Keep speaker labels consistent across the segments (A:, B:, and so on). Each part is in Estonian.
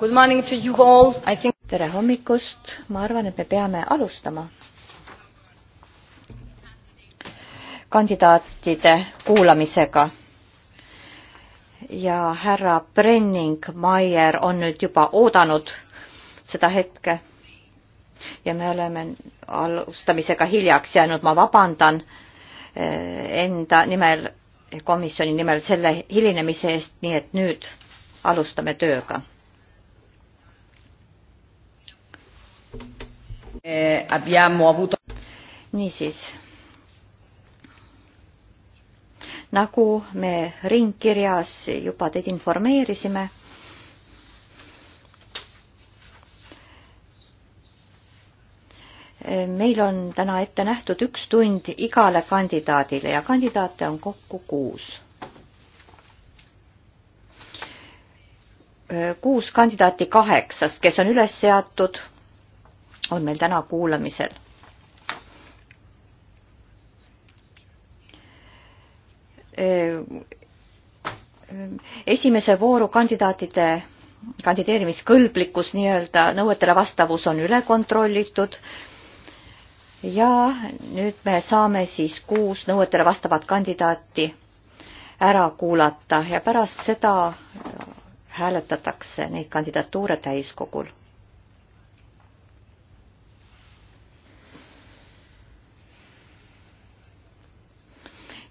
A: Good morning to you all. I think tere hommikust, ma arvan, et me peame alustama. kandidaatide kuulamisega. ja härra Brenning-Maier on nüüd juba oodanud seda hetke ja me oleme alustamisega hiljaks jäänud, ma vabandan eh, enda nimel, komisjoni nimel selle hilinemise eest, nii et nüüd alustame tööga. Eh, niisiis. nagu me ringkirjas juba teid informeerisime meil on täna ette nähtud üks tund igale kandidaadile ja kandidaate on kokku kuus. kuus kandidaati kaheksast, kes on üles seatud, on meil täna kuulamisel. esimese vooru kandidaatide kandideerimiskõlblikkus nii-öelda nõuetele vastavus on üle kontrollitud ja nüüd me saame siis kuus nõuetele vastavat kandidaati ära kuulata ja pärast seda äh, hääletatakse neid kandidatuure täiskogul.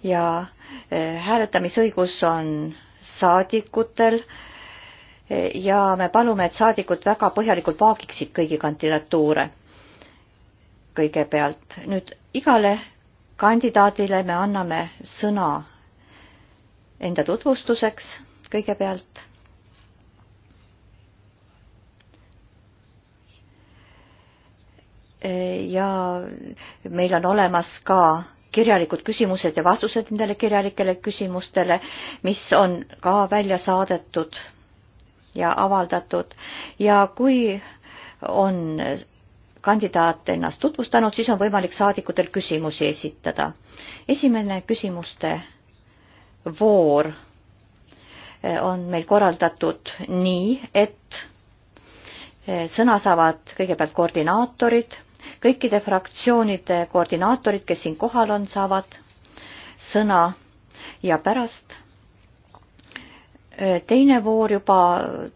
A: ja äh, hääletamisõigus on saadikutel äh, ja me palume, et saadikud väga põhjalikult vaagiksid kõigi kandidatuure kõigepealt. nüüd igale kandidaadile me anname sõna enda tutvustuseks kõigepealt. E, ja meil on olemas ka kirjalikud küsimused ja vastused nendele kirjalikele küsimustele, mis on ka välja saadetud ja avaldatud ja kui on kandidaat ennast tutvustanud, siis on võimalik saadikutel küsimusi esitada. esimene küsimuste voor eh, on meil korraldatud nii, et eh, sõna saavad kõigepealt koordinaatorid, kõikide fraktsioonide koordinaatorid, kes siin kohal on, saavad sõna ja pärast eh, teine voor juba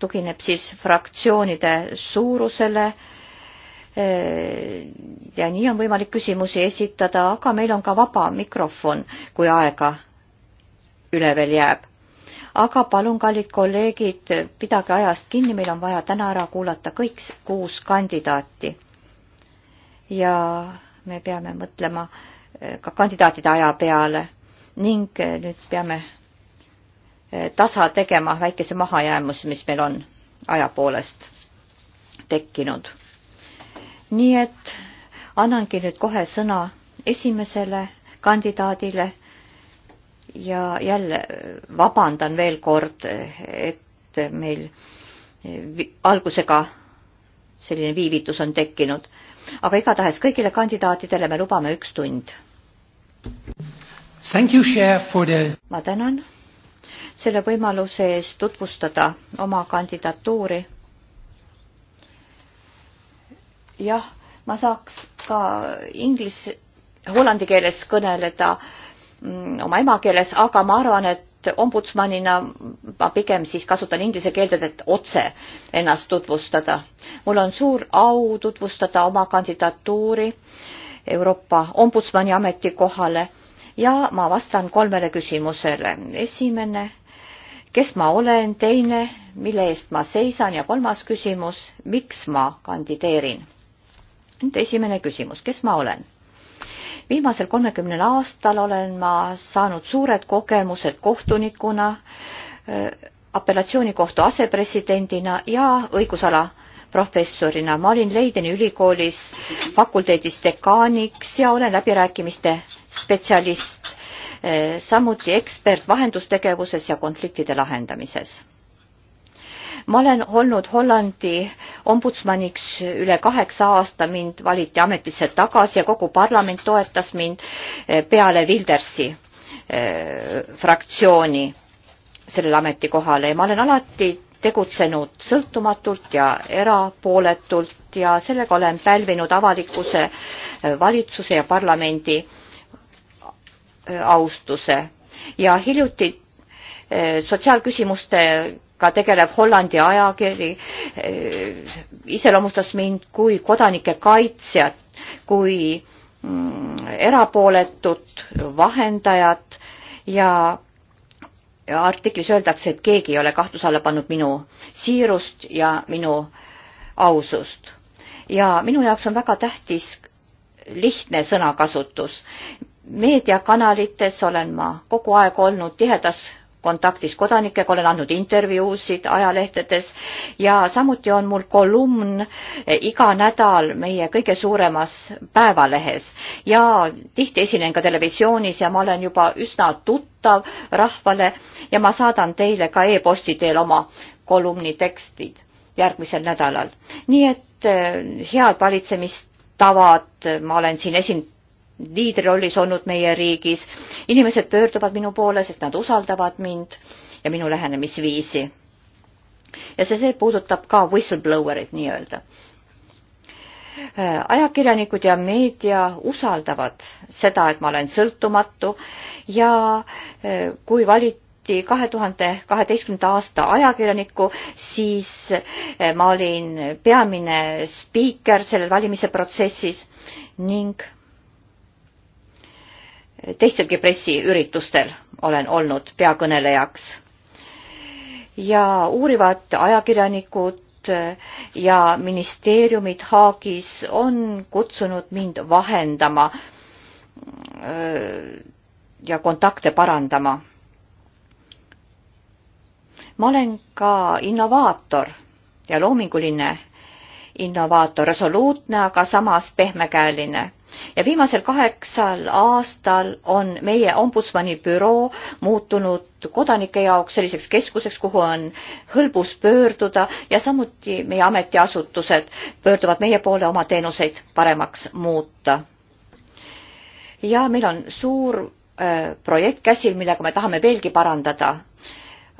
A: tugineb siis fraktsioonide suurusele Äh, ja nii on võimalik küsimusi esitada, aga meil on ka vaba mikrofon, kui aega üle veel jääb. aga palun, kallid kolleegid, pidage ajast kinni, meil on vaja täna ära kuulata kõik kuus kandidaati. ja me peame mõtlema äh, ka kandidaatide aja peale ning äh, nüüd peame tasa tegema väikese mahajäämus, mis meil on aja poolest tekkinud nii et annangi nüüd kohe sõna esimesele kandidaadile ja jälle vabandan veel kord, et meil algusega selline viivitus on tekkinud. aga igatahes kõigile kandidaatidele me lubame üks tund.
B: The...
A: ma tänan selle võimaluse eest tutvustada oma kandidatuuri jah, ma saaks ka inglise, hollandi keeles kõneleda mm, oma emakeeles, aga ma arvan, et ombudsmanina ma pigem siis kasutan inglise keelt, et otse ennast tutvustada. mul on suur au tutvustada oma kandidatuuri Euroopa ombudsmani ametikohale ja ma vastan kolmele küsimusele. esimene, kes ma olen, teine, mille eest ma seisan ja kolmas küsimus, miks ma kandideerin nüüd esimene küsimus, kes ma olen? viimasel kolmekümnel aastal olen ma saanud suured kogemused kohtunikuna, äh, apellatsioonikohtu asepresidendina ja õigusala professorina. ma olin Leideni ülikoolis fakulteedis dekaaniks ja olen läbirääkimiste spetsialist, äh, samuti ekspert vahendustegevuses ja konfliktide lahendamises ma olen olnud Hollandi ombudsmaniks üle kaheksa aasta, mind valiti ametisse tagasi ja kogu parlament toetas mind eh, peale Vildersi eh, fraktsiooni sellele ametikohale ja ma olen alati tegutsenud sõltumatult ja erapooletult ja sellega olen pälvinud avalikkuse, eh, valitsuse ja parlamendi austuse ja hiljuti sotsiaalküsimuste ka tegelev Hollandi ajakiri eh, iseloomustas mind kui kodanike kaitsjat, kui mm, erapooletut vahendajat ja artiklis öeldakse, et keegi ei ole kahtluse alla pannud minu siirust ja minu ausust. ja minu jaoks on väga tähtis lihtne sõnakasutus. meediakanalites olen ma kogu aeg olnud tihedas kontaktis kodanikega, olen andnud intervjuusid ajalehtedes ja samuti on mul kolumn eh, iga nädal meie kõige suuremas päevalehes ja tihti esinen ka televisioonis ja ma olen juba üsna tuttav rahvale ja ma saadan teile ka e-posti teel oma kolumni tekstid järgmisel nädalal. nii et eh, head valitsemistavad ma olen siin esind-, liidrirollis olnud meie riigis. inimesed pöörduvad minu poole, sest nad usaldavad mind ja minu lähenemisviisi. ja see, see puudutab ka whistleblower'id nii-öelda. Äh, ajakirjanikud ja meedia usaldavad seda, et ma olen sõltumatu ja äh, kui valiti valiti kahe tuhande kaheteistkümnenda aasta ajakirjaniku, siis äh, ma olin peamine spiiker sellel valimise protsessis ning teistelgi pressiüritustel olen olnud peakõnelejaks. ja uurivad ajakirjanikud ja ministeeriumid Haagis on kutsunud mind vahendama äh, ja kontakte parandama. ma olen ka innovaator ja loominguline innovaator, resoluutne, aga samas pehmekäeline ja viimasel kaheksal aastal on meie ombudsmani büroo muutunud kodanike jaoks selliseks keskuseks, kuhu on hõlbus pöörduda ja samuti meie ametiasutused pöörduvad meie poole oma teenuseid paremaks muuta. ja meil on suur äh, projekt käsil, millega me tahame veelgi parandada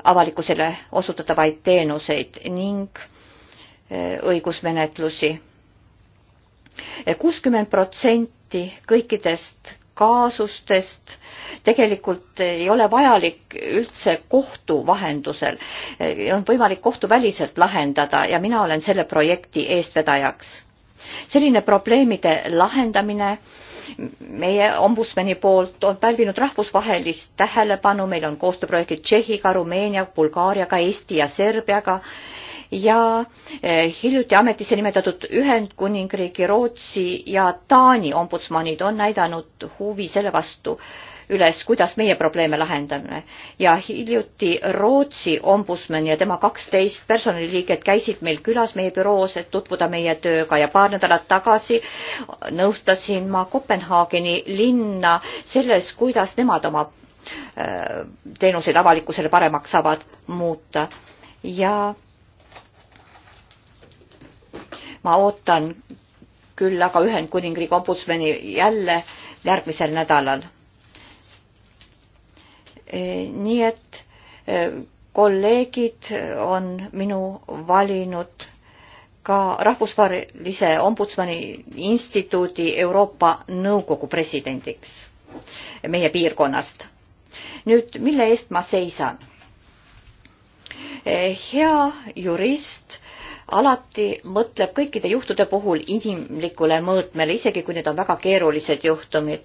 A: avalikkusele osutatavaid teenuseid ning äh, õigusmenetlusi Eh, kuuskümmend protsenti kõikidest kaasustest tegelikult ei ole vajalik üldse kohtu vahendusel, eh, on võimalik kohtuväliselt lahendada ja mina olen selle projekti eestvedajaks. selline probleemide lahendamine meie ombudsmani poolt on pälvinud rahvusvahelist tähelepanu, meil on koostööprojektid Tšehhiga, Rumeenia, Bulgaariaga, Eesti ja Serbiaga ja eh, hiljuti ametisse nimetatud Ühendkuningriigi, Rootsi ja Taani ombudsmanid on näidanud huvi selle vastu üles, kuidas meie probleeme lahendame. ja hiljuti Rootsi ombudsman ja tema kaksteist personaliliiget käisid meil külas meie büroos, et tutvuda meie tööga ja paar nädalat tagasi nõustasin ma Kopenhaageni linna selles, kuidas nemad oma eh, teenuseid avalikkusele paremaks saavad muuta ja ma ootan küll aga Ühendkuningriigi ombudsmani jälle järgmisel nädalal. E, nii et e, kolleegid on minu valinud ka rahvusvahelise ombudsmani instituudi Euroopa Nõukogu presidendiks meie piirkonnast. nüüd, mille eest ma seisan? E, hea jurist alati mõtleb kõikide juhtude puhul inimlikule mõõtmele, isegi kui need on väga keerulised juhtumid.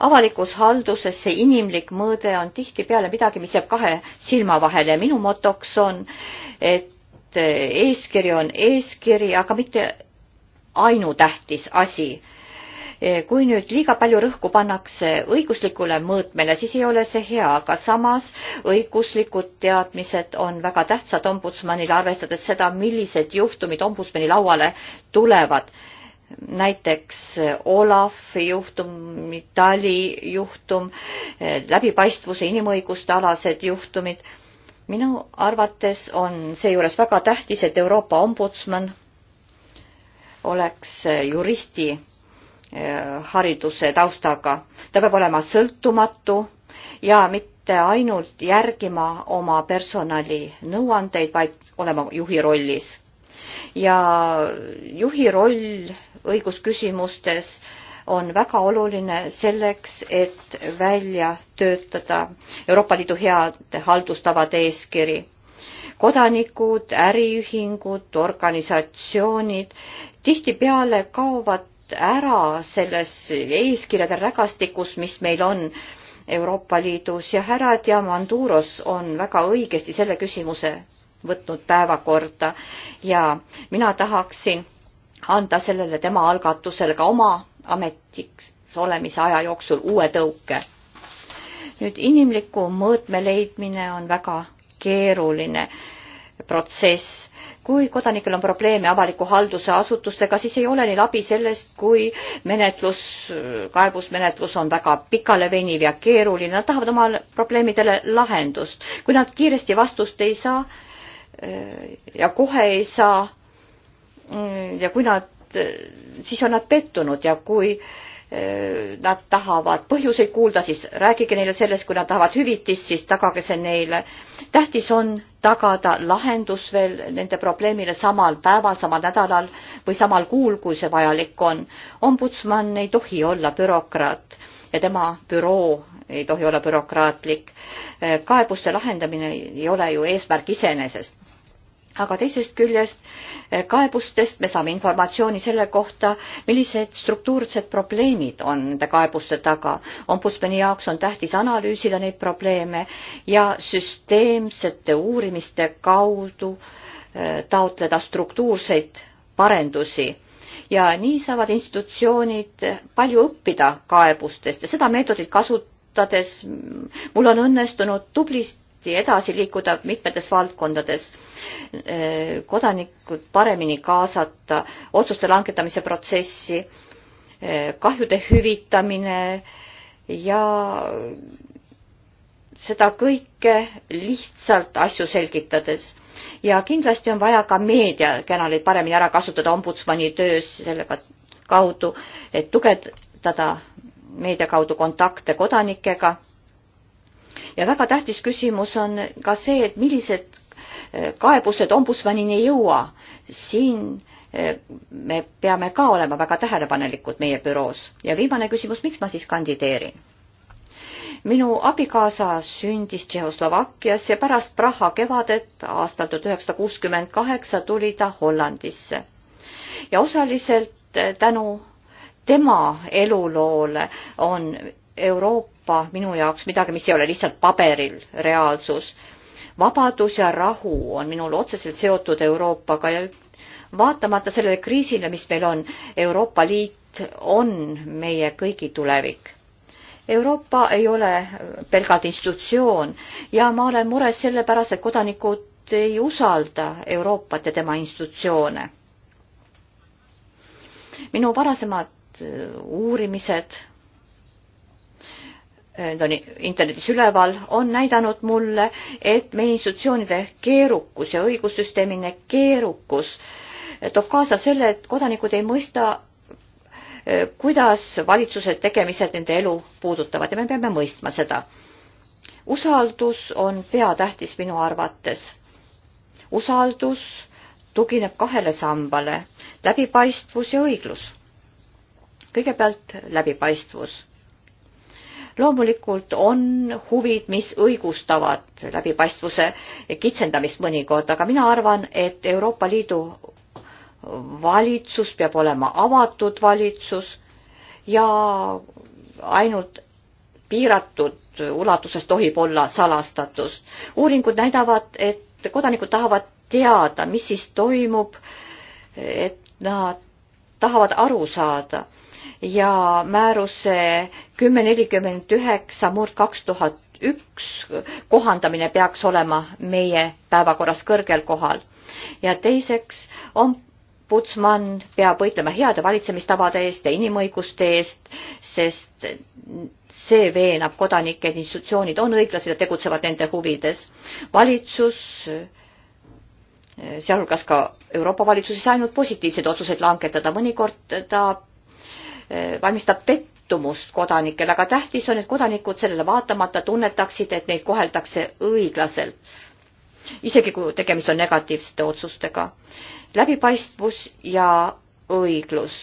A: avalikus halduses see inimlik mõõde on tihtipeale midagi, mis jääb kahe silma vahele ja minu motoks on, et eeskiri on eeskiri, aga mitte ainutähtis asi Eh, kui nüüd liiga palju rõhku pannakse õiguslikule mõõtmele, siis ei ole see hea, aga samas õiguslikud teadmised on väga tähtsad ombudsmanile, arvestades seda, millised juhtumid ombudsmani lauale tulevad. näiteks Olafi juhtum, Itali juhtum, eh, läbipaistvuse inimõiguste alased juhtumid. minu arvates on seejuures väga tähtis, et Euroopa ombudsman oleks juristi Eh, hariduse taustaga. ta peab olema sõltumatu ja mitte ainult järgima oma personali nõuandeid, vaid olema juhi rollis. ja juhi roll õigusküsimustes on väga oluline selleks, et välja töötada Euroopa Liidu heade haldustavade eeskiri. kodanikud, äriühingud, organisatsioonid tihtipeale kaovad ära selles eeskirjade rägastikus, mis meil on Euroopa Liidus ja härra Diamanduros on väga õigesti selle küsimuse võtnud päevakorda ja mina tahaksin anda sellele tema algatusele ka oma ametiks olemise aja jooksul uue tõuke. nüüd inimliku mõõtme leidmine on väga keeruline protsess kui kodanikel on probleeme avaliku halduse asutustega, siis ei ole neil abi sellest, kui menetlus, kaebusmenetlus on väga pikaleveniv ja keeruline, nad tahavad oma probleemidele lahendust. kui nad kiiresti vastust ei saa äh, ja kohe ei saa mm, ja kui nad, äh, siis on nad pettunud ja kui äh, nad tahavad põhjuseid kuulda, siis rääkige neile sellest, kui nad tahavad hüvitist, siis tagage see neile. tähtis on tagada lahendus veel nende probleemile samal päeval, samal nädalal või samal kuul, kui see vajalik on. ombudsman ei tohi olla bürokraat ja tema büroo ei tohi olla bürokraatlik. kaebuste lahendamine ei ole ju eesmärk iseenesest aga teisest küljest eh, kaebustest me saame informatsiooni selle kohta, millised struktuursed probleemid on nende kaebuste taga. ombudsmani jaoks on tähtis analüüsida neid probleeme ja süsteemsete uurimiste kaudu eh, taotleda struktuurseid parendusi ja nii saavad institutsioonid palju õppida kaebustest ja seda meetodit kasutades mul on õnnestunud tublisti kiiresti edasi liikuda mitmetes valdkondades, kodanikud paremini kaasata otsuste langetamise protsessi, kahjude hüvitamine ja seda kõike lihtsalt asju selgitades. ja kindlasti on vaja ka meediakanaleid paremini ära kasutada ombudsmani töös sellega kaudu, et tugevdada meedia kaudu kontakte kodanikega ja väga tähtis küsimus on ka see, et millised äh, kaebused ombudsmanini ei jõua. siin äh, me peame ka olema väga tähelepanelikud meie büroos. ja viimane küsimus, miks ma siis kandideerin? minu abikaasa sündis Tšehhoslovakkias ja pärast Praha kevadet aastal tuhat üheksasada kuuskümmend kaheksa tuli ta Hollandisse. ja osaliselt äh, tänu tema eluloole on Euroopa minu jaoks midagi, mis ei ole lihtsalt paberil reaalsus. vabadus ja rahu on minul otseselt seotud Euroopaga ja vaatamata sellele kriisile, mis meil on, Euroopa Liit on meie kõigi tulevik. Euroopa ei ole pelgalt institutsioon ja ma olen mures sellepärast, et kodanikud ei usalda Euroopat ja tema institutsioone. minu varasemad uurimised need äh, on internetis üleval, on näidanud mulle, et meie institutsioonide keerukus ja õigussüsteemine keerukus äh, toob kaasa selle, et kodanikud ei mõista, äh, kuidas valitsuse tegemised nende elu puudutavad ja me peame mõistma seda. usaldus on peatähtis minu arvates. usaldus tugineb kahele sambale, läbipaistvus ja õiglus. kõigepealt läbipaistvus loomulikult on huvid, mis õigustavad läbipaistvuse kitsendamist mõnikord, aga mina arvan, et Euroopa Liidu valitsus peab olema avatud valitsus ja ainult piiratud ulatuses tohib olla salastatust. uuringud näidavad, et kodanikud tahavad teada, mis siis toimub, et nad tahavad aru saada ja määruse kümme nelikümmend üheksa murd kaks tuhat üks kohandamine peaks olema meie päevakorras kõrgel kohal. ja teiseks, ombudsman peab võitlema heade valitsemistavade eest ja inimõiguste eest, sest see veenab kodanikke, et institutsioonid on õiglased ja tegutsevad nende huvides. valitsus, sealhulgas ka Euroopa valitsus, ei saa ainult positiivseid otsuseid langetada, mõnikord ta Eh, valmistab pettumust kodanikele, aga tähtis on, et kodanikud sellele vaatamata tunnetaksid, et neid koheldakse õiglaselt. isegi kui tegemist on negatiivsete otsustega. läbipaistvus ja õiglus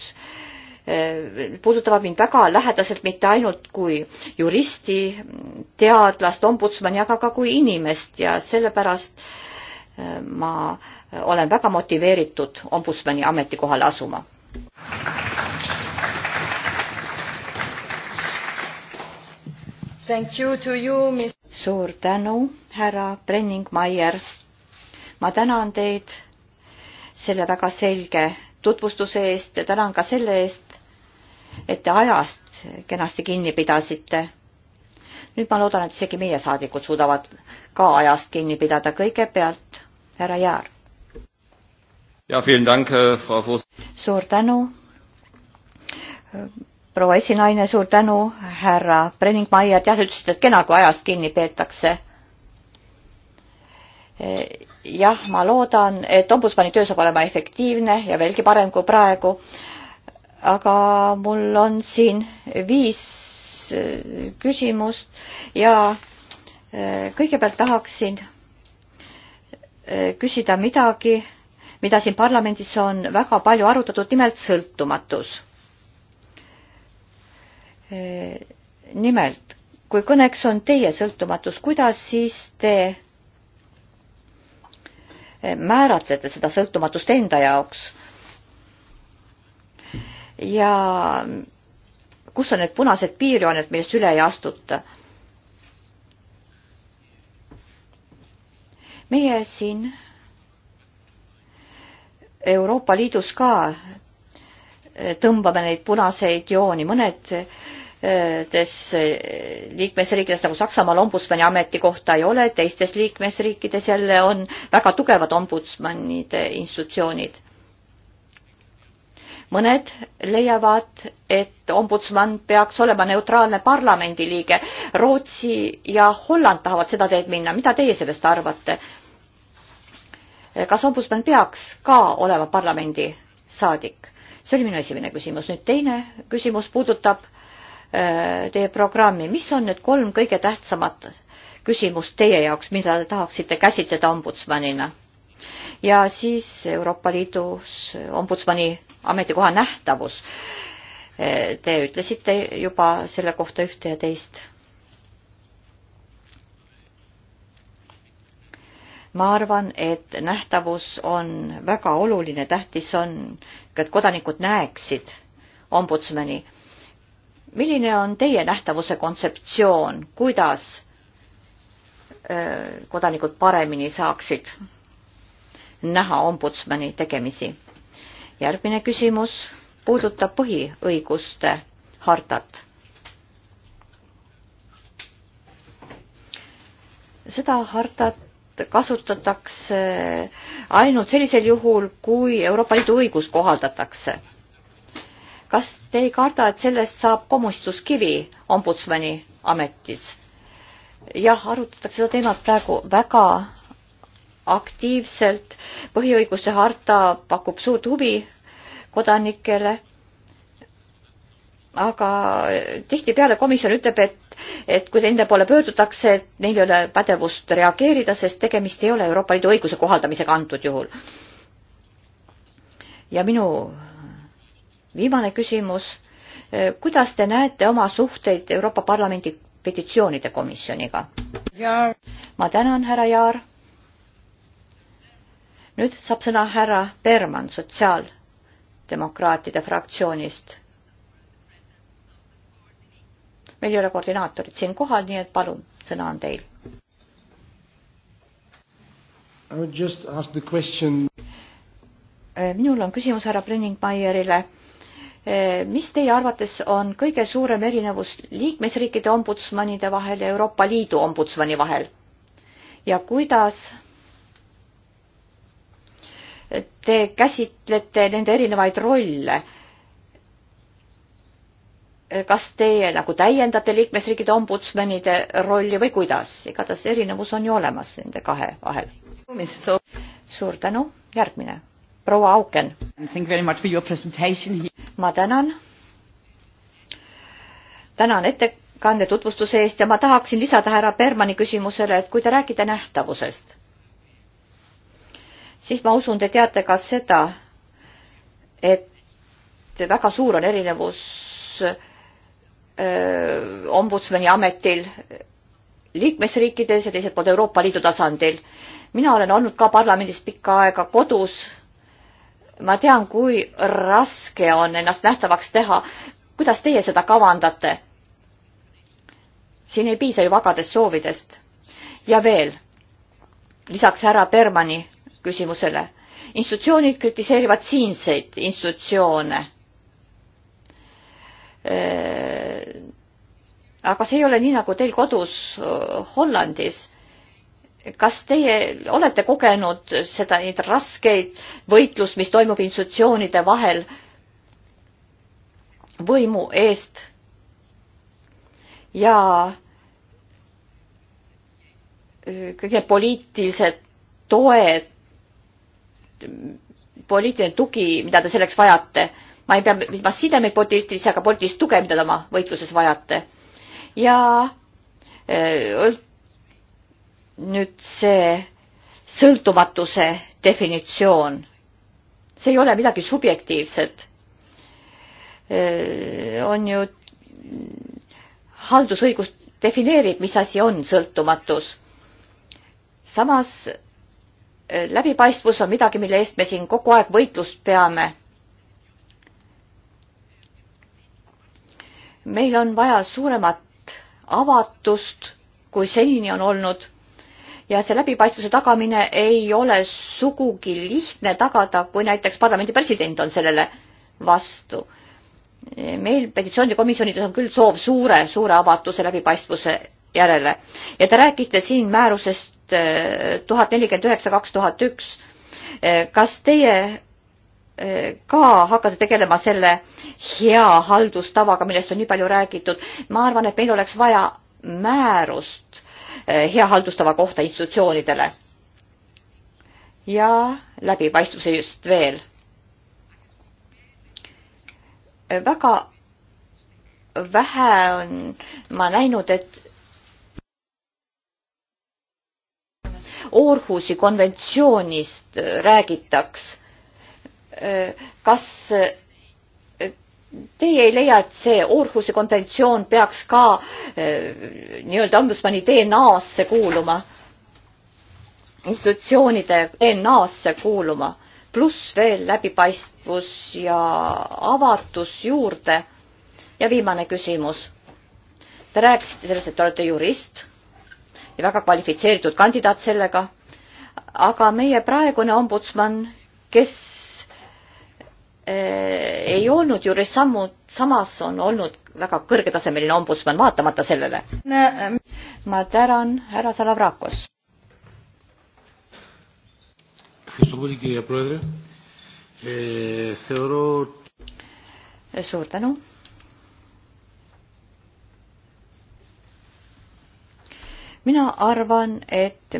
A: eh, puudutavad mind väga lähedaselt mitte ainult kui juristi, teadlast, ombudsmani, aga ka kui inimest ja sellepärast eh, ma olen väga motiveeritud ombudsmani ametikohale asuma. You, suur tänu, härra Brenning-Maier. ma tänan teid selle väga selge tutvustuse eest ja tänan ka selle eest, et te ajast kenasti kinni pidasite. nüüd ma loodan, et isegi meie saadikud suudavad ka ajast kinni pidada. kõigepealt härra Jaar.
B: ja,
C: äh,
A: suur tänu proua esinaine, suur tänu, härra Brenningmaier, jah, ütlesite, et kena, kui ajast kinni peetakse. E, jah, ma loodan, et ombudsmani töö saab olema efektiivne ja veelgi parem kui praegu. aga mul on siin viis e, küsimust ja e, kõigepealt tahaksin küsida midagi, mida siin parlamendis on väga palju arutatud, nimelt sõltumatus Eh, nimelt, kui kõneks on teie sõltumatus, kuidas siis te eh, määratlete seda sõltumatust enda jaoks? ja kus on need punased piirjooned, millest üle ei astuta? meie siin Euroopa Liidus ka eh, tõmbame neid punaseid jooni, mõned tes liikmesriikides nagu Saksamaal ombudsmani ametikohta ei ole, teistes liikmesriikides jälle on väga tugevad ombudsmanide institutsioonid. mõned leiavad, et ombudsman peaks olema neutraalne parlamendiliige. Rootsi ja Holland tahavad seda teed minna, mida teie sellest arvate? kas ombudsman peaks ka olema parlamendi saadik? see oli minu esimene küsimus. nüüd teine küsimus puudutab Äh, teie programmi, mis on need kolm kõige tähtsamat küsimust teie jaoks, mida te tahaksite käsitleda ombudsmanina? ja siis Euroopa Liidus ombudsmani ametikoha nähtavus. Äh, te ütlesite juba selle kohta ühte ja teist. ma arvan, et nähtavus on väga oluline, tähtis on, et kodanikud näeksid ombudsmani milline on teie nähtavuse kontseptsioon, kuidas äh, kodanikud paremini saaksid näha ombudsmani tegemisi? järgmine küsimus puudutab põhiõiguste hartat. seda hartat kasutatakse ainult sellisel juhul, kui Euroopa Liidu õigust kohaldatakse kas te ei karda, et sellest saab komistuskivi ombudsmani ametis? jah, arutatakse seda teemat praegu väga aktiivselt. põhiõiguste harta pakub suurt huvi kodanikele. aga tihtipeale komisjon ütleb, et, et kui nende poole pöördutakse, et neil ei ole pädevust reageerida, sest tegemist ei ole Euroopa Liidu õiguse kohaldamisega antud juhul. ja minu viimane küsimus. Eh, kuidas te näete oma suhteid Euroopa Parlamendi petitsioonide komisjoniga? ma tänan, härra Jaar. nüüd saab sõna härra Berman sotsiaaldemokraatide fraktsioonist. meil ei ole koordinaatorid siin kohal, nii et palun, sõna on teil.
B: I would just ask the question
A: eh, minul on küsimus härra Brüning-Maierile Eh, mis teie arvates on kõige suurem erinevus liikmesriikide ombudsmanide vahel ja Euroopa Liidu ombudsmani vahel? ja kuidas te käsitlete nende erinevaid rolle? Eh, kas teie nagu täiendate liikmesriikide ombudsmanide rolli või kuidas? igatahes erinevus on ju olemas nende kahe vahel. suur tänu, järgmine proua Auken. ma tänan. tänan ettekande tutvustuse eest ja ma tahaksin lisada härra Bermani küsimusele, et kui te räägite nähtavusest, siis ma usun, te teate ka seda, et väga suur on erinevus öö, ombudsmani ametil liikmesriikides ja teiselt poolt Euroopa Liidu tasandil. mina olen olnud ka parlamendis pikka aega kodus ma tean, kui raske on ennast nähtavaks teha. kuidas teie seda kavandate? siin ei piisa ju vagadest soovidest. ja veel, lisaks härra Bermani küsimusele, institutsioonid kritiseerivad siinseid institutsioone. Äh, aga see ei ole nii, nagu teil kodus äh, Hollandis kas teie olete kogenud seda, neid raskeid võitlust, mis toimub institutsioonide vahel võimu eest? ja äh, kõik need poliitilised toed, poliitiline tugi, mida te selleks vajate, ma ei pea silmas sidemeid poliitilisi, aga poliitilist tuge, mida te oma võitluses vajate. ja öö, äh, nüüd see sõltumatuse definitsioon, see ei ole midagi subjektiivset. on ju haldusõigus defineerib, mis asi on sõltumatus. samas läbipaistvus on midagi, mille eest me siin kogu aeg võitlust peame. meil on vaja suuremat avatust, kui senini on olnud ja see läbipaistvuse tagamine ei ole sugugi lihtne tagada, kui näiteks parlamendi president on sellele vastu. meil petitsioonide komisjonides on küll soov suure, suure avatuse läbipaistvuse järele ja te rääkisite siin määrusest äh, tuhat nelikümmend üheksa, kaks tuhat üks. Äh, kas teie äh, ka hakata tegelema selle hea haldustavaga, millest on nii palju räägitud. ma arvan, et meil oleks vaja määrust, Eh, hea haldustava kohta institutsioonidele. ja läbipaistvuse just veel. Eh, väga vähe on ma näinud, et Orhusi konventsioonist räägitaks. Eh, kas teie ei leia, et see Orhusi konventsioon peaks ka äh, nii-öelda ombudsmani DNA-sse kuuluma, institutsioonide DNA-sse kuuluma, pluss veel läbipaistvus ja avatus juurde. ja viimane küsimus. Te rääkisite sellest, et te olete jurist ja väga kvalifitseeritud kandidaat sellega, aga meie praegune ombudsman, kes Eh, ei olnud juures sammu, samas on olnud väga kõrgetasemeline ombudsman, vaatamata sellele. ma tänan, härra Salavrakos. suur tänu. mina arvan, et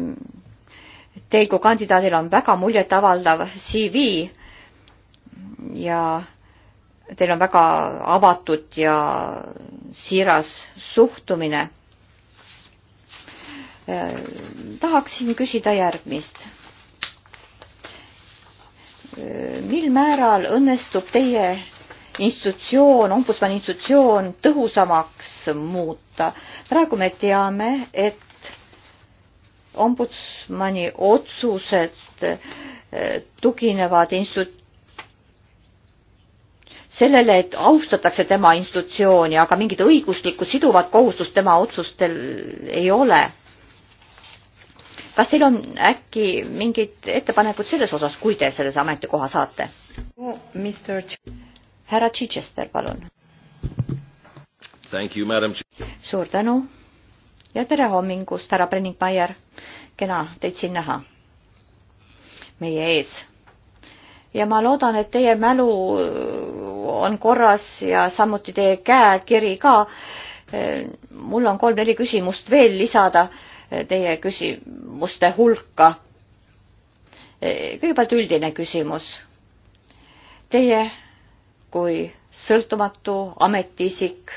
A: teil kui kandidaadil on väga muljetavaldav CV ja teil on väga avatud ja siiras suhtumine. tahaksin küsida järgmist. mil määral õnnestub teie institutsioon, ombudsmani institutsioon tõhusamaks muuta? praegu me teame, et ombudsmani otsused tuginevad institutsioonidele sellele, et austatakse tema institutsiooni, aga mingit õiguslikku siduvat kohustust tema otsustel ei ole. kas teil on äkki mingid ettepanekud selles osas, kui te selles ametikoha saate? Oh, härra Chichester, palun. suur tänu ja tere hommikust, härra Brenning-Maier. kena teid siin näha meie ees. ja ma loodan, et teie mälu on korras ja samuti teie käekiri ka. mul on kolm-neli küsimust veel lisada teie küsimuste hulka. kõigepealt üldine küsimus. Teie kui sõltumatu ametiisik,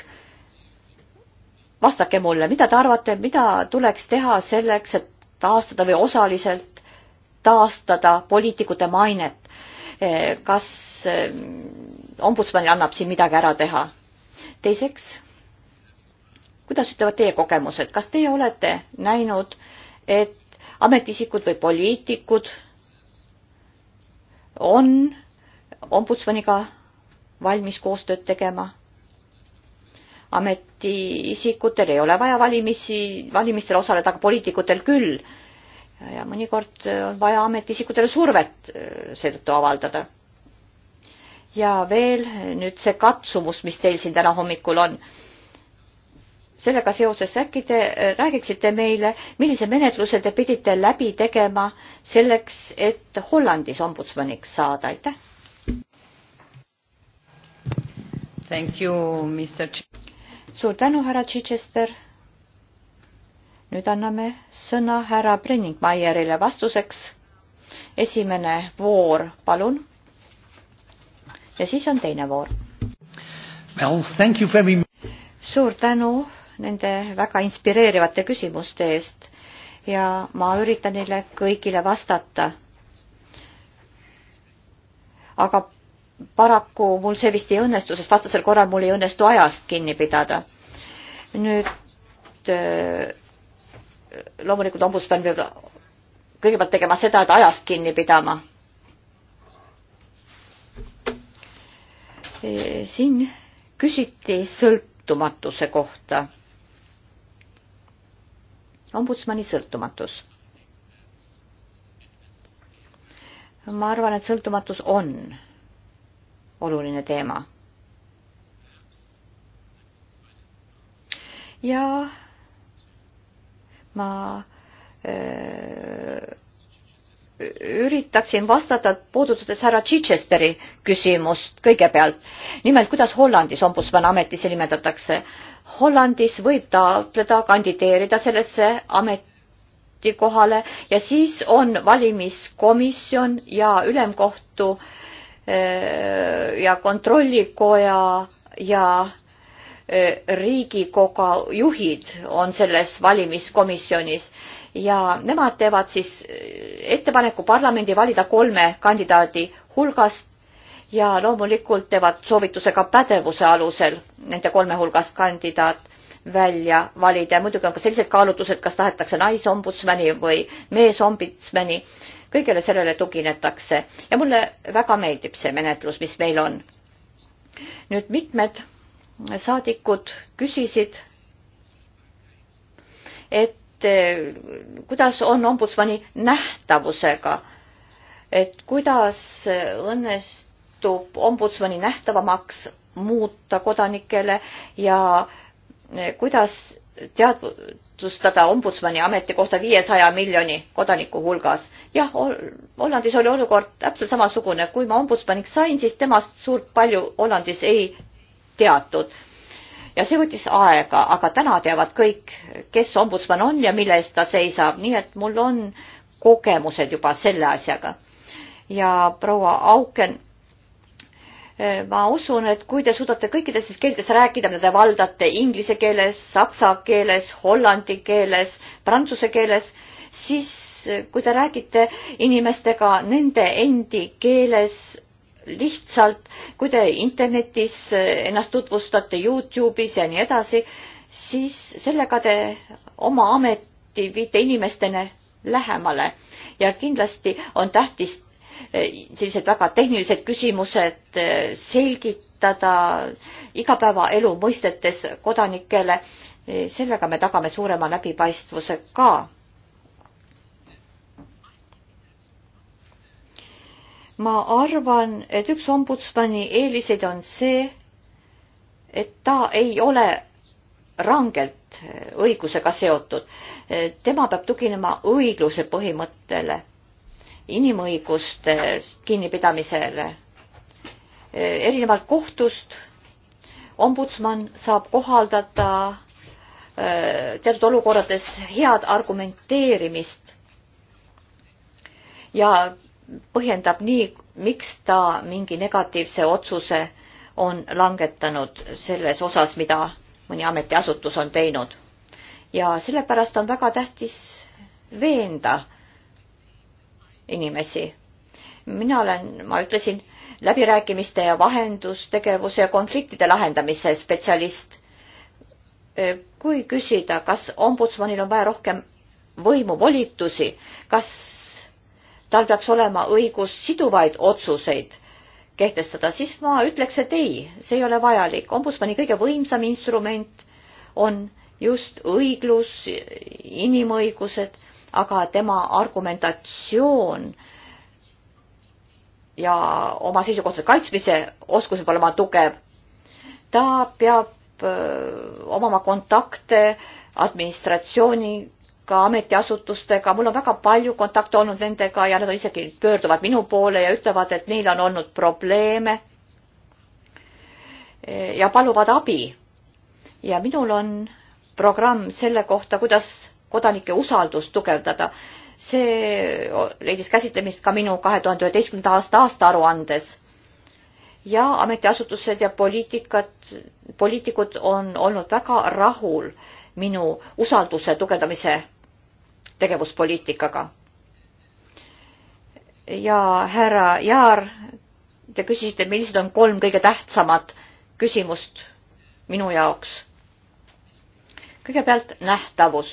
A: vastake mulle, mida te arvate, mida tuleks teha selleks, et taastada või osaliselt taastada poliitikute mainet Eh, kas eh, ombudsmanil annab siin midagi ära teha? teiseks, kuidas ütlevad teie kogemused, kas teie olete näinud, et ametiisikud või poliitikud on ombudsmaniga valmis koostööd tegema? ametiisikutel ei ole vaja valimisi, valimistel osaleda, aga poliitikutel küll ja mõnikord äh, on vaja ametiisikutele survet äh, seetõttu avaldada. ja veel äh, nüüd see katsumus, mis teil siin täna hommikul on. sellega seoses äkki te räägiksite meile, millise menetluse te pidite läbi tegema selleks, et Hollandis ombudsmaniks saada, aitäh. Thank you, Mr. suur tänu, härra Chichester nüüd anname sõna härra Brenningmeierile vastuseks. esimene voor, palun. ja siis on teine voor.
B: Well, thank you very much.
A: suur tänu nende väga inspireerivate küsimuste eest ja ma üritan neile kõigile vastata. aga paraku mul see vist ei õnnestu, sest vastasel korral mul ei õnnestu ajast kinni pidada. nüüd äh, loomulikult ombudsman peab kõigepealt tegema seda, et ajast kinni pidama. siin küsiti sõltumatuse kohta. ombudsmani sõltumatus. ma arvan, et sõltumatus on oluline teema. ja ma äh, üritaksin vastata, puudutades härra Chichesteri küsimust kõigepealt. nimelt, kuidas Hollandis ombudsman ametisse nimetatakse? Hollandis võib taotleda kandideerida sellesse ametikohale ja siis on valimiskomisjon ja ülemkohtu äh, ja kontrollikoja ja Äh, riigikoga juhid on selles valimiskomisjonis ja nemad teevad siis äh, ettepaneku parlamendi valida kolme kandidaadi hulgast ja loomulikult teevad soovituse ka pädevuse alusel nende kolme hulgast kandidaat välja valida ja muidugi on ka sellised kaalutlused, kas tahetakse naisombudsmani või meesombudsmani. kõigele sellele tuginetakse ja mulle väga meeldib see menetlus, mis meil on. nüüd mitmed saadikud küsisid, et eh, kuidas on ombudsmani nähtavusega, et kuidas õnnestub ombudsmani nähtavamaks muuta kodanikele ja eh, kuidas teadvustada ombudsmani ametikohta viiesaja miljoni kodaniku hulgas. jah, Hollandis oli olukord täpselt samasugune, kui ma ombudsmaniks sain, siis temast suurt palju Hollandis ei teatud ja see võttis aega, aga täna teavad kõik, kes ombudsman on ja mille eest ta seisab, nii et mul on kogemused juba selle asjaga. ja proua Auken, ma usun, et kui te suudate kõikides keeltes rääkida, mida te valdate inglise keeles, saksa keeles, hollandi keeles, prantsuse keeles, siis kui te räägite inimestega nende endi keeles, lihtsalt, kui te internetis ennast tutvustate, Youtube'is ja nii edasi, siis sellega te oma ameti viite inimestele lähemale ja kindlasti on tähtis eh, sellised väga tehnilised küsimused eh, selgitada igapäevaelu mõistetes kodanikele. Eh, sellega me tagame suurema läbipaistvuse ka ma arvan, et üks ombudsmani eeliseid on see, et ta ei ole rangelt õigusega seotud. tema peab tuginema õigluse põhimõttele, inimõigustest kinnipidamisele. erinevalt kohtust ombudsman saab kohaldada äh, teatud olukordades head argumenteerimist ja põhjendab nii, miks ta mingi negatiivse otsuse on langetanud selles osas, mida mõni ametiasutus on teinud. ja sellepärast on väga tähtis veenda inimesi. mina olen, ma ütlesin, läbirääkimiste ja vahendustegevuse ja konfliktide lahendamise spetsialist. kui küsida, kas ombudsmanil on vaja rohkem võimu, volitusi, kas tal peaks olema õigus siduvaid otsuseid kehtestada, siis ma ütleks, et ei, see ei ole vajalik. ombudsmani kõige võimsam instrument on just õiglus, inimõigused, aga tema argumentatsioon ja oma seisukohtade kaitsmise oskus peab olema tugev. ta peab öö, omama kontakte administratsiooni ka ametiasutustega, mul on väga palju kontakte olnud nendega ja nad isegi pöörduvad minu poole ja ütlevad, et neil on olnud probleeme ja paluvad abi. ja minul on programm selle kohta, kuidas kodanike usaldust tugevdada. see leidis käsitlemist ka minu kahe tuhande üheteistkümnenda aasta aastaaruandes ja ametiasutused ja poliitikad, poliitikud on olnud väga rahul minu usalduse tugevdamise tegevuspoliitikaga. ja härra Jaar, te küsisite, millised on kolm kõige tähtsamat küsimust minu jaoks. kõigepealt nähtavus.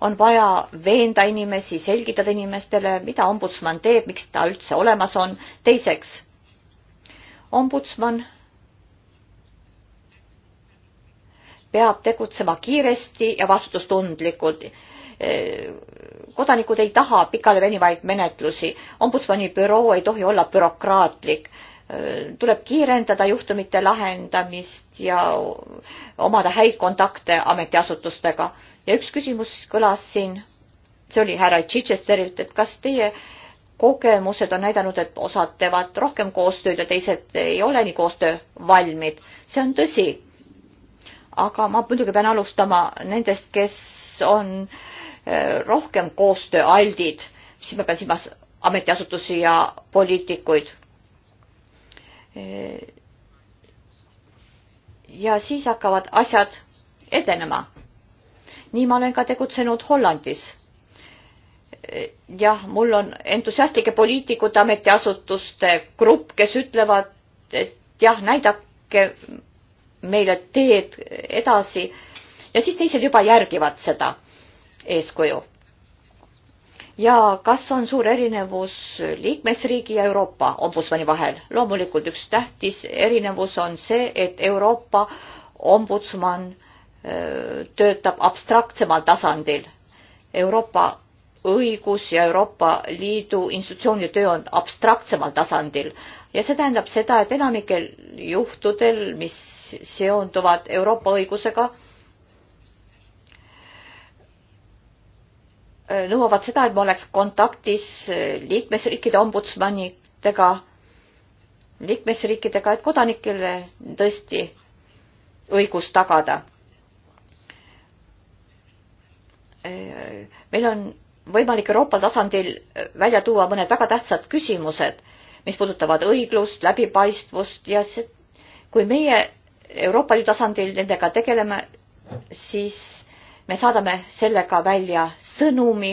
A: on vaja veenda inimesi, selgitada inimestele, mida ombudsman teeb, miks ta üldse olemas on. teiseks, ombudsman peab tegutsema kiiresti ja vastutustundlikult Eh, kodanikud ei taha pikalevenivaid menetlusi, ombudsmani büroo ei tohi olla bürokraatlik, eh, tuleb kiirendada juhtumite lahendamist ja omada häid kontakte ametiasutustega. ja üks küsimus kõlas siin, see oli härra Chichesterilt, et kas teie kogemused on näidanud, et osad teevad rohkem koostööd ja teised ei ole nii koostöövalmid. see on tõsi. aga ma muidugi pean alustama nendest, kes on äh, Äh, rohkem koostööaldid, siis ma pean silmas ametiasutusi ja poliitikuid. Äh, ja siis hakkavad asjad edenema. nii ma olen ka tegutsenud Hollandis. Äh, jah, mul on entusiastlike poliitikute ametiasutuste grupp, kes ütlevad, et jah, näidake meile teed edasi ja siis teised juba järgivad seda eeskuju. ja kas on suur erinevus liikmesriigi ja Euroopa ombudsmani vahel? loomulikult üks tähtis erinevus on see, et Euroopa ombudsman töötab abstraktsemal tasandil. Euroopa õigus ja Euroopa Liidu institutsioonide töö on abstraktsemal tasandil ja see tähendab seda, et enamikel juhtudel, mis seonduvad Euroopa õigusega, Äh, nõuavad seda, et ma oleks kontaktis äh, liikmesriikide ombudsmanidega, liikmesriikidega, et kodanikele tõesti õigus tagada. Äh, meil on võimalik Euroopa tasandil välja tuua mõned väga tähtsad küsimused, mis puudutavad õiglust, läbipaistvust ja see, kui meie Euroopa Liidu tasandil nendega tegeleme, siis me saadame sellega välja sõnumi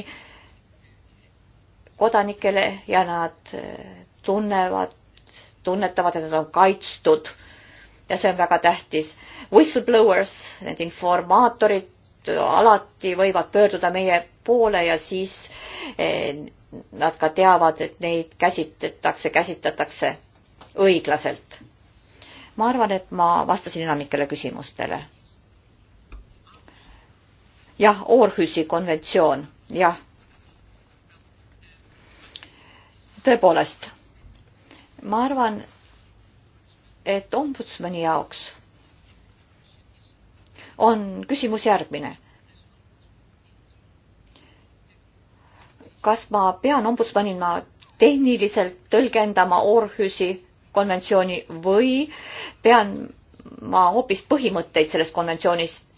A: kodanikele ja nad eh, tunnevad, tunnetavad, et nad on kaitstud. ja see on väga tähtis. Whistleblowers, need informaatorid alati võivad pöörduda meie poole ja siis eh, nad ka teavad, et neid käsitletakse, käsitletakse õiglaselt. ma arvan, et ma vastasin enamikele küsimustele jah, Orhüsi konventsioon, jah. tõepoolest, ma arvan, et ombudsmani jaoks on küsimus järgmine. kas ma pean ombudsmanina tehniliselt tõlgendama Orhüsi konventsiooni või pean ma hoopis põhimõtteid sellest konventsioonist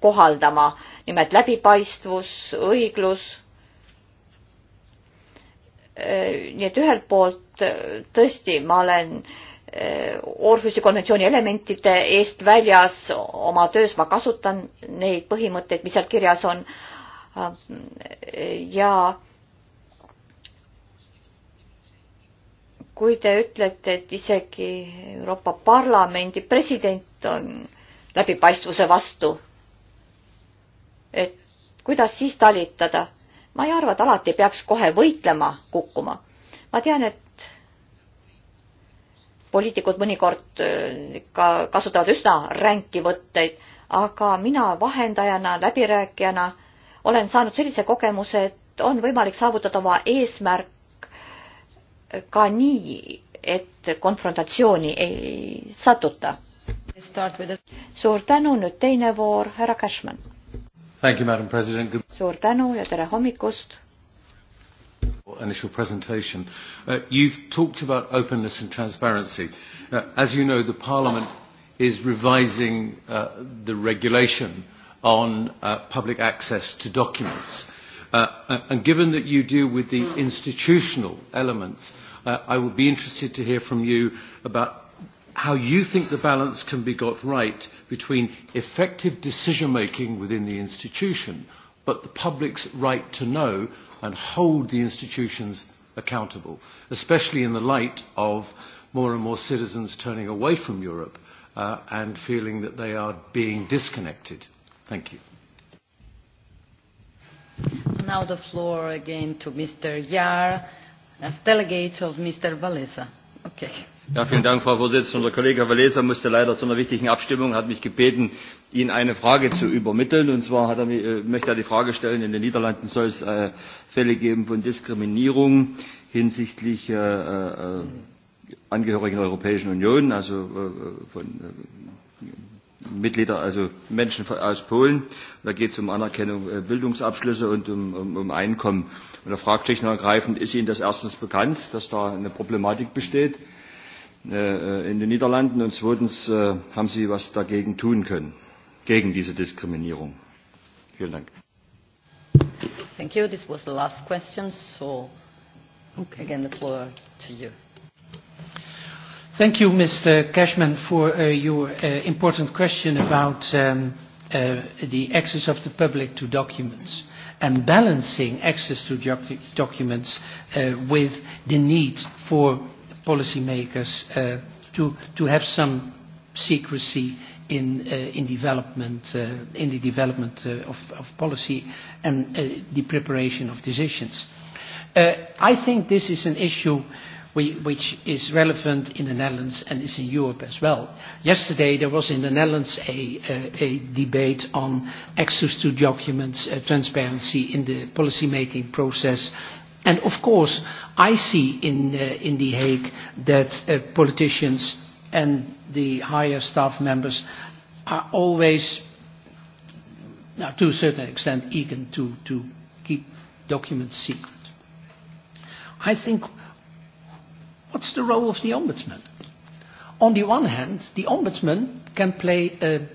A: kohaldama. nimelt läbipaistvus, õiglus. Äh, nii et ühelt poolt äh, tõesti ma olen äh, Orhusi konventsiooni elementide eest väljas oma töös, ma kasutan neid põhimõtteid, mis seal kirjas on. ja kui te ütlete, et isegi Euroopa Parlamendi president on läbipaistvuse vastu et kuidas siis talitada. ma ei arva, et alati peaks kohe võitlema kukkuma. ma tean, et poliitikud mõnikord äh, ka kasutavad üsna ränki võtteid, aga mina vahendajana, läbirääkijana olen saanud sellise kogemuse, et on võimalik saavutada oma eesmärk äh, ka nii, et konfrontatsiooni ei satuta. suur tänu, nüüd teine voor, härra Cashman
D: suur
A: tänu ja tere hommikust.
D: Initial presentation. Uh, you've talked about openness and transparency. Uh, as you know, the Parliament is revising uh, the regulation on uh, public access to documents. Uh, uh and given that you deal with the institutional elements, uh, I would be interested to hear from you about how you think the balance can be got right between effective decision making within the institution, but the public's right to know and hold the institutions accountable, especially in the light of more and more citizens turning away from Europe uh, and feeling that they are being disconnected. Thank you.
C: Now the floor again to Mr. Yar, as delegate of Mr. Valesa. Okay.
E: Ja, vielen Dank, Frau Vorsitzende. Der Kollege Waleser musste leider zu einer wichtigen Abstimmung, hat mich gebeten, Ihnen eine Frage zu übermitteln. Und zwar hat er, äh, möchte er die Frage stellen, in den Niederlanden soll es äh,
D: Fälle geben von Diskriminierung hinsichtlich äh, äh, Angehörigen der Europäischen Union, also äh, von äh, Mitglieder, also Menschen von, aus Polen. Da geht es um Anerkennung äh, Bildungsabschlüsse und um, um, um
E: Einkommen. Und da er fragt sich nur ergreifend, ist Ihnen das erstens bekannt, dass da eine Problematik besteht? Mhm
D: Äh, in den Niederlanden? Und zweitens, äh, haben Sie was dagegen tun können, gegen diese Diskriminierung? Vielen Dank.
C: Thank you. This was the last question, so okay. again the floor to you.
B: Thank you, Mr. Cashman, for uh, your uh, important question about um, uh, the access of the public to documents and balancing access to doc documents uh, with the need for policymakers uh, to, to have some secrecy in, uh, in development, uh, in the development uh, of, of policy and uh, the preparation of decisions. Uh, I think this is an issue we, which is relevant in the Netherlands and is in Europe as well. Yesterday there was in the Netherlands a, uh, a, a debate on access to documents, uh, transparency in the policymaking process And of course, I see in, uh, in The Hague that uh, politicians and the higher staff members are always, now uh, to a certain extent, eager to, to keep documents secret. I think, what's the role of the ombudsman? On the one hand, the ombudsman can play a,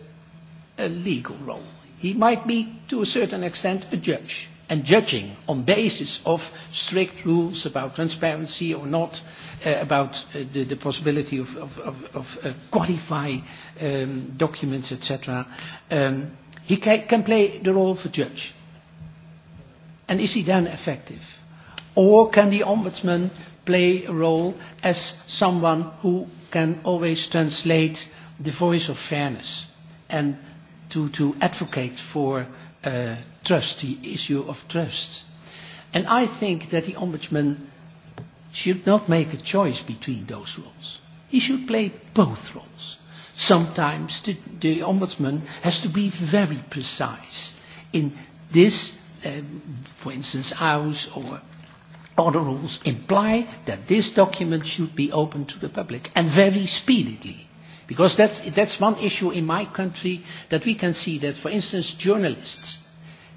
B: a legal role. He might be, to a certain extent, a judge and judging on basis of strict rules about transparency or not, uh, about uh, the, the possibility of, of, of, of uh, qualify um, documents, etc. Um, he ca- can play the role of a judge. And is he then effective? Or can the ombudsman play a role as someone who can always translate the voice of fairness and to, to advocate for uh, uh, trust, the issue of trust. And I think that the Ombudsman should not make a choice between those roles. He should play both roles. Sometimes the, the Ombudsman has to be very precise in this, um, for instance, ours or other rules imply that this document should be open to the public and very speedily. Because that's, that's one issue in my country that we can see that, for instance, journalists,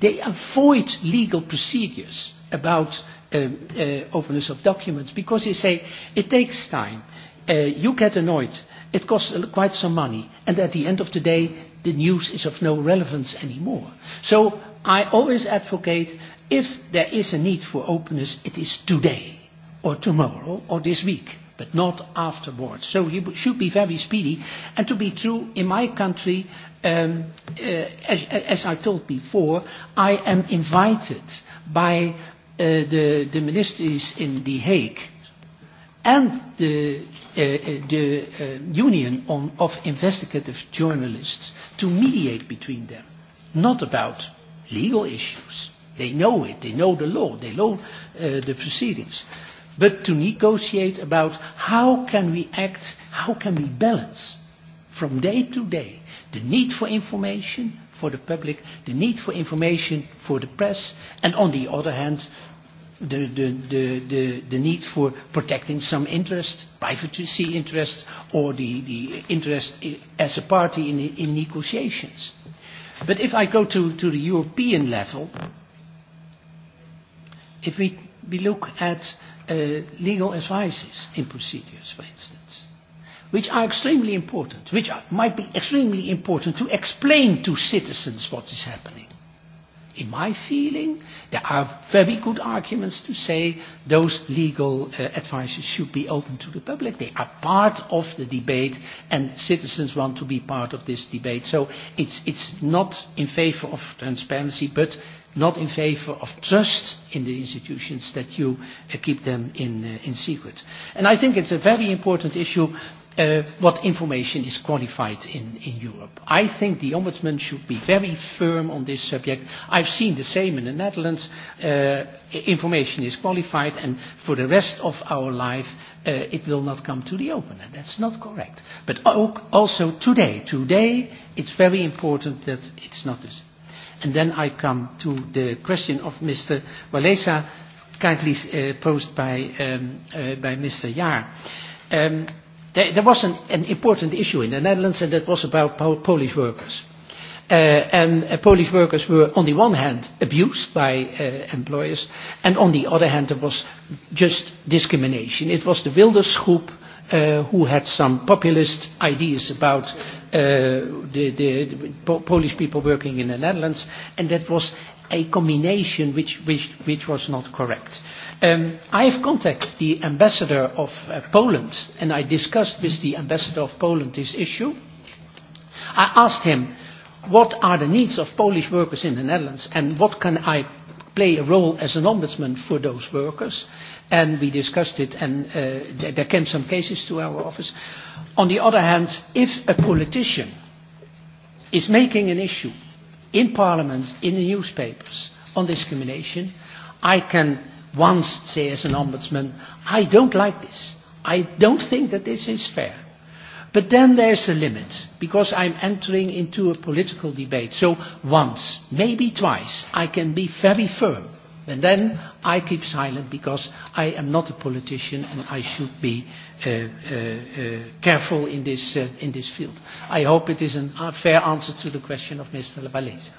B: they avoid legal procedures about um, uh, uh openness of documents because they say it takes time, uh, you get annoyed, it costs quite some money, and at the end of the day, the news is of no relevance anymore. So I always advocate if there is a need for openness, it is today, or tomorrow, or this week but not afterwards. So he should be very speedy. And to be true, in my country, um, uh, as, as I told before, I am invited by uh, the, the ministries in The Hague and the, uh, uh the uh, Union on, of Investigative Journalists to mediate between them, not about legal issues. They know it, they know the law, they know uh, the proceedings. Uh, but to negotiate about how can we act, how can we balance from day to day the need for information for the public, the need for information for the press, and on the other hand, the, the, the, the, the need for protecting some interest, privacy interest, or the, the interest as a party in, in negotiations. But if I go to, to the European level, if we, we look at uh, legal advices in procedures, for instance, which are extremely important, which are, might be extremely important to explain to citizens what is happening. In my feeling, there are very good arguments to say those legal uh, advices should be open to the public. They are part of the debate, and citizens want to be part of this debate. So it's, it's not in favor of transparency, but uh, not in favor of trust in the institutions that you uh, keep them in, uh, in secret. And I think it's a very important issue uh, what information is qualified in, in Europe. I think the Ombudsman should be very firm on this subject. I've seen the same in the Netherlands. Uh, information is qualified and for the rest of our life uh, it will not come to the open. And that's not correct. But also today. Today it's very important that it's not this And then I come to the question of Mr. Walesa, kindly uh, posed by, um, uh, by Mr. Jaar. Um, there, there was an, an important issue in the Netherlands, and that was about Polish workers Uh, and uh, Polish workers were, on the one hand, abused by uh, employers, and on the other hand, there was just discrimination. It was the Wilders group uh, who had some populist ideas about uh, the, the, the po Polish people working in the Netherlands, and that was a combination which, which, which was not correct. Um, I've contacted the ambassador of uh, Poland, and I discussed with the ambassador of Poland this issue. I asked him, uh, what are the needs of Polish workers in the Netherlands and what can I play a role as an ombudsman for those workers? And we discussed it and uh, th there came some cases to our office. On the other hand, if a politician is making an issue in parliament, in the newspapers on discrimination, I can once say as an ombudsman, I don't like this. I don't think that this is fair But then there's a limit, because I'm entering into a political debate. So once, maybe twice, I can be very firm. And then I keep silent because I am not a politician and I should be uh, uh, uh, careful in this, uh, in this field. I hope it is a an, uh, fair answer to the question of Mr. Valesa.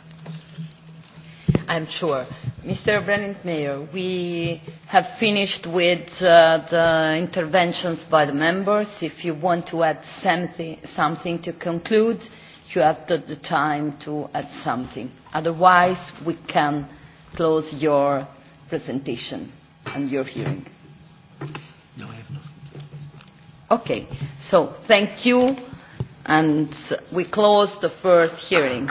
C: I'm sure. Mr. Brennan Mayor, we have finished with uh, the interventions by the members. If you want to add something, something to conclude, you have the, the time to add something. Otherwise, we can close your presentation and your hearing. No, I have nothing. Okay, so thank you, and we close the first hearing.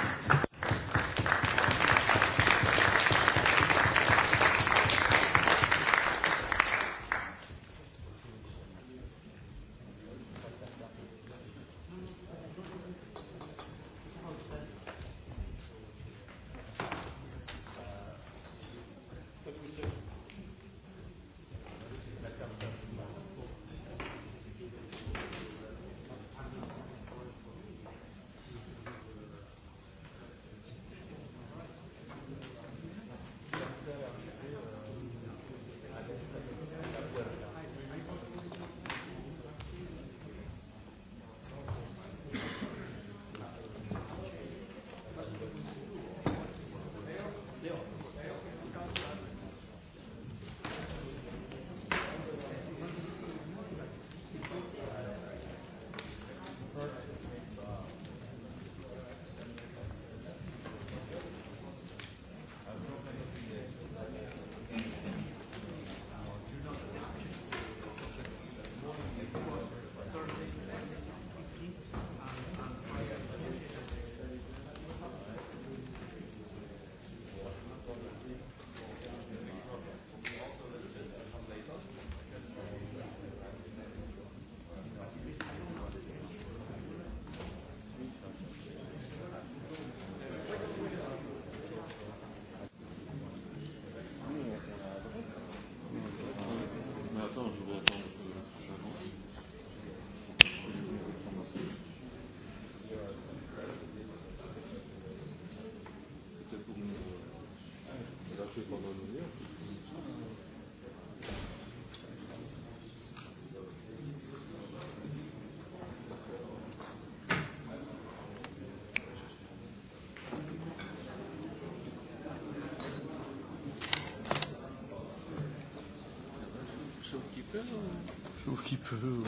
C: Woohoo.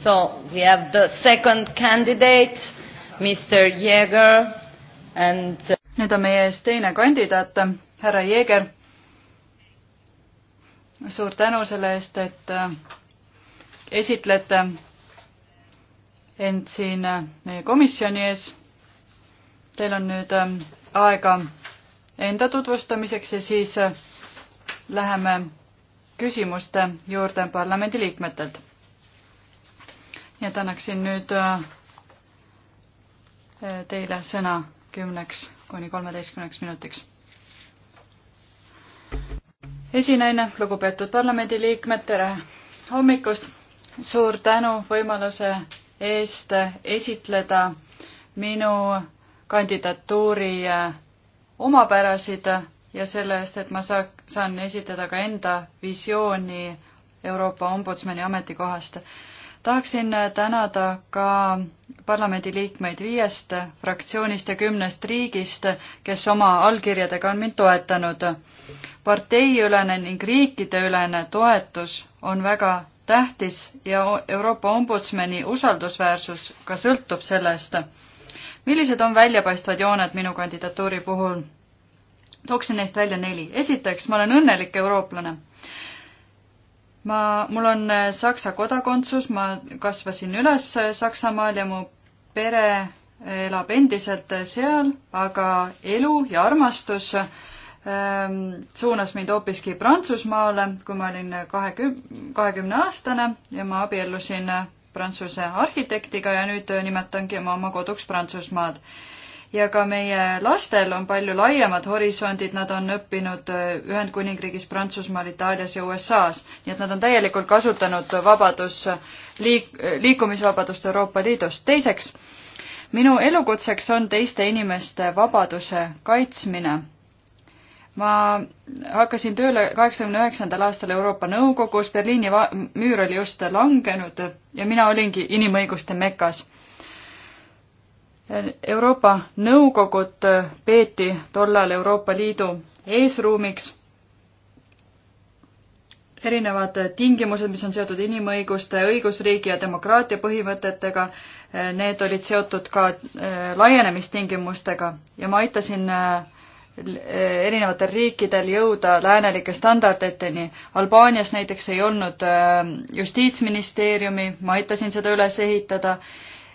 C: So we have the second candidate, Mr Jäger and uh, nüüd on meie ees teine kandidaat, härra Jäger.
E: suur tänu selle eest, et äh, esitlete end siin äh, meie komisjoni ees. Teil on nüüd äh, aega enda tutvustamiseks ja siis läheme küsimuste juurde parlamendiliikmetelt nii et annaksin nüüd äh, teile sõna kümneks kuni kolmeteistkümneks minutiks. esinaine, lugupeetud parlamendiliikmed, tere hommikust! suur tänu võimaluse eest esitleda minu kandidatuuri äh, omapärasid ja selle eest, et ma saa-, saan esitada ka enda visiooni Euroopa Ombudsmani ametikohast tahaksin tänada ka parlamendiliikmeid viiest fraktsioonist ja kümnest riigist, kes oma allkirjadega on mind toetanud. parteiülene ning riikideülene toetus on väga tähtis ja Euroopa Ombudsmani usaldusväärsus ka sõltub sellest. millised on väljapaistvad jooned minu kandidatuuri puhul? tooksin neist välja neli. esiteks, ma olen õnnelik eurooplane ma, mul on äh, Saksa kodakondsus, ma kasvasin üles äh, Saksamaal ja mu pere äh, elab endiselt seal, aga elu ja armastus ähm, suunas mind hoopiski Prantsusmaale, kui ma olin kahekümne, kahekümne aastane ja ma abiellusin Prantsuse arhitektiga ja nüüd nimetangi oma koduks Prantsusmaad ja ka meie lastel on palju laiemad horisondid, nad on õppinud äh, Ühendkuningriigis, Prantsusmaal, Itaalias ja USA-s, nii et nad on täielikult kasutanud vabadus, liik-, liikumisvabadust Euroopa Liidus. teiseks, minu elukutseks on teiste inimeste vabaduse kaitsmine ma hakkasin tööle kaheksakümne üheksandal aastal Euroopa Nõukogus, Berliini müür oli just langenud ja mina olingi inimõiguste mekas. Euroopa Nõukogud peeti tollal Euroopa Liidu eesruumiks. erinevad tingimused, mis on seotud inimõiguste, õigusriigi ja demokraatia põhimõtetega, need olid seotud ka äh, laienemistingimustega ja ma aitasin äh, erinevatel riikidel jõuda läänelike standarditeni. Albaanias näiteks ei olnud äh, justiitsministeeriumi, ma aitasin seda üles ehitada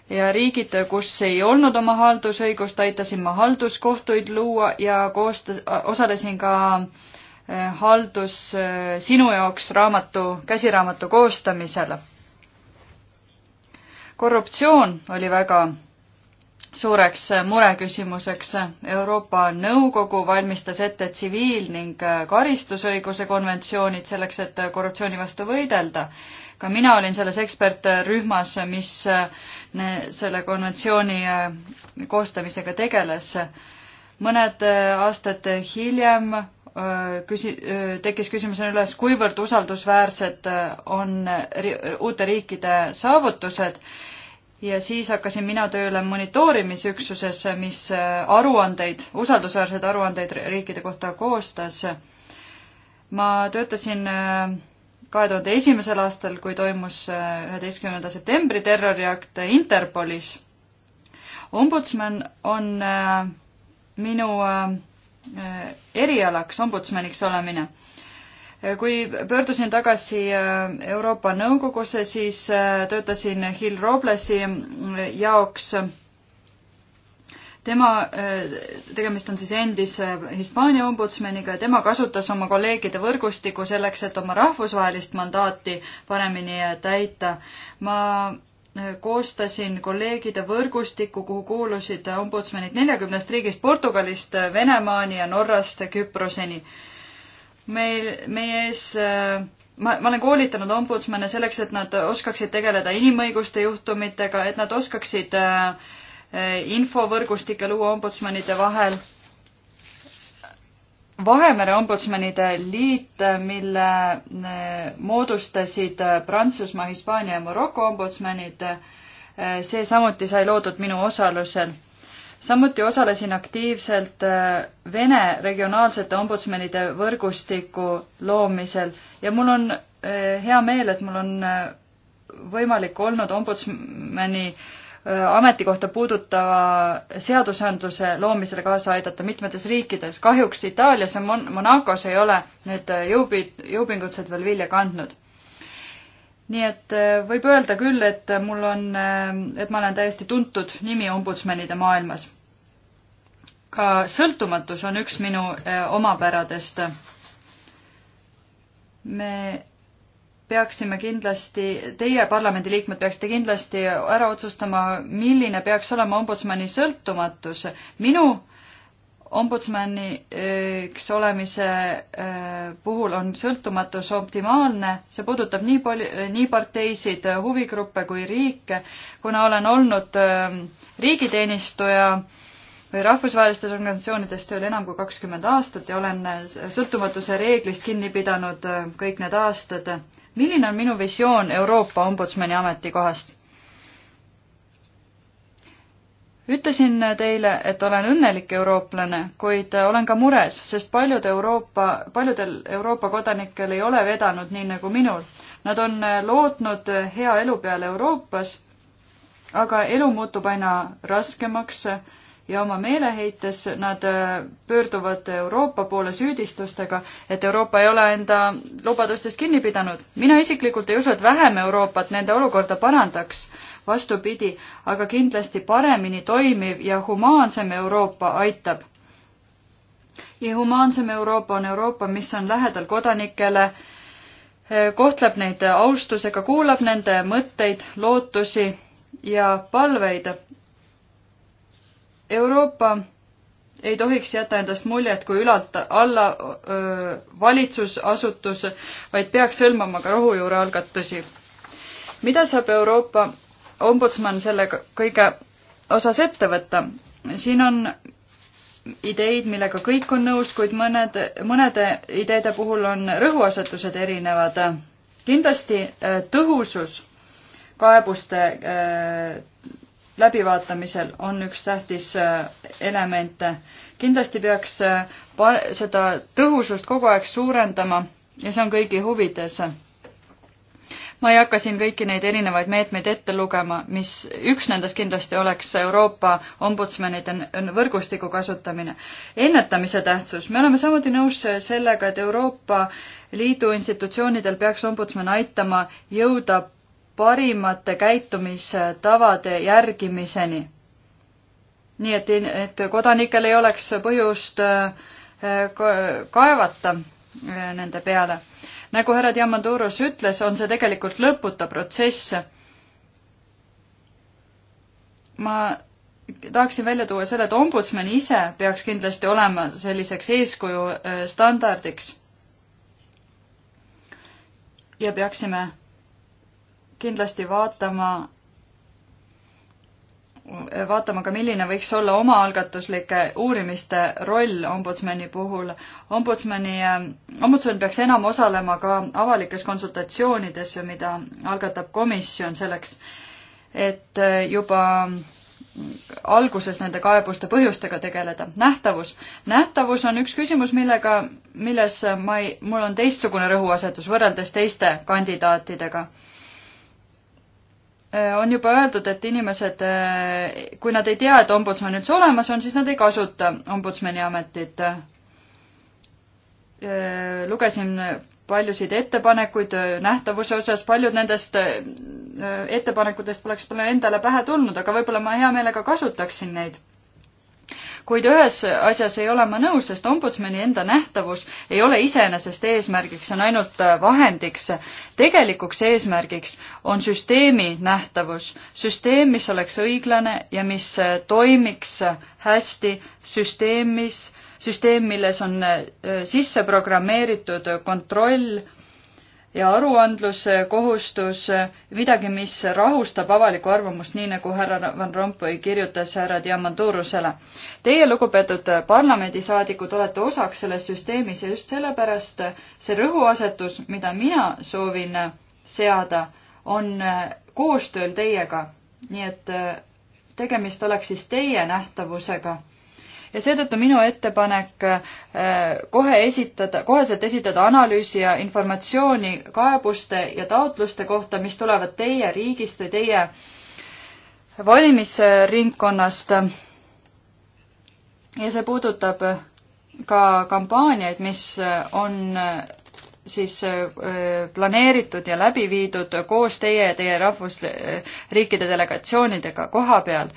E: ja riigid, kus ei olnud oma haldusõigust, aitasin ma halduskohtuid luua ja koost-, osalesin ka eh, haldus eh, sinu jaoks raamatu, käsiraamatu koostamisel. korruptsioon oli väga suureks eh, mureküsimuseks. Euroopa Nõukogu valmistas ette tsiviil- ning karistusõiguse konventsioonid selleks, et korruptsiooni vastu võidelda ka mina olin selles ekspertrühmas, mis selle konventsiooni äh, koostamisega tegeles. mõned äh, aastad hiljem äh, küsi-, tekkis küsimusena üles, kuivõrd usaldusväärsed on ri-, uute riikide saavutused ja siis hakkasin mina tööle monitoorimisüksuses, mis aruandeid, usaldusväärseid aruandeid riikide kohta koostas. ma töötasin äh, kahe tuhande esimesel aastal, kui toimus äh, üheteistkümnenda septembri terroriakt Interpolis. ombudsman on äh, minu äh, erialaks ombudsmaniks olemine. kui pöördusin tagasi Euroopa Nõukogusse, siis töötasin Hill Roblesi jaoks tema, äh, tegemist on siis endise Hispaania ombudsmaniga ja tema kasutas oma kolleegide võrgustikku selleks, et oma rahvusvahelist mandaati paremini äh, täita. ma äh, koostasin kolleegide võrgustiku, kuhu kuulusid ombudsmanid neljakümnest riigist Portugalist Venemaani ja Norrast Küproseni. meil, meie ees ma, ma olen koolitanud ombudsmane selleks, et nad oskaksid tegeleda inimõiguste juhtumitega, et nad oskaksid äh, Eh, infovõrgustike luua ombudsmanide vahel. Vahemere ombudsmanide liit, mille eh, moodustasid eh, Prantsusmaa, Hispaania ja Maroko ombudsmanid, see samuti sai loodud minu osalusel. samuti osalesin aktiivselt Vene regionaalsete ombudsmanide võrgustiku loomisel ja mul on hea meel, et mul on võimalik olnud ombudsmani äh, ametikohta puudutava seadusandluse loomisele kaasa aidata mitmetes riikides. kahjuks Itaalias ja Mon-, Monacos ei ole need jõupi-, jõupingutused veel vilja kandnud. nii et äh, võib öelda küll, et mul on, äh, et ma olen täiesti tuntud nimi ombudsmanide maailmas. ka sõltumatus on üks minu äh, omapäradest. me peaksime kindlasti, teie parlamendiliikmed peaksite kindlasti ära otsustama, milline peaks olema ombudsmani sõltumatus. minu ombudsmaniks eh, olemise eh, puhul on sõltumatus optimaalne, see puudutab nii palju, eh, nii parteisid, huvigruppe kui riike. kuna olen olnud riigiteenistuja või rahvusvahelistes organisatsioonides tööl enam kui kakskümmend aastat ja olen sõltumatuse reeglist kinni pidanud kõik need aastad milline on minu visioon Euroopa ombudsmani ametikohast? ütlesin teile, et olen õnnelik eurooplane, kuid olen ka mures, sest paljud Euroopa, paljudel Euroopa kodanikel ei ole vedanud nii nagu minul. Nad on lootnud hea elu peale Euroopas, aga elu muutub aina raskemaks ja oma meeleheites nad äh, pöörduvad Euroopa poole süüdistustega, et Euroopa ei ole enda lubadustest kinni pidanud. mina isiklikult ei usu, et vähem Euroopat nende olukorda parandaks, vastupidi, aga kindlasti paremini toimiv ja humaansem Euroopa aitab. ja humaansem Euroopa on Euroopa, mis on lähedal kodanikele, äh, kohtleb neid austusega, kuulab nende mõtteid, lootusi ja palveid Euroopa ei tohiks jätta endast muljet kui ülalt alla öö, valitsusasutus, vaid peaks hõlmama ka rohujuure algatusi. mida saab Euroopa ombudsman selle kõige osas ette võtta? siin on ideid, millega kõik on nõus, kuid mõned, mõnede ideede puhul on rõhuasetused erinevad. kindlasti tõhusus kaebuste öö, läbivaatamisel on üks tähtis äh, element. kindlasti peaks äh, seda tõhusust kogu aeg suurendama ja see on kõigi huvides. ma ei hakka siin kõiki neid erinevaid meetmeid ette lugema, mis üks nendest kindlasti oleks Euroopa ombudsmanide võrgustiku kasutamine. ennetamise tähtsus, me oleme samuti nõus sellega, et Euroopa Liidu institutsioonidel peaks ombudsman aitama jõuda parimate käitumistavade järgimiseni. nii et, et kodanikel ei oleks põhjust äh, kaevata äh, nende peale. nagu härra Diamandouros ütles, on see tegelikult lõputa protsess. ma tahaksin välja tuua selle, et ombudsman ise peaks kindlasti olema selliseks eeskuju äh, standardiks. ja peaksime kindlasti vaatama, vaatama ka, milline võiks olla omaalgatuslike uurimiste roll ombudsmani puhul. ombudsmani, eh, ombudsman peaks enam osalema ka avalikes konsultatsioonides, mida algatab komisjon selleks, et eh, juba alguses nende kaebuste põhjustega tegeleda. nähtavus. nähtavus on üks küsimus, millega, milles ma ei, mul on teistsugune rõhuasetus võrreldes teiste kandidaatidega Äh, on juba öeldud, et inimesed, äh, kui nad ei tea, et ombudsman üldse olemas on, siis nad ei kasuta ombudsmani ametit. Äh, lugesin paljusid ettepanekuid nähtavuse osas, paljud nendest ettepanekutest poleks mulle endale pähe tulnud, aga võib-olla ma hea meelega kasutaksin neid kuid ühes asjas ei ole ma nõus, sest ombudsmani enda nähtavus ei ole iseenesest eesmärgiks, see on ainult äh, vahendiks. tegelikuks eesmärgiks on süsteemi nähtavus, süsteem, mis oleks õiglane ja mis äh, toimiks äh, hästi süsteemis, süsteem, milles on sisse programmeeritud kontroll ja aruandluskohustus midagi, mis rahustab avalikku arvamust, nii nagu härra Van Rompuy kirjutas härra Diamanturusele. Teie, lugupeetud parlamendisaadikud, olete osaks selles süsteemis ja just sellepärast see rõhuasetus, mida mina soovin seada, on koostööl teiega. nii et tegemist oleks siis teie nähtavusega ja seetõttu minu ettepanek äh, kohe esitada, koheselt esitada analüüsi ja informatsiooni kaebuste ja taotluste kohta, mis tulevad teie riigist või teie valimisringkonnast. ja see puudutab ka kampaaniaid, mis on äh, siis äh, planeeritud ja läbi viidud koos teie ja teie rahvusriikide delegatsioonidega koha peal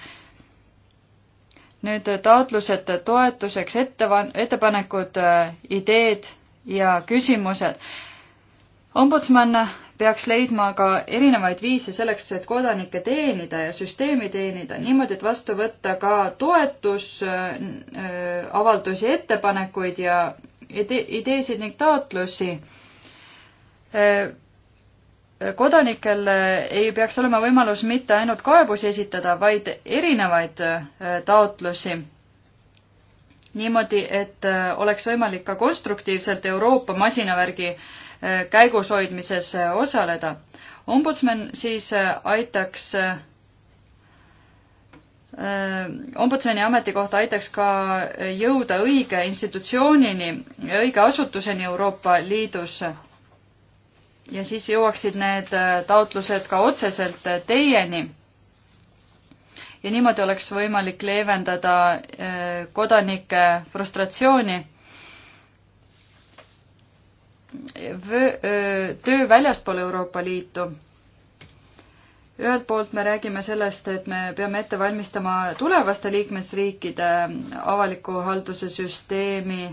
E: nüüd äh, taotlused äh, toetuseks, ettevan-, ettepanekud, äh, ideed ja küsimused. ombudsman peaks leidma ka erinevaid viise selleks, et kodanikke teenida ja süsteemi teenida niimoodi, et vastu võtta ka toetusavaldusi, ettepanekuid ja ide ideesid ning taotlusi kodanikel ei peaks olema võimalus mitte ainult kaebusi esitada, vaid erinevaid äh, taotlusi. niimoodi, et äh, oleks võimalik ka konstruktiivselt Euroopa masinavärgi äh, käigus hoidmises osaleda. ombudsman siis aitaks ombudsmani ametikohta aitaks ka jõuda õige institutsioonini, õige asutuseni Euroopa Liidus ja siis jõuaksid need äh, taotlused ka otseselt äh, teieni. ja niimoodi oleks võimalik leevendada äh, kodanike frustratsiooni. töö väljaspool Euroopa Liitu. ühelt poolt me räägime sellest, et me peame ette valmistama tulevaste liikmesriikide avaliku halduse süsteemi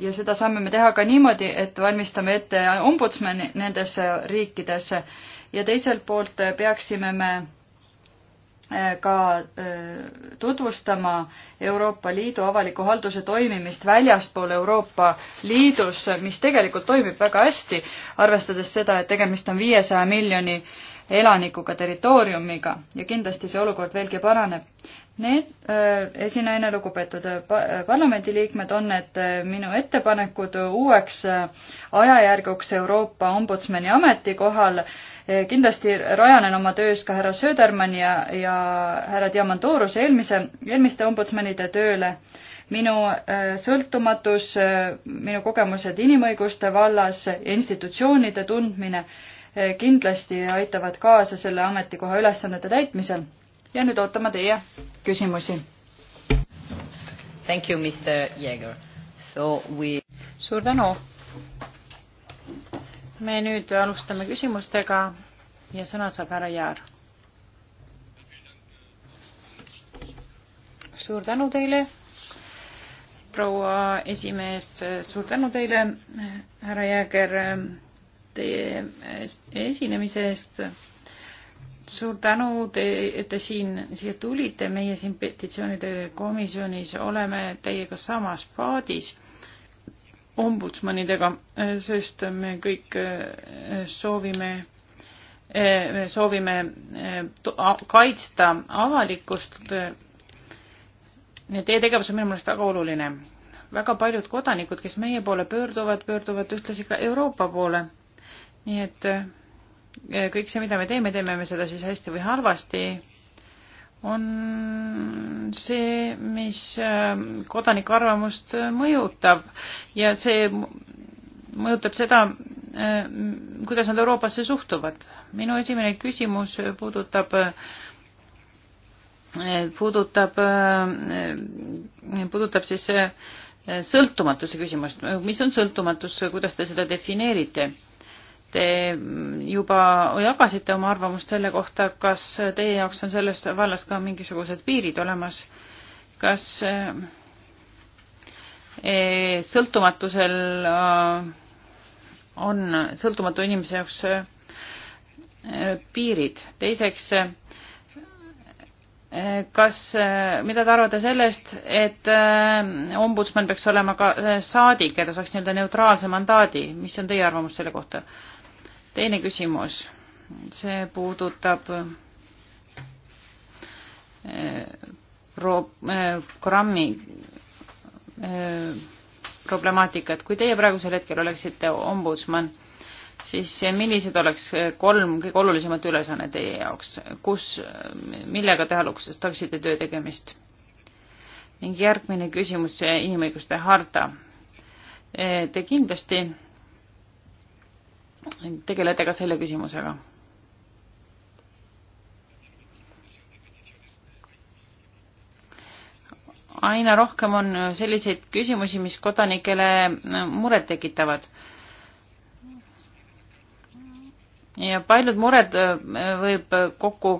E: ja seda saame me teha ka niimoodi, et valmistame ette ombudsmani nendes riikides ja teiselt poolt peaksime me äh, ka äh, tutvustama Euroopa Liidu avaliku halduse toimimist väljaspool Euroopa Liidus, mis tegelikult toimib väga hästi, arvestades seda, et tegemist on viiesaja miljoni elanikuga territooriumiga ja kindlasti see olukord veelgi paraneb. Need äh, esinaine, lugupeetud äh, äh, parlamendiliikmed, on need minu ettepanekud uueks ajajärguks Euroopa Ombudsmani ametikohal. kindlasti rajanen oma töös ka härra Södermanni ja, ja härra Diamantoruse eelmise, eelmiste ombudsmanide tööle. minu sõltumatus, minu kogemused inimõiguste vallas, institutsioonide tundmine kindlasti aitavad kaasa selle ametikoha ülesannete täitmisel ja nüüd ootame teie küsimusi.
F: Thank you, Mr Jäger. So we. suur tänu. me nüüd alustame küsimustega ja sõna saab härra Jaar. suur tänu teile, proua esimees, suur tänu teile, härra Jääger, teie esinemise eest suur tänu, et te siin, siia tulite, meie siin petitsioonide komisjonis oleme teiega samas paadis ombudsmanidega, sest me kõik eh, soovime, eh, me soovime eh, kaitsta avalikkust. Teie tegevus on minu meelest väga oluline. väga paljud kodanikud, kes meie poole pöörduvad, pöörduvad ühtlasi ka Euroopa poole. nii et kõik see, mida me teeme, teeme me seda siis hästi või halvasti, on see, mis ähm, kodaniku arvamust äh, mõjutab ja see mõjutab seda, äh, kuidas nad Euroopasse suhtuvad. minu esimene küsimus puudutab, äh, puudutab, puudutab siis sõltumatuse küsimust. mis on sõltumatus, kuidas te seda defineerite? Te juba jagasite oma arvamust selle kohta, kas teie jaoks on selles vallas ka mingisugused piirid olemas, kas eh, eh, sõltumatusel eh, on sõltumatu inimese jaoks piirid. teiseks, kas, mida te arvate sellest, et ombudsman peaks olema ka saadik, et ta saaks nii-öelda neutraalse mandaadi, mis on teie arvamus selle kohta? teine küsimus, see puudutab eh, pro-, eh, programmi eh, problemaatikat. kui teie praegusel hetkel oleksite ombudsman, siis millised oleks kolm kõige olulisemat ülesanne teie jaoks, kus, millega te alustaksite töö tegemist? ning järgmine küsimus, see inimõiguste harta. Te kindlasti tegelete ka selle küsimusega? aina rohkem on selliseid küsimusi, mis kodanikele muret tekitavad. ja paljud mured äh, võib kokku,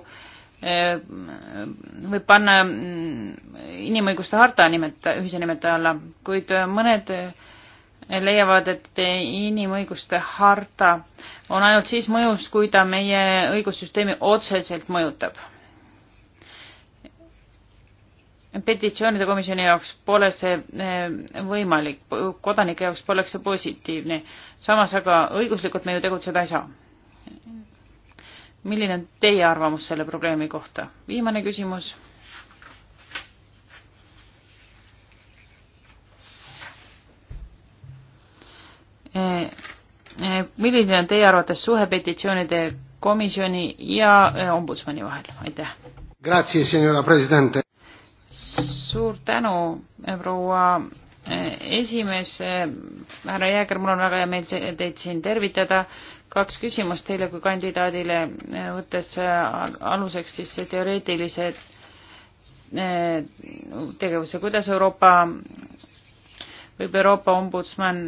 F: äh, võib panna mm, inimõiguste harta nimeta, ühise nimetaja alla, kuid äh, mõned leiavad, et inimõiguste harta on ainult siis mõjus, kui ta meie õigussüsteemi otseselt mõjutab. petitsioonide komisjoni jaoks pole see eh, võimalik, kodanike jaoks poleks see positiivne. samas aga õiguslikult me ju tegutseda ei saa. milline on teie arvamus selle probleemi kohta? viimane küsimus Eh, eh, milline on teie arvates suhe petitsioonide komisjoni ja eh, ombudsmani vahel, aitäh! suur tänu, proua esimees, härra Jääger, mul on väga hea meel teid siin tervitada. kaks küsimust teile kui kandidaadile, võttes aluseks siis teoreetilised tegevuse, kuidas Euroopa võib Euroopa ombudsman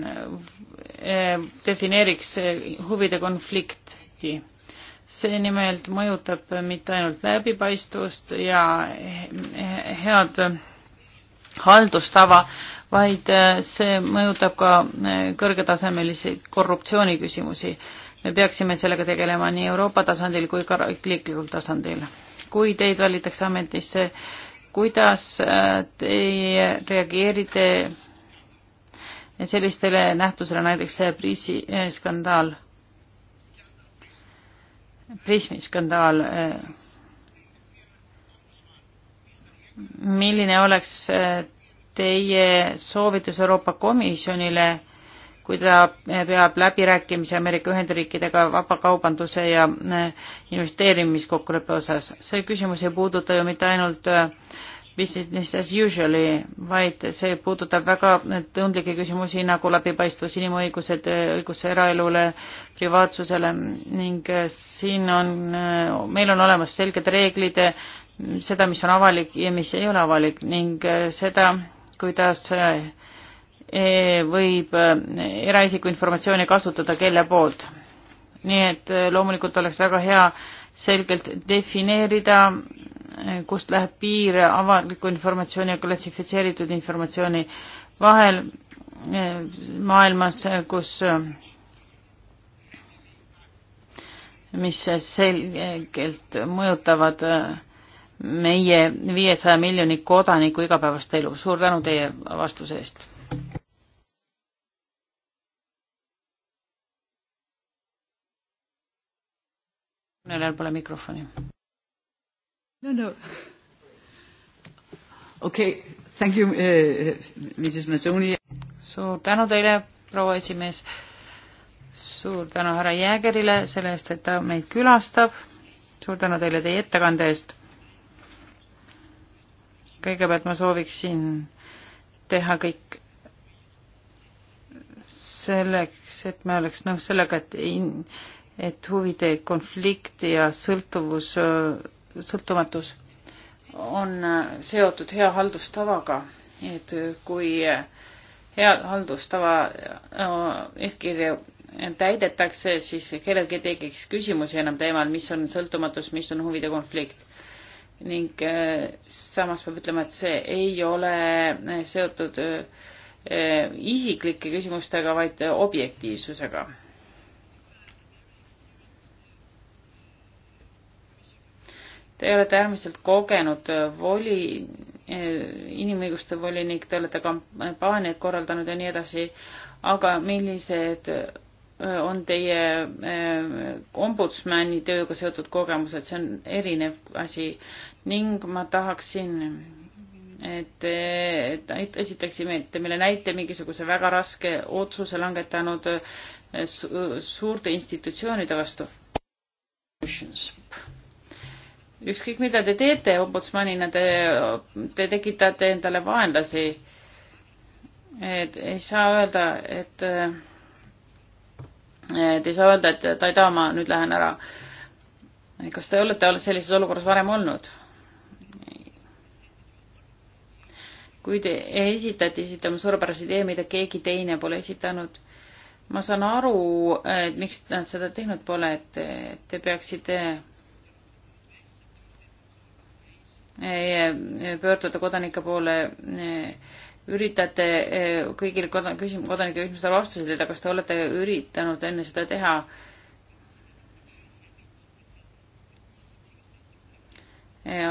F: eh, defineeriks eh, huvide konflikti. see nimelt mõjutab mitte ainult läbipaistvust ja head haldustava, vaid eh, see mõjutab ka kõrgetasemelisi korruptsiooniküsimusi. me peaksime sellega tegelema nii Euroopa tasandil kui ka riiklikul tasandil. kui teid valitakse ametisse, kuidas teie reageerite sellistele nähtusele, näiteks see Priisi eh, skandaal, Prismi skandaal. Eh. milline oleks eh, teie soovitus Euroopa Komisjonile, kui ta peab läbirääkimisi Ameerika Ühendriikidega vabakaubanduse ja investeerimiskokkuleppe osas. see küsimus ei puuduta ju mitte ainult äh, business as usually, vaid see puudutab väga tundlikke küsimusi nagu läbipaistvus, inimõigused, õigus eraelule, privaatsusele ning äh, siin on, äh, meil on olemas selged reeglid, seda, mis on avalik ja mis ei ole avalik ning äh, seda, kuidas e, võib eraisiku informatsiooni kasutada kelle poolt. nii et loomulikult oleks väga hea selgelt defineerida kust läheb piir avaliku informatsiooni ja klassifitseeritud informatsiooni vahel eh, maailmas, eh, kus eh, mis selgelt mõjutavad meie viiesaja miljoni kodaniku igapäevast elu. suur tänu teie vastuse eest. kõnelejal pole mikrofoni no, no. okei okay,, thank you uh,, Mrs Mazzoni. suur tänu teile, proua esimees. suur tänu härra Jäägerile selle eest, et ta meid külastab. suur tänu teile teie ettekande eest. kõigepealt ma sooviksin teha kõik selleks, et me oleks nõus sellega, et in-, et huvide konflikt ja sõltuvus sõltumatus on äh, seotud hea haldustavaga, et äh, kui äh, hea haldustava eeskirju täidetakse, siis kellelgi ei tekiks küsimusi enam teemal, mis on sõltumatus, mis on huvide konflikt. ning samas peab ütlema, et see ei ole seotud isiklike küsimustega, vaid objektiivsusega Te olete äärmiselt kogenud voli, eh, inimõiguste volinik, te olete kampaaniaid korraldanud ja nii edasi, aga millised eh, on teie eh, ombudsmani tööga seotud kogemused, see on erinev asi ning ma tahaksin, et, et esitaksime, et te meile näite mingisuguse väga raske otsuse langetanud su, suurte institutsioonide vastu ükskõik mida te teete ombudsmanina, te, te tekitate endale vaenlasi. et ei saa öelda, et, et ei saa öelda, et Taida, ma nüüd lähen ära. kas te olete sellises olukorras varem olnud? kui te esitati, esitame suurepärase idee, mida keegi teine pole esitanud. ma saan aru, et miks nad seda teinud pole, et te peaksite pöörduda kodanike poole, üritate kõigile kodan-, küsim-, kodanike küsimustele vastuseid leida, kas te olete üritanud enne seda teha?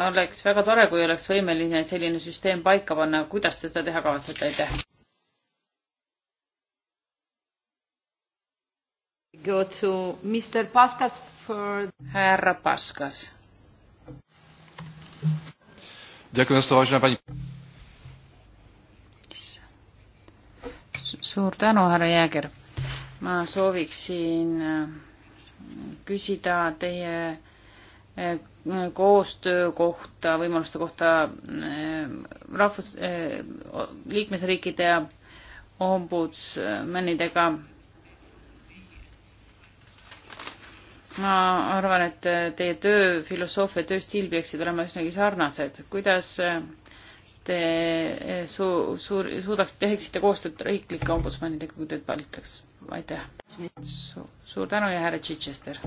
F: oleks väga tore, kui oleks võimeline selline süsteem paika panna, kuidas te seda teha kavatsete, aitäh!
C: Go to Mr Paskas for härra Paskas
D: Ďakujem za to, vážená pani.
F: suur tänu, härra Jääger. ma sooviksin äh, küsida teie äh, koostöö kohta, võimaluste kohta äh, rahvus, liikmesriikide ja ombudsmanidega ma arvan, et teie tööfilosoofia, tööstiil peaksid olema üsnagi sarnased. kuidas te su-, suur, suudaks, teeksite koostööd riiklike ombudsmanidega, kui teid valitakse? aitäh su,. suur tänu ja härra Chichester.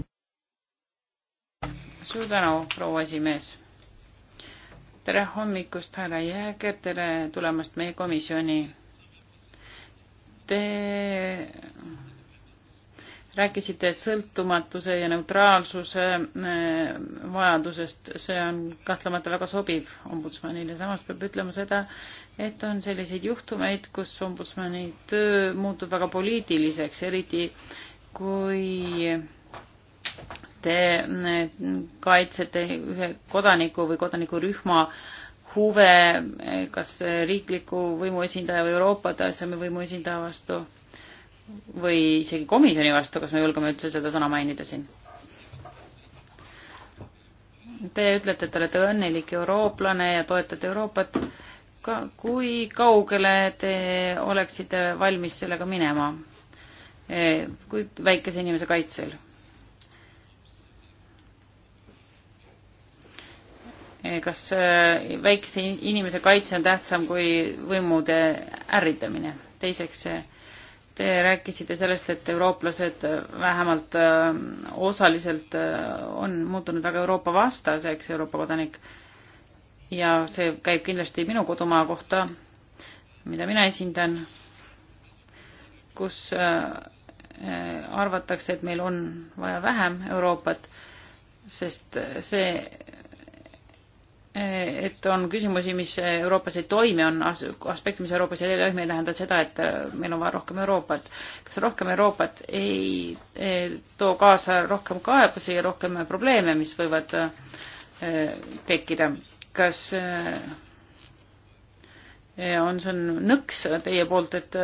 F: suur tänu, proua esimees. tere hommikust, härra Jääger, tere tulemast meie komisjoni. Te rääkisite sõltumatuse ja neutraalsuse eh, vajadusest, see on kahtlemata väga sobiv ombudsmanile, samas peab ütlema seda, et on selliseid juhtumeid, kus ombudsmani töö muutub väga poliitiliseks, eriti kui te eh, kaitsete ühe kodaniku või kodanikurühma huve eh, kas riikliku võimu esindaja või Euroopa taseme võimu esindaja vastu või isegi komisjoni vastu, kas me julgeme üldse seda sõna mainida siin? Te ütlete, et te olete õnnelik eurooplane ja toetate Euroopat. kui kaugele te oleksite valmis sellega minema? E, kui väikese inimese kaitsel? E, kas e, väikese inimese kaitse on tähtsam kui võimude ärritamine? teiseks Te rääkisite sellest, et eurooplased äh, vähemalt äh, osaliselt äh, on muutunud väga Euroopa vastaseks, Euroopa kodanik. ja see käib kindlasti minu kodumaa kohta, mida mina esindan, kus arvatakse, et meil on vaja vähem Euroopat, sest see et on küsimusi, mis Euroopas ei toimi, on aspekte, mis Euroopas ei toimi, ei tähenda seda, et äh, meil on vaja rohkem Euroopat. kas rohkem Euroopat ei too kaasa rohkem kaebusi ja rohkem probleeme, mis võivad äh, tekkida? kas äh, on, see on nõks teie poolt, et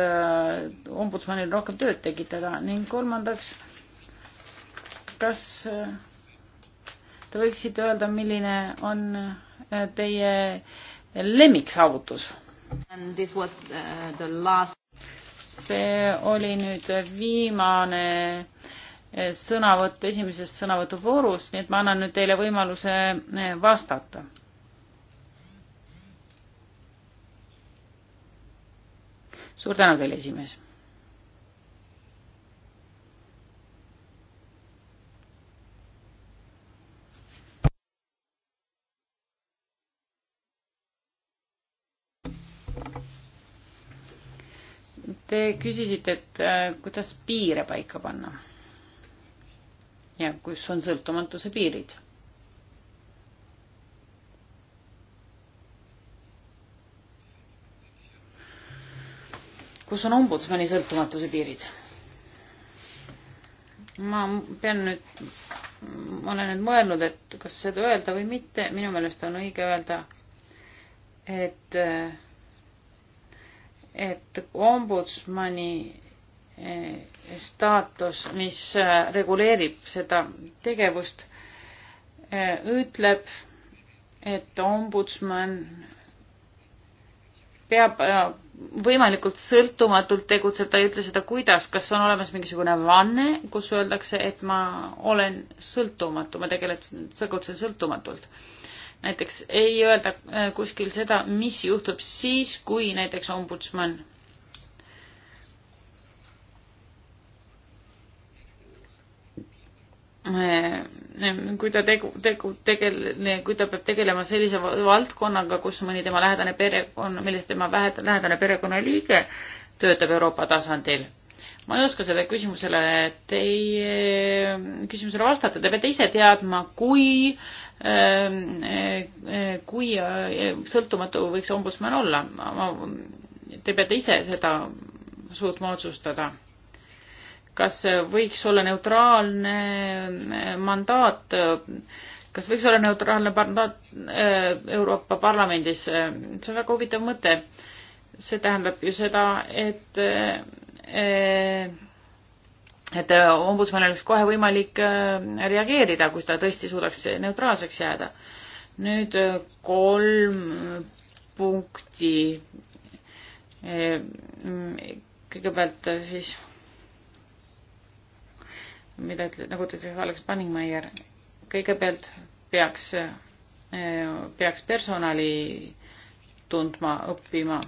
F: ombudsmanil rohkem tööd tekitada ning kolmandaks, kas te võiksite öelda, milline on teie lemmiksaavutus? Uh, last... see oli nüüd viimane eh, sõnavõtt esimeses sõnavõtuvoorus, nii et ma annan nüüd teile võimaluse eh, vastata. suur tänu teile, esimees Te küsisite, et äh, kuidas piire paika panna ja kus on sõltumatuse piirid. kus on ombudsmani sõltumatuse piirid? ma pean nüüd, ma olen nüüd mõelnud, et kas seda öelda või mitte, minu meelest on õige öelda, et äh, et ombudsmani eh, staatus, mis eh, reguleerib seda tegevust, eh, ütleb, et ombudsman peab võimalikult sõltumatult tegutseb, ta ei ütle seda, kuidas, kas on olemas mingisugune vanne, kus öeldakse, et ma olen sõltumatu, ma tegelen, tegutsen sõltumatult näiteks ei öelda äh, kuskil seda, mis juhtub siis, kui näiteks ombudsman äh, kui ta tegu, tegu, tegele-, kui ta peab tegelema sellise valdkonnaga, kus mõni tema lähedane perekonna, milles tema lähedane perekonnaliige töötab Euroopa tasandil ma ei oska sellele küsimusele teie eh, küsimusele vastata, te peate ise teadma, kui, ehm, eh, eh, kui sõltumatu võiks ombudsman olla. Te peate ise seda suutma otsustada. kas võiks olla neutraalne mandaat, kas võiks olla neutraalne mandaat Euroopa Parlamendis? see on väga huvitav mõte. see tähendab ju seda, et Äh, et äh, ombudsmanil oleks kohe võimalik äh, reageerida, kui ta tõesti suudaks neutraalseks jääda. nüüd kolm punkti. kõigepealt siis, mida ütle, nagu ütles Alex Panningmeier, kõigepealt peaks, peaks personali tundma, õppima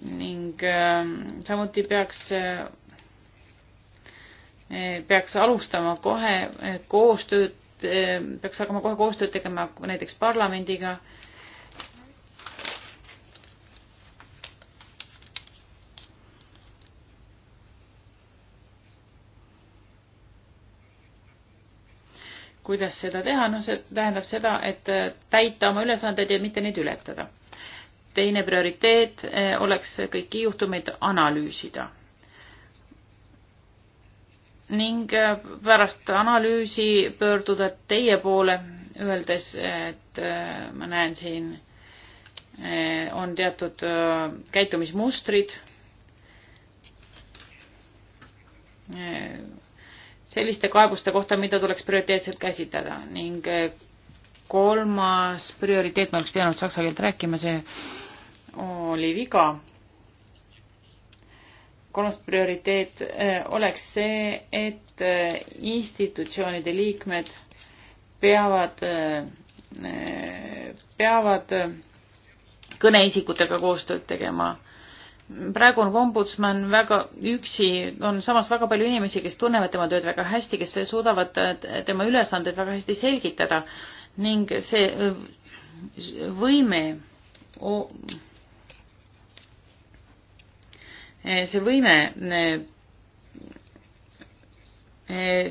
F: ning ähm, samuti peaks äh, peaks alustama kohe äh, koostööd, äh, peaks hakkama kohe koostööd tegema näiteks parlamendiga. kuidas seda teha, noh, see tähendab seda, et täita oma ülesandeid ja mitte neid ületada teine prioriteet eh, oleks kõiki juhtumeid analüüsida. ning eh, pärast analüüsi pöörduda teie poole, öeldes, et eh, ma näen siin on teatud käitumismustrid. selliste kaebuste kohta, mida tuleks prioriteetselt käsitleda ning kolmas prioriteet, ma oleks pidanud saksa keelt rääkima, see oli viga. kolmas prioriteet eh, oleks see, et eh, institutsioonide liikmed peavad, eh, peavad kõneisikutega koostööd tegema. praegu on ombudsman väga üksi, on samas väga palju inimesi, kes tunnevad tema tööd väga hästi, kes suudavad tema ülesandeid väga hästi selgitada ning see võime see võime,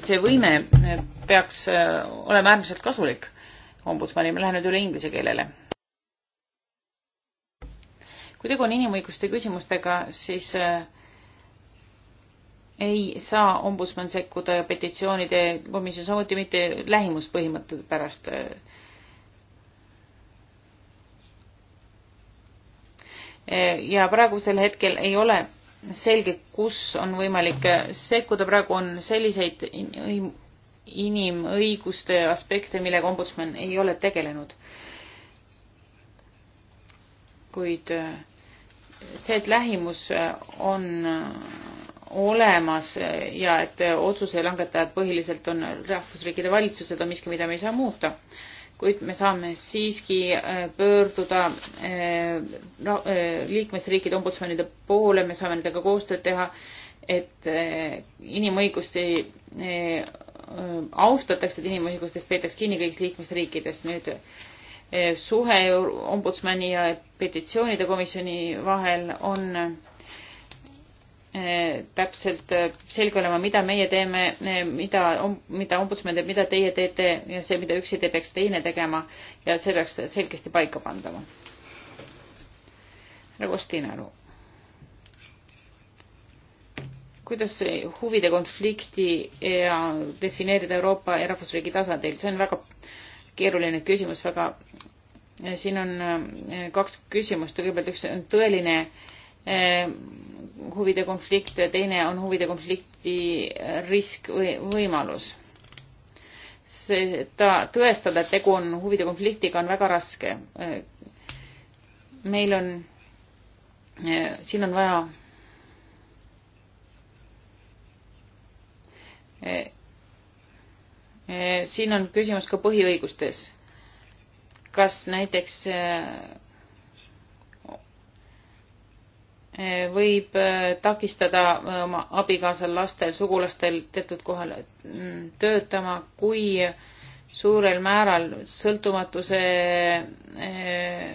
F: see võime peaks olema äärmiselt kasulik ombudsmanil, ma lähen nüüd üle inglise keelele. kui tegu on inimõiguste küsimustega, siis äh, ei saa ombudsman sekkuda petitsioonide komisjon, samuti mitte lähimuspõhimõtte pärast. Äh, ja praegusel hetkel ei ole selge, kus on võimalik sekkuda, praegu on selliseid inimõiguste aspekte, millega ombudsman ei ole tegelenud. kuid eh, see, et lähimus eh, on eh, olemas ja et otsuse langetajad põhiliselt on rahvusriikide valitsused, on miski, mida me ei saa muuta kuid me saame siiski äh, pöörduda no, äh, äh, liikmesriikide ombudsmanide poole, me saame nendega koostööd teha, et inimõigusi austatakse, et inimõigustest peetakse kinni kõigis liikmesriikides. nüüd suhe ombudsmani ja petitsioonide komisjoni vahel on Eh, täpselt eh, selge olema, mida meie teeme, eh, mida, mida ombudsman teeb, mida teie teete ja see, mida üks ei tee, peaks teine tegema ja see peaks selgesti paika pandama. härra Kostinaru. kuidas huvide konflikti ja defineerida Euroopa ja rahvusriigi tasandil, see on väga keeruline küsimus, väga, siin on kaks küsimust, kõigepealt üks on tõeline äh, Eh, huvide konflikt, teine on huvide konflikti risk või võimalus. seda tõestada, et tegu on huvide konfliktiga, on väga raske. Eh, meil on, eh, siin on vaja siin on küsimus ka põhiõigustes. kas näiteks võib äh, takistada äh, oma abikaasal, lastel, sugulastel teatud kohal mm, töötama, kui suurel määral sõltumatuse äh,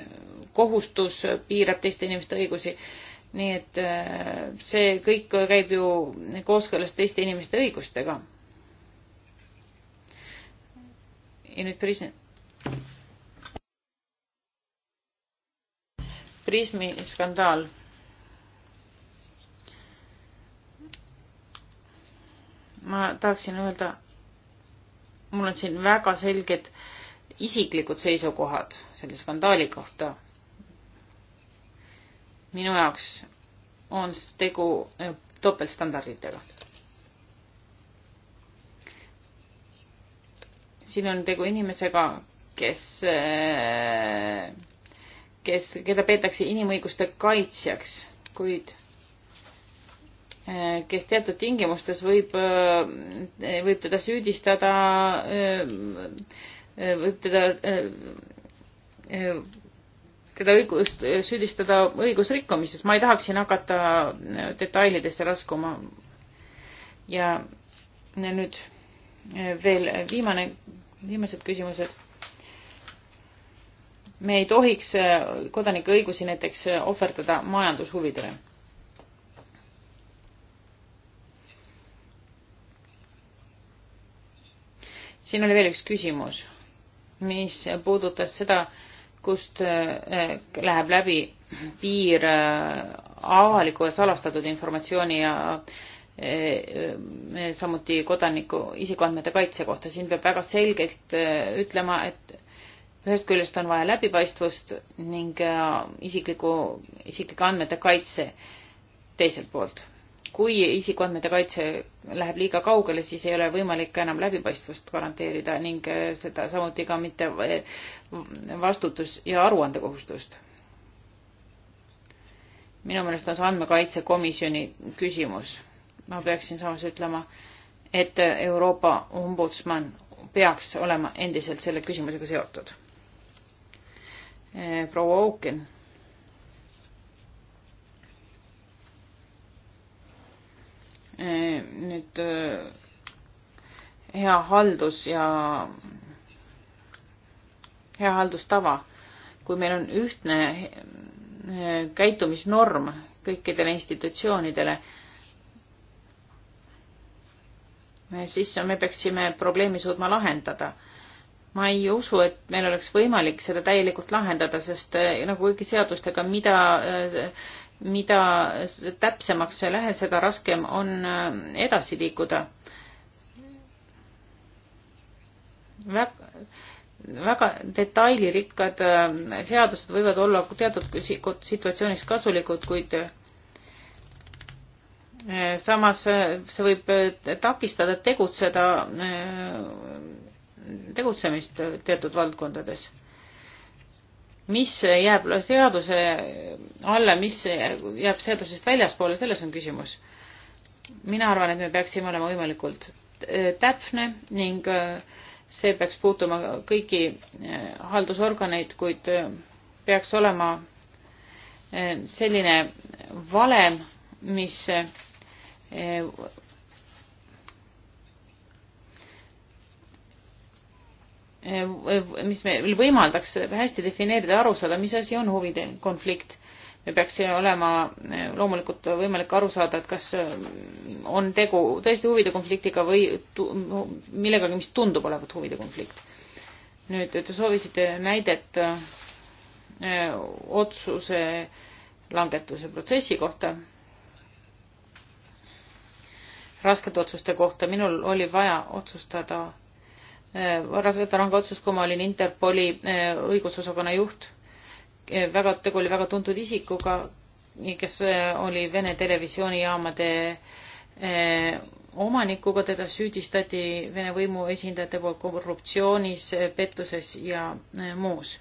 F: kohustus piirab teiste inimeste õigusi. nii et see kõik käib ju kooskõlas teiste inimeste õigustega. ja nüüd prism. prismi skandaal ma tahaksin öelda, mul on siin väga selged isiklikud seisukohad selle skandaali kohta. minu jaoks on tegu eh, topeltstandarditega. siin on tegu inimesega, kes, eh, kes, keda peetakse inimõiguste kaitsjaks, kuid kes teatud tingimustes võib, äh, võib teda süüdistada, äh, äh, võib teda, teda õigus, süüdistada õigusrikkumises. ma ei tahaks siin hakata detailidesse laskuma. ja nüüd veel viimane, viimased küsimused. me ei tohiks kodanike õigusi näiteks ohverdada majandushuvidele siin oli veel üks küsimus, mis puudutas seda, kust eh, läheb läbi piir eh, avaliku ja salastatud informatsiooni ja eh, samuti kodaniku isikuandmete kaitse kohta. siin peab väga selgelt ütlema, et ühest küljest on vaja läbipaistvust ning isikliku, isiklike andmete kaitse teiselt poolt kui isikuandmete kaitse läheb liiga kaugele, siis ei ole võimalik enam läbipaistvust garanteerida ning äh, seda samuti ka mitte äh, vastutus ja aruandekohustust. minu meelest on see andmekaitsekomisjoni küsimus. ma peaksin samas ütlema, et äh, Euroopa ombudsman peaks olema endiselt selle küsimusega seotud. proua Ooken Eh, nüüd eh, hea haldus ja hea haldustava, kui meil on ühtne eh, käitumisnorm kõikidele institutsioonidele, siis me peaksime probleemi suutma lahendada. ma ei usu, et meil oleks võimalik seda täielikult lahendada, sest nagu kõigi seadustega, mida mida täpsemaks sa ei lähe, seda raskem on äh, edasi liikuda. väga, väga detailirikkad äh, seadused võivad olla teatud situatsioonis kasulikud, kuid äh, samas see võib takistada tegutseda, tegutsemist teatud valdkondades mis jääb seaduse alla, mis jääb seadusest väljaspoole, selles on küsimus. mina arvan, et me peaksime olema võimalikult äh, täpne ning äh, see peaks puutuma kõiki äh, haldusorganeid, kuid peaks olema selline valem, mis mis meil võimaldaks hästi defineerida ja aru saada, mis asi on huvide konflikt. me peaks olema eh, loomulikult võimalik aru saada, et kas eh, on tegu tõesti huvide konfliktiga või millegagi, mis tundub olevat huvide konflikt. nüüd te soovisite näidet eh, otsuse langetuse protsessi kohta, raskete otsuste kohta, minul oli vaja otsustada varasemalt ranga otsus, kui ma olin Interpoli e, õigusosakonna juht, e, väga, tegu oli väga tuntud isikuga, kes e, oli Vene televisioonijaamade omanikuga, teda süüdistati Vene võimu esindajate poolt korruptsioonis, pettuses ja muus.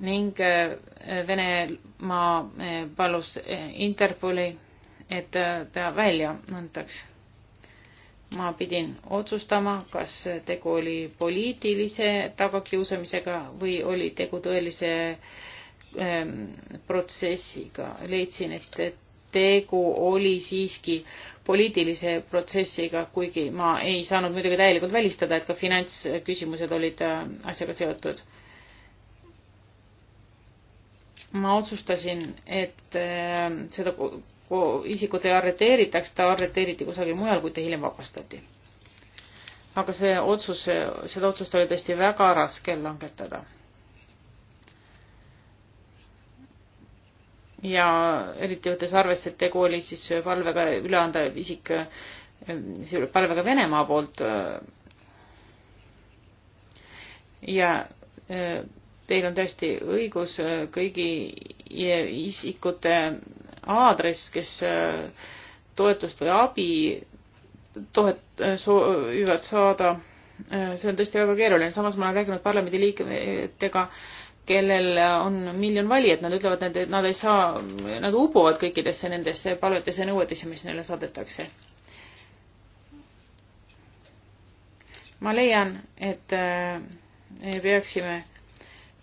F: ning Venemaa palus Interpoli, et ta välja antaks ma pidin otsustama, kas tegu oli poliitilise tagakiusamisega või oli tegu tõelise ähm, protsessiga. leidsin, et tegu oli siiski poliitilise protsessiga, kuigi ma ei saanud muidugi täielikult välistada, et ka finantsküsimused olid äh, asjaga seotud. ma otsustasin, et äh, seda isikut ei arreteeritaks, ta arreteeriti kusagil mujal, kuid ta hiljem vabastati. aga see otsus, seda otsust oli tõesti väga raske langetada. ja eriti võttes arvesse, et tegu oli siis palvega üle anda isik, palvega Venemaa poolt. ja teil on täiesti õigus kõigi isikute aadress, kes äh, toetust või abi tohet-, äh, soovivad saada, äh, see on tõesti väga keeruline, samas ma olen rääkinud parlamendiliikmetega, kellel on miljon valijat, nad ütlevad, et nad ei saa, nad upuvad kõikidesse nendesse palvetesse ja nõuetesse, mis neile saadetakse. ma leian, et me peaksime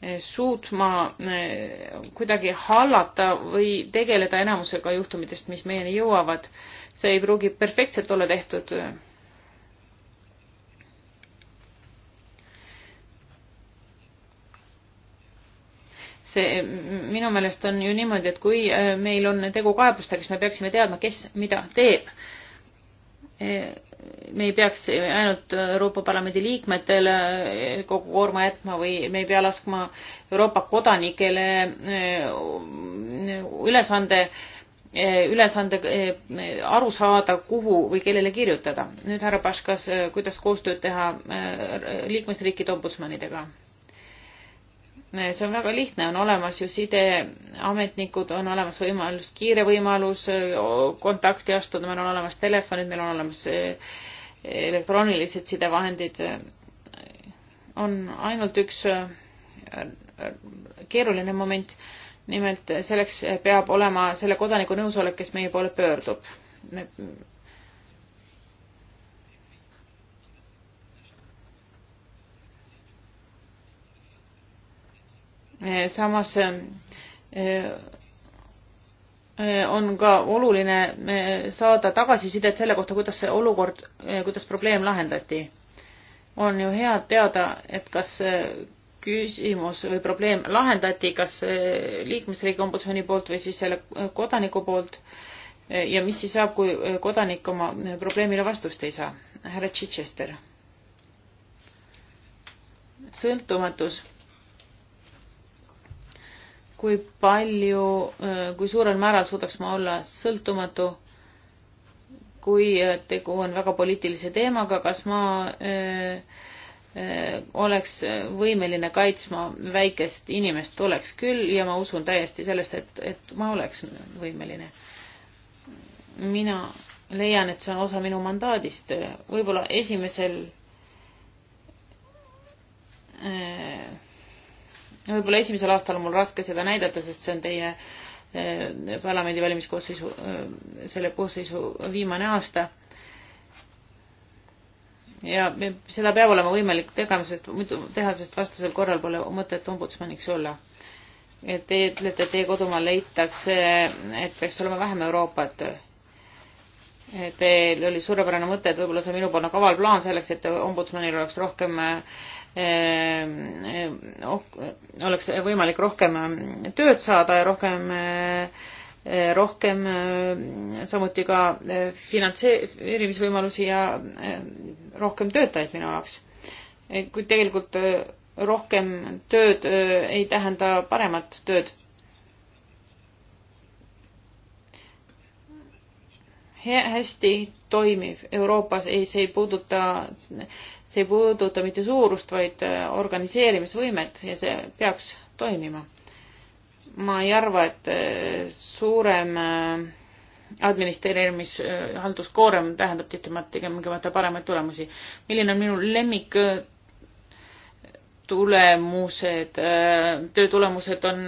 F: Eh, suutma eh, kuidagi hallata või tegeleda enamusega juhtumitest, mis meieni jõuavad. see ei pruugi perfektselt olla tehtud. see minu meelest on ju niimoodi, et kui eh, meil on tegu kaebustega, siis me peaksime teadma, kes mida teeb me ei peaks ainult Euroopa Parlamendi liikmetele kogu koorma jätma või me ei pea laskma Euroopa kodanikele eh, ülesande, eh, ülesande eh, aru saada, kuhu või kellele kirjutada. nüüd härra Paškas, kuidas koostööd teha liikmesriikide ombudsmanidega? see on väga lihtne, on olemas ju sideametnikud, on olemas võimalus, kiire võimalus kontakti astuda, meil on olemas telefonid, meil on olemas eh, elektroonilised sidevahendid. on ainult üks eh, keeruline moment, nimelt selleks peab olema selle kodaniku nõusolek, kes meie poole pöördub. me Eh, samas eh, eh, on ka oluline saada tagasisidet selle kohta, kuidas see olukord, kuidas probleem lahendati. on ju hea teada, et kas küsimus või probleem lahendati kas liikmesriigi ombudsmani poolt või siis selle kodaniku poolt ja mis siis saab, kui kodanik oma probleemile vastust ei saa. härra Chichester. sõltumatus kui palju, kui suurel määral suudaks ma olla sõltumatu, kui tegu on väga poliitilise teemaga, kas ma öö, eh, öö, eh, oleks võimeline kaitsma väikest inimest, oleks küll ja ma usun täiesti sellest, et, et ma oleks võimeline. mina leian, et see on osa minu mandaadist, võib-olla esimesel öö, eh, võib-olla esimesel aastal on mul raske seda näidata, sest see on teie eh, parlamendi valimiskoosseisu, eh, selle koosseisu viimane aasta. ja seda peab olema võimalik tegema, sest muidu teha, sest vastasel korral pole mõtet ombudsmaniks olla. et te ütlete, et teie kodumaal leitakse, et peaks olema vähem Euroopat Teil oli suurepärane mõte, et võib-olla see on minupoolne kaval plaan selleks, et ombudsmanil oleks rohkem eh, oh, oleks võimalik rohkem eh, tööd saada ja rohkem eh, rohkem eh, samuti ka finantseerimisvõimalusi ja rohkem töötajaid minu jaoks. kuid tegelikult rohkem tööd ei tähenda paremat tööd. hästi toimiv Euroopas, ei, see ei puuduta, see ei puuduta mitte suurust, vaid äh, organiseerimisvõimet ja see peaks toimima. ma ei arva, et äh, suurem äh, administreerimis halduskoorem tähendab tingimata paremaid tulemusi. milline on minu lemmik tulemused, töö tulemused on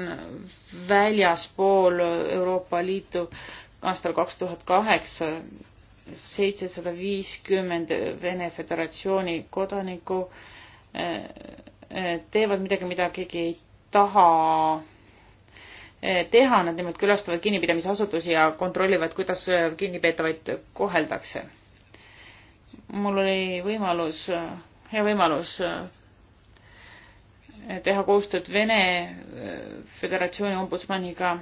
F: väljaspool Euroopa Liitu äh, aastal kaks tuhat kaheksa seitsesada viiskümmend Vene Föderatsiooni kodanikku eh, eh, teevad midagi, mida keegi ei taha eh, teha, nad nimelt külastavad kinnipidamisasutusi ja kontrollivad, kuidas kinnipeetavaid koheldakse. mul oli võimalus, hea võimalus teha koostööd Vene Föderatsiooni ombudsmaniga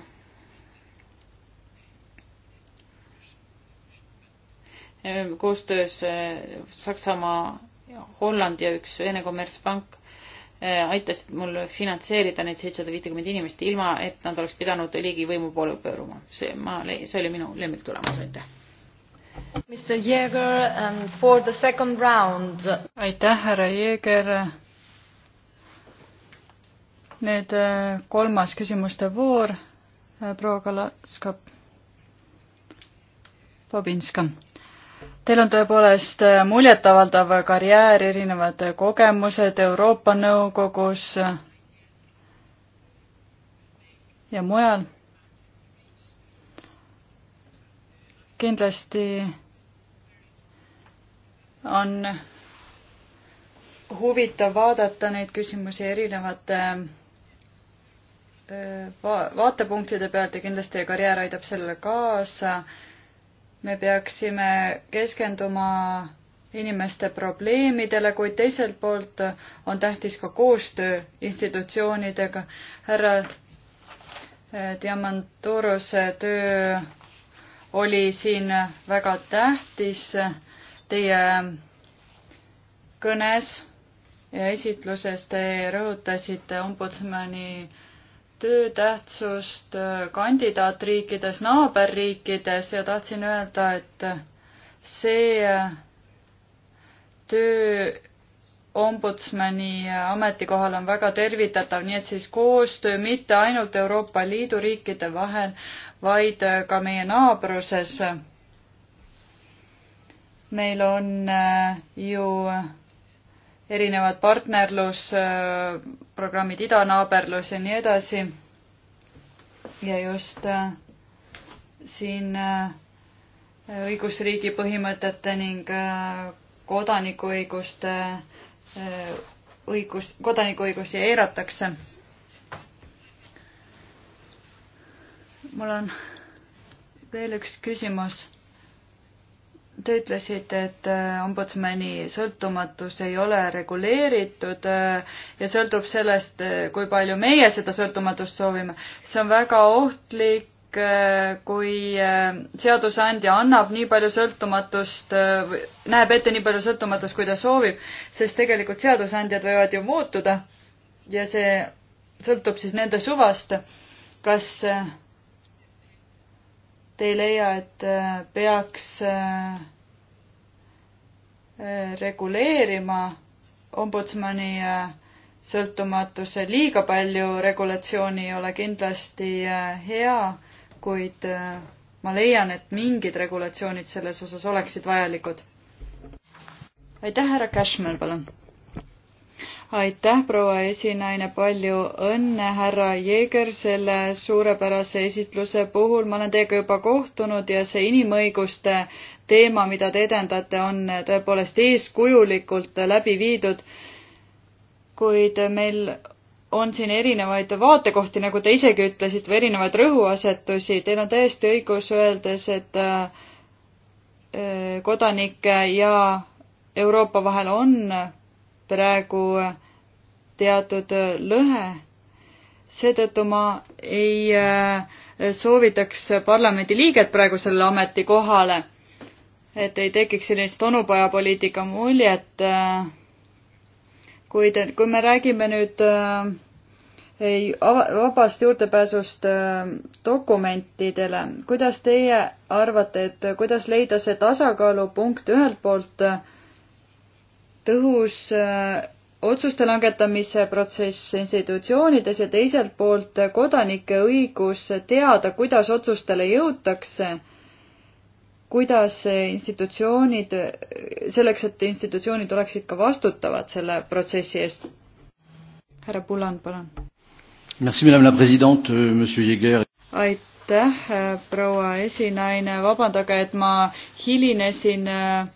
F: koostöös eh, Saksamaa, Hollandi ja üks Vene kommertspank eh, aitasid mul finantseerida neid seitsesada viitekümmet inimest, ilma et nad oleks pidanud riigivõimu poole pööruma. see, ma, see oli minu lemmiktulemus, aitäh.
C: Mr Jeeger and um, for the second round. aitäh, härra Jeeger.
E: nüüd eh, kolmas küsimuste voor. proua Kalaskap. Bobinska Teil on tõepoolest muljetavaldav karjäär, erinevad kogemused Euroopa Nõukogus ja mujal. kindlasti on huvitav vaadata neid küsimusi erinevate vaatepunktide pealt ja kindlasti teie karjäär aitab sellele kaasa me peaksime keskenduma inimeste probleemidele, kuid teiselt poolt on tähtis ka koostöö institutsioonidega. härra eh, Diamantorose töö oli siin väga tähtis. Teie kõnes ja esitluses te rõhutasite ombudsmani äh, töö tähtsust äh, kandidaatriikides, naaberriikides ja tahtsin öelda, et see äh, töö ombudsmani äh, ametikohal on väga tervitatav, nii et siis koostöö mitte ainult Euroopa Liidu riikide vahel, vaid ka meie naabruses. meil on ju erinevad partnerlusprogrammid, idanaaberlus ja nii edasi. ja just äh, siin äh, õigusriigi põhimõtete ning äh, kodanikuõiguste õigus, kodanikuõigusi eiratakse. mul on veel üks küsimus Te ütlesite, et äh, ombudsmani sõltumatus ei ole reguleeritud äh, ja sõltub sellest, äh, kui palju meie seda sõltumatust soovime. see on väga ohtlik, kui seadusandja annab nii palju sõltumatust, näeb ette nii palju sõltumatust, kui ta soovib, sest tegelikult seadusandjad võivad ju muutuda ja see sõltub siis nende suvast, kas te ei leia, et äh, peaks äh, äh, reguleerima ombudsmani sõltumatuse, liiga palju regulatsiooni ei ole kindlasti hea, kuid ma leian, et mingid regulatsioonid selles osas oleksid vajalikud. aitäh, härra Cashman, palun! aitäh, proua esinaine, palju õnne, härra Jeeger, selle suurepärase esitluse puhul. ma olen teiega juba kohtunud ja see inimõiguste teema, mida te edendate, on tõepoolest eeskujulikult läbi viidud. kuid meil on siin erinevaid vaatekohti, nagu te isegi ütlesite, või erinevaid rõhuasetusi. Teil on täiesti õigus öeldes, et äh, kodanike ja Euroopa vahel on praegu teatud lõhe. seetõttu ma ei äh, soovitaks parlamendiliiget praegu sellele ametikohale, et ei tekiks sellist onupojapoliitika muljet. Äh, kuid, kui me räägime nüüd äh, ei vabast juurdepääsust dokumentidele. kuidas teie arvate, et kuidas leida see tasakaalupunkt ühelt poolt äh, tõhus äh, otsuste langetamise protsess institutsioonides ja teiselt poolt kodanike õigus teada, kuidas otsustele jõutakse, kuidas institutsioonid, selleks, et institutsioonid oleksid ka vastutavad selle protsessi eest. härra Puland, palun. Euh, aitäh, äh, proua esinaine, vabandage, et ma hilinesin äh,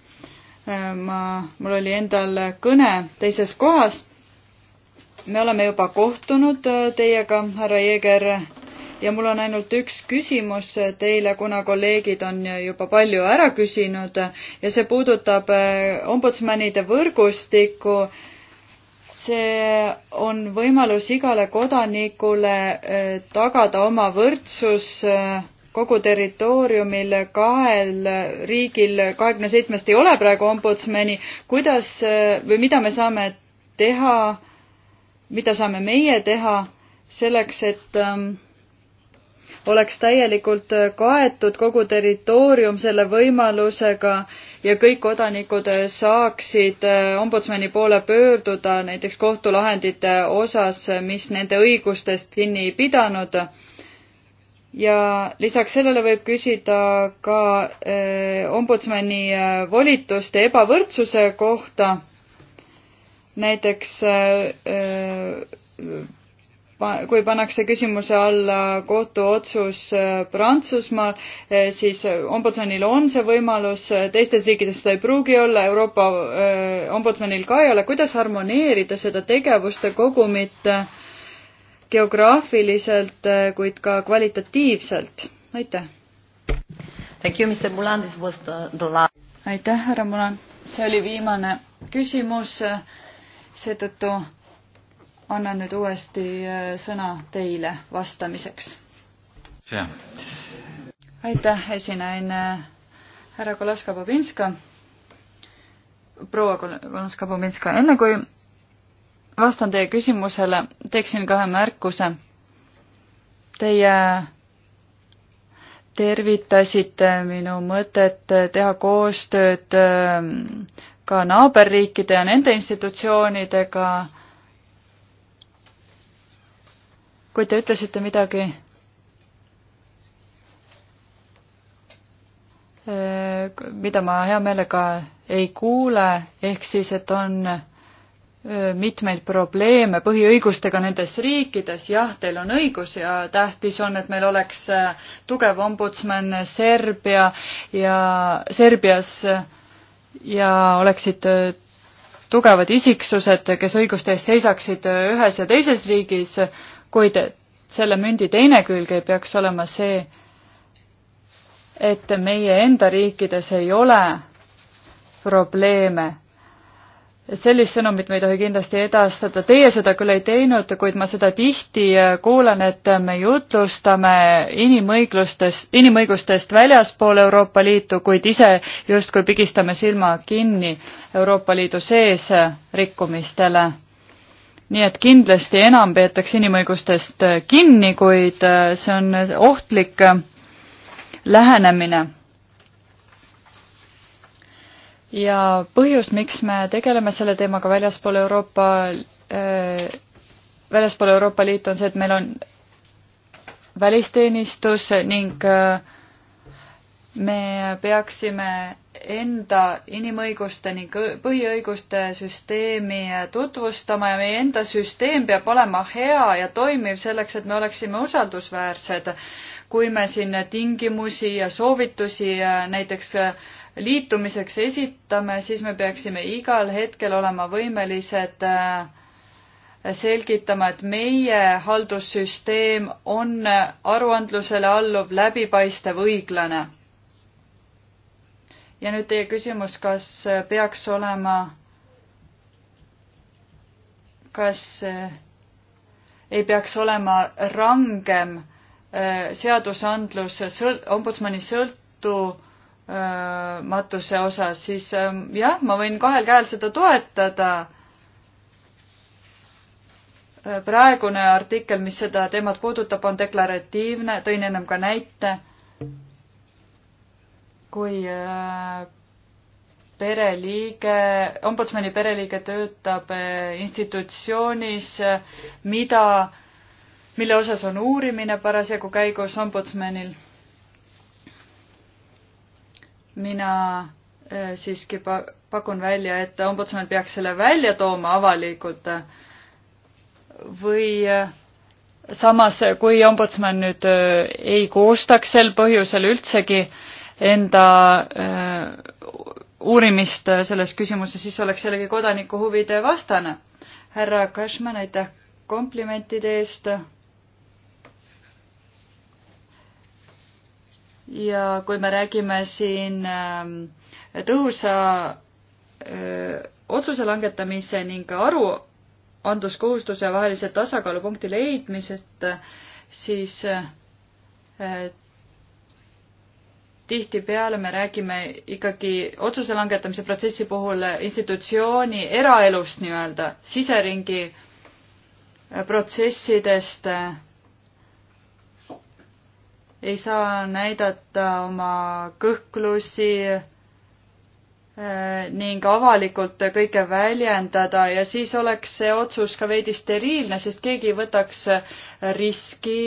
E: ma, mul oli endal kõne teises kohas. me oleme juba kohtunud äh, teiega, härra Jeeger, ja mul on ainult üks küsimus teile, kuna kolleegid on juba palju ära küsinud ja see puudutab äh, ombudsmanide võrgustikku. see on võimalus igale kodanikule äh, tagada oma võrdsus kogu territooriumil kahel riigil kahekümne seitsmest ei ole praegu ombudsmani, kuidas eh, või mida me saame teha, mida saame meie teha selleks, et ähm, oleks täielikult kaetud kogu territoorium selle võimalusega ja kõik kodanikud saaksid eh, ombudsmani poole pöörduda näiteks kohtulahendite osas, mis nende õigustest kinni ei pidanud ja lisaks sellele võib küsida ka eh, ombudsmani eh, volituste ebavõrdsuse kohta. näiteks eh, kui pannakse küsimuse alla kohtuotsus Prantsusmaal, siis ombudsmanil on see võimalus, teistes riikides seda ei pruugi olla, Euroopa ombudsmanil ka ei ole. kuidas harmoneerida seda tegevuste kogumit äh, geograafiliselt, eh, kuid ka kvalitatiivselt. aitäh! aitäh, härra Mulan! see oli viimane küsimus, seetõttu annan nüüd uuesti eh, sõna teile vastamiseks. aitäh, esinaine härra Kolaska-Bobinska proua Kolonska-Pominska, enne kui vastan teie küsimusele, teeksin ka ühe märkuse. Teie tervitasite minu mõtet teha koostööd ähm, ka naaberriikide ja nende institutsioonidega. kuid te ütlesite midagi äh, mida ma hea meelega ei kuule, ehk siis, et on mitmeid probleeme põhiõigustega nendes riikides, jah, teil on õigus ja tähtis on, et meil oleks tugev ombudsman Serbia ja Serbias ja oleksid tugevad isiksused, kes õiguste eest seisaksid ühes ja teises riigis, kuid selle mündi teine külg ei peaks olema see, et meie enda riikides ei ole probleeme et sellist sõnumit me ei tohi kindlasti edastada, teie seda küll ei teinud, kuid ma seda tihti äh, kuulen, et äh, me jutlustame inimõiglustes, inimõigustest väljaspool Euroopa Liitu, kuid ise justkui pigistame silma kinni Euroopa Liidu sees äh, rikkumistele. nii et kindlasti enam peetakse inimõigustest kinni, kuid see on ohtlik lähenemine ja põhjus, miks me tegeleme selle teemaga väljaspool Euroopa äh,, väljaspool Euroopa Liitu, on see, et meil on välisteenistus ning äh, me peaksime enda inimõiguste ning põhiõiguste süsteemi äh, tutvustama ja meie enda süsteem peab olema hea ja toimiv selleks, et me oleksime usaldusväärsed. kui me siin tingimusi ja soovitusi äh, näiteks äh, liitumiseks esitame, siis me peaksime igal hetkel olema võimelised äh, selgitama, et meie haldussüsteem on aruandlusele alluv, läbipaistev, õiglane. ja nüüd teie küsimus, kas peaks olema, kas äh, ei peaks olema rangem äh, seadusandlus ombudsmani sõltu- Äh, matuse osas, siis ähm, jah, ma võin kahel käel seda toetada. Äh, praegune artikkel, mis seda teemat puudutab, on deklaratiivne, tõin ennem ka näite. kui äh, pereliige, ombudsmani pereliige töötab institutsioonis, mida, mille osas on uurimine parasjagu käigus ombudsmanil mina äh, siiski pakun välja, et ombudsman peaks selle välja tooma avalikult või äh, samas, äh, kui ombudsman nüüd ei koostaks sel põhjusel üldsegi enda uurimist selles küsimuses, siis oleks jällegi kodaniku huvide vastane. härra Kašman, aitäh komplimentide eest ja kui me räägime siin ähm, tõhusa äh, otsuse langetamise ning aruandluskohustuse vahelise tasakaalupunkti leidmisest, siis äh, tihtipeale me räägime ikkagi otsuse langetamise protsessi puhul institutsiooni eraelust nii-öelda, siseringi äh, protsessidest äh, ei saa näidata oma kõhklusi eh, ning avalikult kõike väljendada ja siis oleks see otsus ka veidi steriilne, sest keegi ei võtaks riski,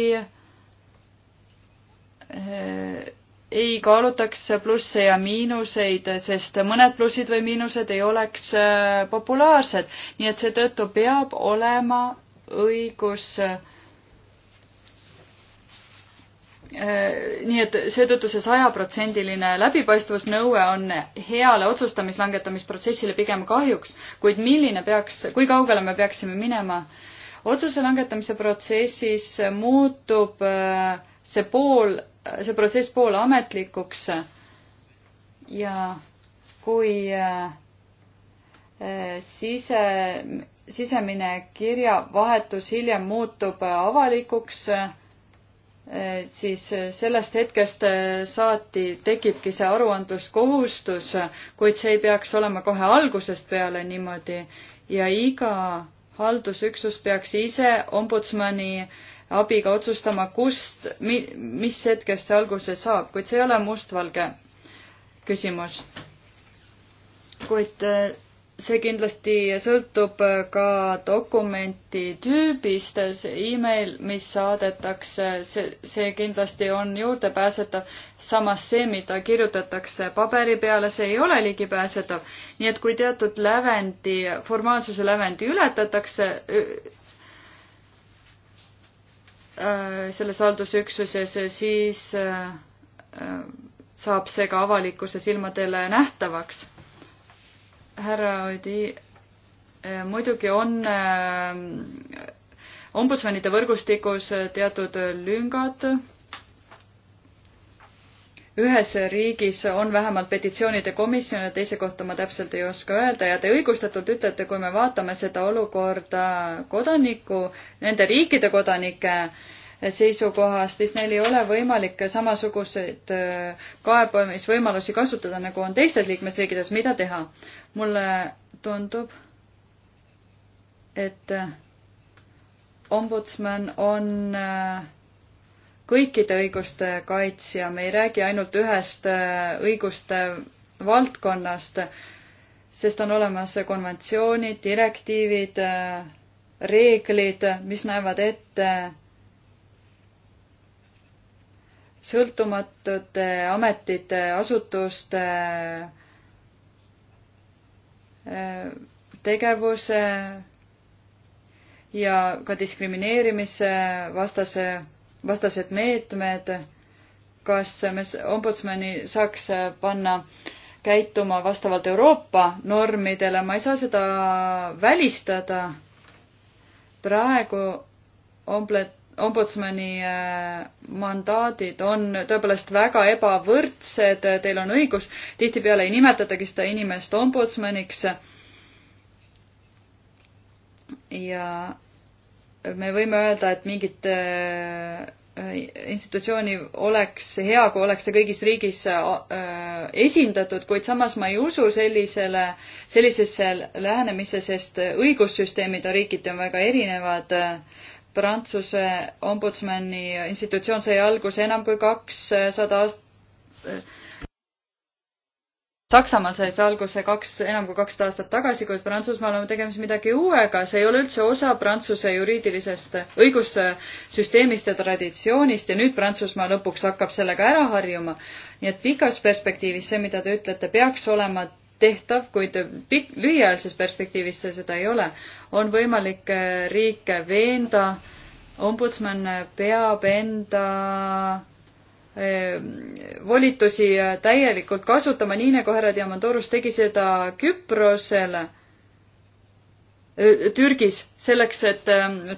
E: eh, ei kaalutaks plusse ja miinuseid, sest mõned plussid või miinused ei oleks eh, populaarsed. nii et seetõttu peab olema õigus äh, Äh, nii et seetõttu see sajaprotsendiline läbipaistvusnõue on heale otsustamislangetamisprotsessile pigem kahjuks, kuid milline peaks, kui kaugele me peaksime minema? otsuse langetamise protsessis muutub äh, see pool, äh, see protsess poolametlikuks ja kui sise, sisemine kirjavahetus hiljem muutub avalikuks, Eh, siis eh, sellest hetkest eh, saati tekibki see aruandluskohustus, kuid see ei peaks olema kohe algusest peale niimoodi ja iga haldusüksus peaks ise ombudsmani abiga otsustama, kust, mi-, mis hetkest see alguse saab, kuid see ei ole mustvalge küsimus. kuid see kindlasti sõltub äh, ka dokumenti tüübist, see email, mis saadetakse, see, see kindlasti on juurdepääsetav. samas see, mida kirjutatakse paberi peale, see ei ole ligipääsetav. nii et kui teatud lävendi, formaalsuse lävendi ületatakse äh, äh, selles haldusüksuses, siis saab see ka avalikkuse silmadele nähtavaks härra Odi, eh, muidugi on eh, ombudsmanide võrgustikus eh, teatud lüngad. ühes riigis on vähemalt petitsioonide komisjon ja teise kohta ma täpselt ei oska öelda ja te õigustatult ütlete, kui me vaatame seda olukorda kodaniku, nende riikide kodanike äh, seisukohast, siis neil ei ole võimalik samasuguseid äh, kaebamisvõimalusi kasutada, nagu on teistes liikmesriikides, mida teha? mulle tundub, et äh, ombudsman on äh, kõikide õiguste kaitsja, me ei räägi ainult ühest õiguste valdkonnast, sest on olemas konventsioonid, direktiivid, reeglid, mis näevad ette sõltumatute ametite, asutuste tegevuse ja ka diskrimineerimise vastase, vastased meetmed, kas me ombudsmani saaks panna käituma vastavalt Euroopa normidele, ma ei saa seda välistada. praegu omblet-, ombudsmani äh, mandaadid on tõepoolest väga ebavõrdsed, äh, teil on õigus, tihtipeale ei nimetatagi seda inimest ombudsmaniks. ja me võime öelda, et mingit äh, institutsiooni oleks hea, kui oleks see kõigis riigis esindatud, kuid samas ma ei usu sellisele, sellisesse lähenemisse, sest õigussüsteemid on riikide on väga erinevad. Prantsuse ombudsmani institutsioon sai alguse enam kui kakssada eh, aast-. Eh, Saksamaal sai see alguse kaks, enam kui kakssada aastat tagasi, kuid Prantsusmaal on tegemist midagi uuega, see ei ole üldse osa Prantsuse juriidilisest õigussüsteemist ja traditsioonist ja nüüd Prantsusmaa lõpuks hakkab sellega ära harjuma. nii et pikas perspektiivis see, mida te ütlete, peaks olema tehtav, kuid pikk, lühiajalises perspektiivis see seda ei ole. on võimalik äh, riike veenda, ombudsman äh, peab enda äh, volitusi täielikult kasutama, nii nagu härra Diamandorus tegi seda Küprosele, Türgis, selleks, et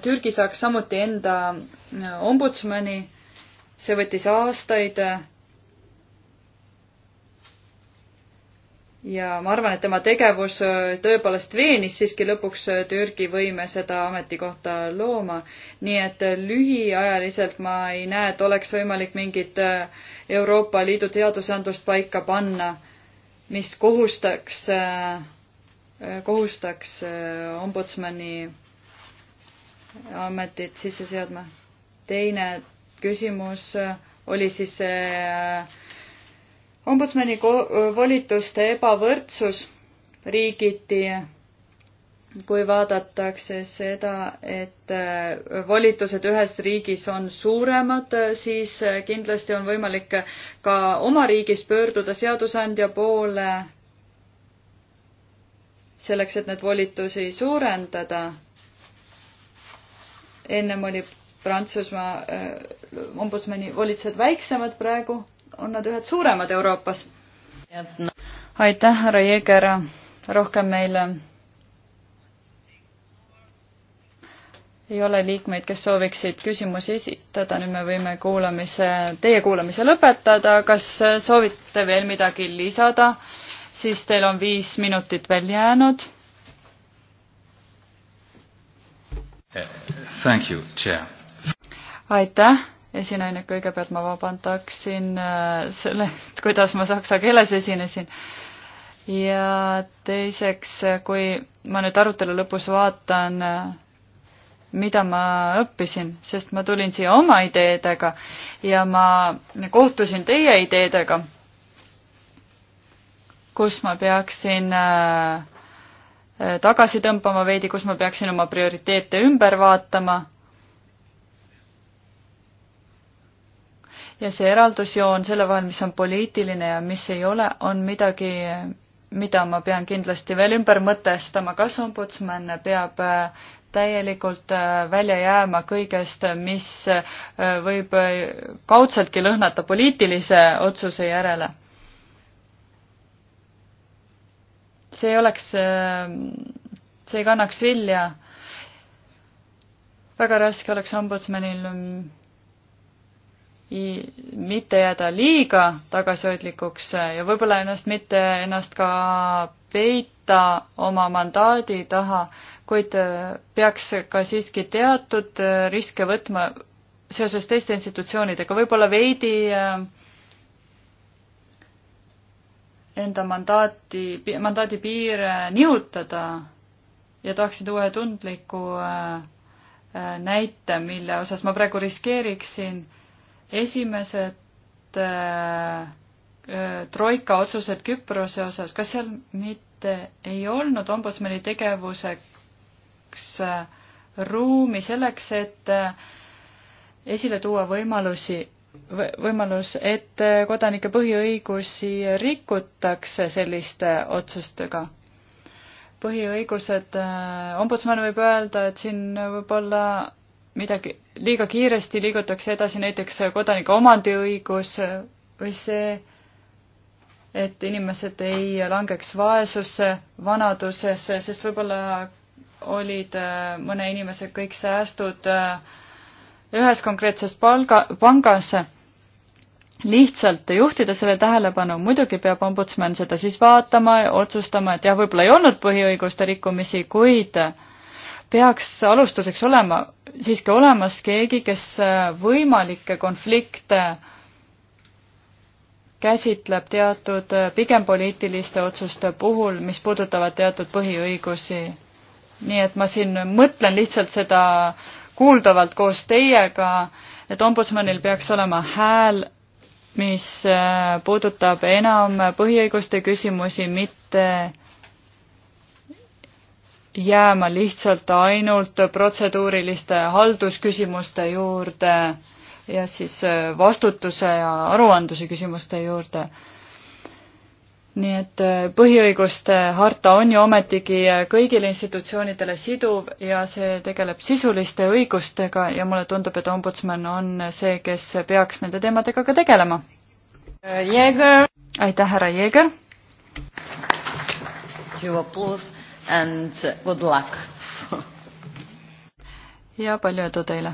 E: Türgi saaks samuti enda ombudsmani. see võttis aastaid ja ma arvan, et tema tegevus äh, tõepoolest veenis siiski lõpuks äh, Türgi võime seda ametikohta looma. nii et äh, lühiajaliselt ma ei näe, et oleks võimalik mingit Euroopa Liidu teadusandlust paika panna, mis kohustaks, kohustaks ombudsmani ametit sisse seadma. teine küsimus oli siis see ombudsmani volituste ebavõrdsus riigiti, kui vaadatakse seda, et volitused ühes riigis on suuremad, siis kindlasti on võimalik ka oma riigis pöörduda seadusandja poole selleks, et neid volitusi suurendada. ennem oli Prantsusmaa ombudsmani volitused väiksemad, praegu on nad ühed suuremad Euroopas. aitäh, härra Jeeger, rohkem meil äh, ei ole liikmeid, kes sooviksid küsimusi esitada, nüüd me võime kuulamise, teie kuulamise lõpetada, kas äh, soovite veel midagi lisada, siis teil on viis minutit veel jäänud.
D: Thank you, chair.
E: aitäh esinaine, kõigepealt ma vabandaksin äh, selle, kuidas ma saksa keeles esinesin. ja teiseks, äh, kui ma nüüd arutelu lõpus vaatan, äh, mida ma õppisin, sest ma tulin siia oma ideedega ja ma kohtusin teie ideedega, kus ma peaksin tagasi tõmbama veidi, kus ma peaksin oma prioriteete ümber vaatama ja see eraldusjoon selle vahel, mis on poliitiline ja mis ei ole, on midagi, mida ma pean kindlasti veel ümber mõtestama, kas ombudsman peab äh, täielikult äh, välja jääma kõigest, mis äh, võib kaudseltki lõhnata poliitilise otsuse järele. see ei oleks, see ei kannaks vilja. väga raske oleks ombudsmanil mitte jääda liiga tagasihoidlikuks ja võib-olla ennast mitte ennast ka peita oma mandaadi taha, kuid äh, peaks ka siiski teatud äh, riske võtma seoses teiste institutsioonidega, võib-olla veidi äh, enda mandaati, mandaadi piire nihutada ja tahaksin tuua ühe tundliku näite, mille osas ma praegu riskeeriksin esimesed äh, äh, troika otsused Küprose osas, kas seal mitte ei olnud ombudsmani tegevuseks äh, ruumi selleks, et äh, esile tuua võimalusi, võimalus, et kodanike põhiõigusi rikutakse selliste otsustega? põhiõigused, ombudsman võib öelda, et siin võib-olla midagi, liiga kiiresti liigutakse edasi, näiteks kodanike omandiõigus või see, et inimesed ei langeks vaesusse vanadusesse, sest võib-olla olid äh, mõne inimese kõik säästud äh, ühes konkreetses palga, pangas. lihtsalt juhtida selle tähelepanu, muidugi peab ombudsman seda siis vaatama ja otsustama, et jah, võib-olla ei olnud põhiõiguste rikkumisi, kuid peaks alustuseks olema siiski olemas keegi, kes äh, võimalikke konflikte käsitleb teatud äh, pigem poliitiliste otsuste puhul, mis puudutavad teatud põhiõigusi. nii et ma siin mõtlen lihtsalt seda kuuldavalt koos teiega, et ombudsmanil peaks olema hääl, mis äh, puudutab enam põhiõiguste küsimusi, mitte jääma lihtsalt ainult protseduuriliste haldusküsimuste juurde ja siis äh, vastutuse ja aruandluse küsimuste juurde. nii et äh, põhiõiguste harta on ju ometigi äh, kõigile institutsioonidele siduv ja see tegeleb sisuliste õigustega ja mulle tundub, et ombudsman on see, kes peaks nende teemadega ka tegelema. aitäh, härra Jeeger!
C: and good luck ja palju edu teile!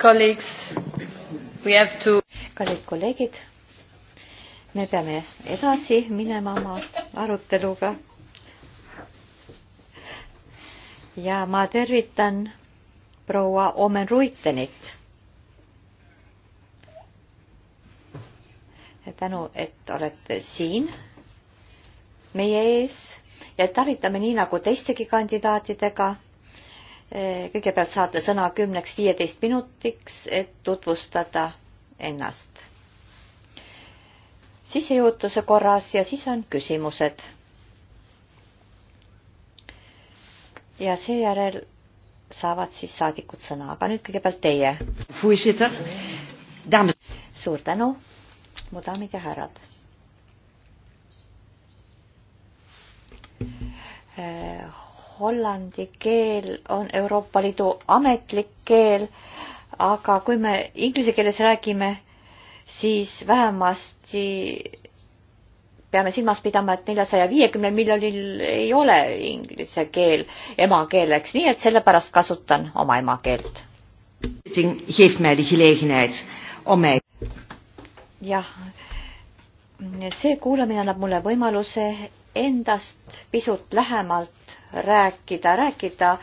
A: Colleagues, we have to... kallid kolleegid, me peame edasi minema oma aruteluga. ja ma tervitan proua Omen Ruitenit. tänu, et olete siin meie ees ja tarvitame nii nagu teistegi kandidaatidega kõigepealt saate sõna kümneks, viieteist minutiks, et tutvustada ennast. sissejuhatuse korras ja siis on küsimused. ja seejärel saavad siis saadikud sõna, aga nüüd kõigepealt teie. suur tänu, mu daamid ja härrad hollandi keel on Euroopa Liidu ametlik keel, aga kui me inglise keeles räägime, siis vähemasti peame silmas pidama, et neljasaja viiekümnel miljonil ei ole inglise keel emakeeleks, nii et sellepärast kasutan oma emakeelt. jah, see kuulamine annab mulle võimaluse endast pisut lähemalt rääkida, rääkida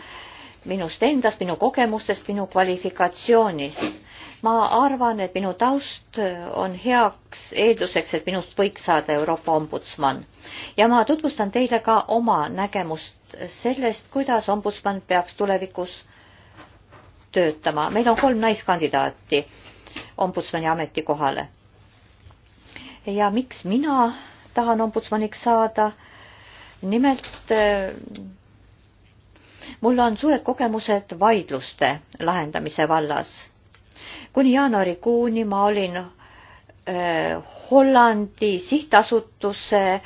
A: minust endast, minu kogemustest, minu kvalifikatsioonist. ma arvan, et minu taust on heaks eelduseks, et minust võiks saada Euroopa ombudsman. ja ma tutvustan teile ka oma nägemust sellest, kuidas ombudsman peaks tulevikus töötama. meil on kolm naiskandidaati ombudsmani ametikohale. ja miks mina tahan ombudsmaniks saada? nimelt äh, mul on suured kogemused vaidluste lahendamise vallas. kuni jaanuarikuuni ma olin äh, Hollandi sihtasutuse äh,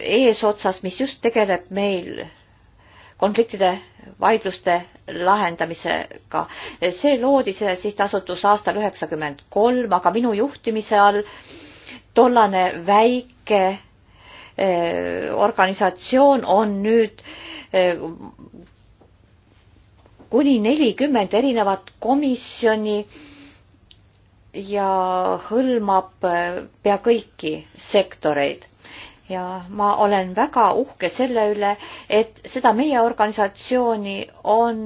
A: eesotsas, mis just tegeleb meil konfliktide, vaidluste lahendamisega. see loodi, see sihtasutus aastal üheksakümmend kolm, aga minu juhtimise all tollane väike Eh, organisatsioon on nüüd eh, kuni nelikümmend erinevat komisjoni ja hõlmab eh, pea kõiki sektoreid. ja ma olen väga uhke selle üle, et seda meie organisatsiooni on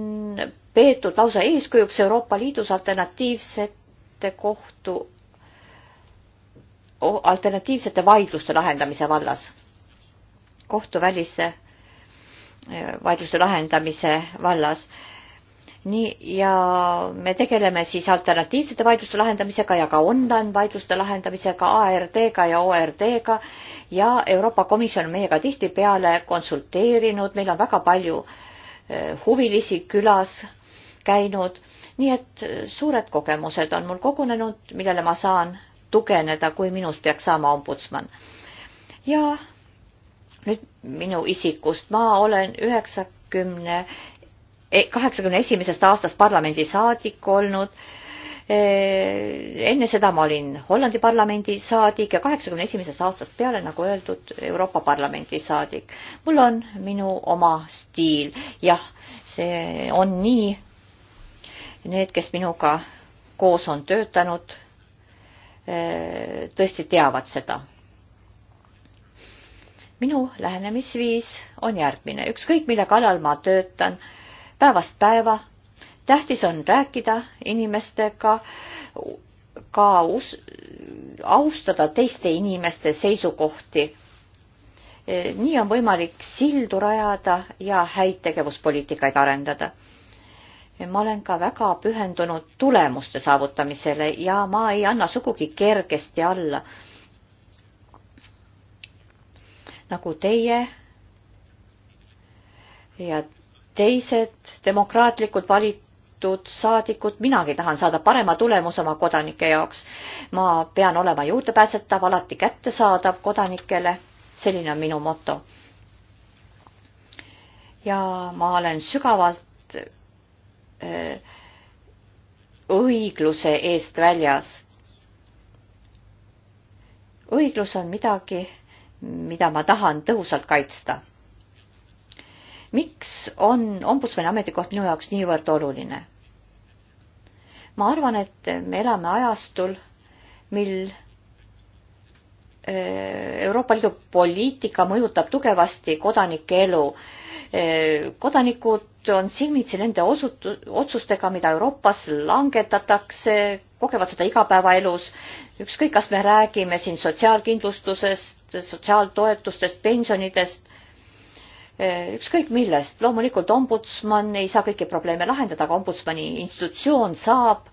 A: peetud lausa eeskujuks Euroopa Liidus alternatiivsete kohtu, alternatiivsete vaidluste lahendamise vallas kohtuvälise eh, vaidluste lahendamise vallas. nii, ja me tegeleme siis alternatiivsete vaidluste lahendamisega ja ka online vaidluste lahendamisega, ARD-ga ja ORD-ga ja Euroopa Komisjon on meiega tihtipeale konsulteerinud, meil on väga palju eh, huvilisi külas käinud, nii et eh, suured kogemused on mul kogunenud, millele ma saan tugeneda, kui minust peaks saama ombudsman. ja nüüd minu isikust, ma olen üheksakümne, eh, kaheksakümne esimesest aastast parlamendisaadik olnud. Eh, enne seda ma olin Hollandi parlamendi saadik ja kaheksakümne esimesest aastast peale, nagu öeldud, Euroopa Parlamendi saadik. mul on minu oma stiil, jah, see on nii. Need, kes minuga koos on töötanud, eh, tõesti teavad seda minu lähenemisviis on järgmine, ükskõik mille kallal ma töötan, päevast päeva, tähtis on rääkida inimestega, ka us-, austada teiste inimeste seisukohti. E, nii on võimalik sildu rajada ja häid tegevuspoliitikaid arendada. E, ma olen ka väga pühendunud tulemuste saavutamisele ja ma ei anna sugugi kergesti alla nagu teie ja teised demokraatlikult valitud saadikud, minagi tahan saada parema tulemuse oma kodanike jaoks. ma pean olema juurdepääsetav, alati kättesaadav kodanikele, selline on minu moto. ja ma olen sügavalt äh, õigluse eest väljas. õiglus on midagi mida ma tahan tõhusalt kaitsta. miks on ombudsmani ametikoht minu jaoks niivõrd oluline? ma arvan, et me elame ajastul, mil äh, Euroopa Liidu poliitika mõjutab tugevasti kodanike elu. Äh, kodanikud on silmitsi nende osutu-, otsustega, mida Euroopas langetatakse, kogevad seda igapäevaelus, ükskõik, kas me räägime siin sotsiaalkindlustusest, sotsiaaltoetustest, pensionidest, ükskõik millest. loomulikult ombudsman ei saa kõiki probleeme lahendada, aga ombudsmani institutsioon saab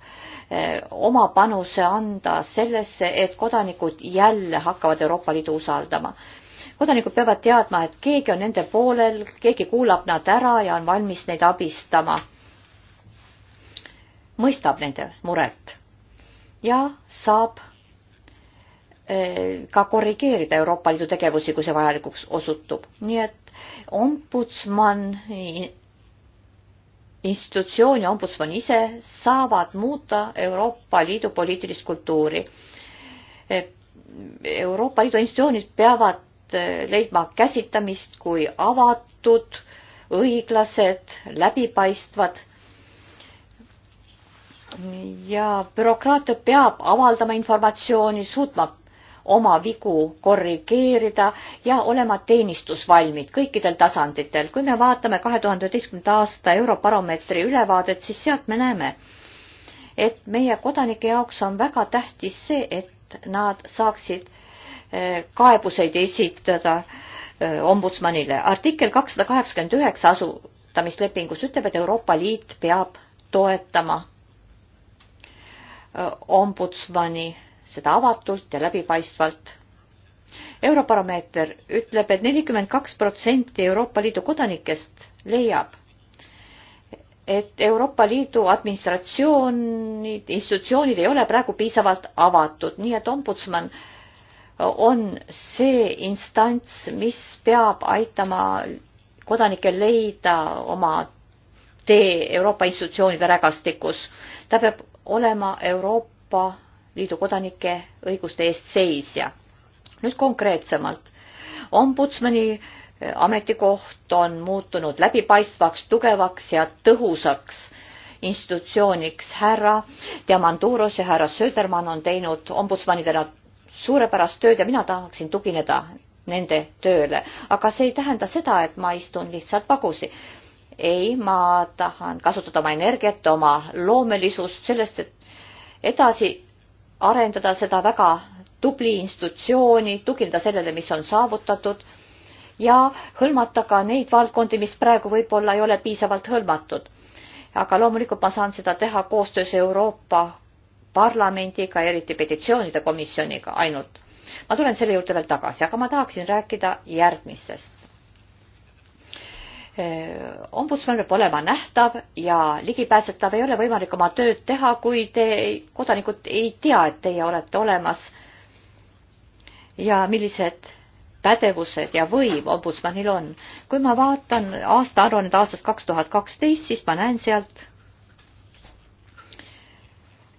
A: eh, oma panuse anda sellesse, et kodanikud jälle hakkavad Euroopa Liidu usaldama kodanikud peavad teadma, et keegi on nende poolel, keegi kuulab nad ära ja on valmis neid abistama. mõistab nende muret ja saab eh, ka korrigeerida Euroopa Liidu tegevusi, kui see vajalikuks osutub. nii et ombudsman institutsioon ja ombudsman ise saavad muuta Euroopa Liidu poliitilist kultuuri. Eh, Euroopa Liidu institutsioonid peavad Äh, leidma käsitamist kui avatud, õiglased, läbipaistvad. ja bürokraatia peab avaldama informatsiooni, suutma oma vigu korrigeerida ja olema teenistusvalmid kõikidel tasanditel. kui me vaatame kahe tuhande üheteistkümnenda aasta Eurobaromeetri ülevaadet, siis sealt me näeme, et meie kodanike jaoks on väga tähtis see, et nad saaksid kaebuseid esitada ombudsmanile. artikkel kakssada kaheksakümmend üheksa asutamislepingus ütleb, et Euroopa Liit peab toetama ombudsmani seda avatult ja läbipaistvalt. Eurobaromeeter ütleb et, et nelikümmend kaks protsenti Euroopa Liidu kodanikest leiab, et Euroopa Liidu administratsioonid, institutsioonid ei ole praegu piisavalt avatud, nii et ombudsman äh, on see instants, mis peab aitama kodanikel leida oma tee Euroopa institutsioonide rägastikus. ta peab olema Euroopa Liidu kodanike õiguste eest seisja. nüüd konkreetsemalt. ombudsmani eh, ametikoht on muutunud läbipaistvaks, tugevaks ja tõhusaks institutsiooniks. härra Diamanduros ja härra Söderman on teinud ombudsmanidena suurepärast tööd ja mina tahaksin tugineda nende tööle, aga see ei tähenda seda, et ma istun lihtsalt pagusi. ei, ma tahan kasutada oma energiat, oma loomelisust, sellest, et edasi arendada seda väga tubli institutsiooni, tugineda sellele, mis on saavutatud ja hõlmata ka neid valdkondi, mis praegu võib-olla ei ole piisavalt hõlmatud. aga loomulikult ma saan seda teha koostöös Euroopa parlamendiga, eriti petitsioonide komisjoniga ainult. ma tulen selle juurde veel tagasi, aga ma tahaksin rääkida järgmistest. ombudsman peab olema nähtav ja ligipääsetav, ei ole võimalik oma tööd teha, kui te, kodanikud ei tea, et teie olete olemas ja millised pädevused ja võim ombudsmanil on. kui ma vaatan aastaaruannet aastast kaks tuhat kaksteist, siis ma näen sealt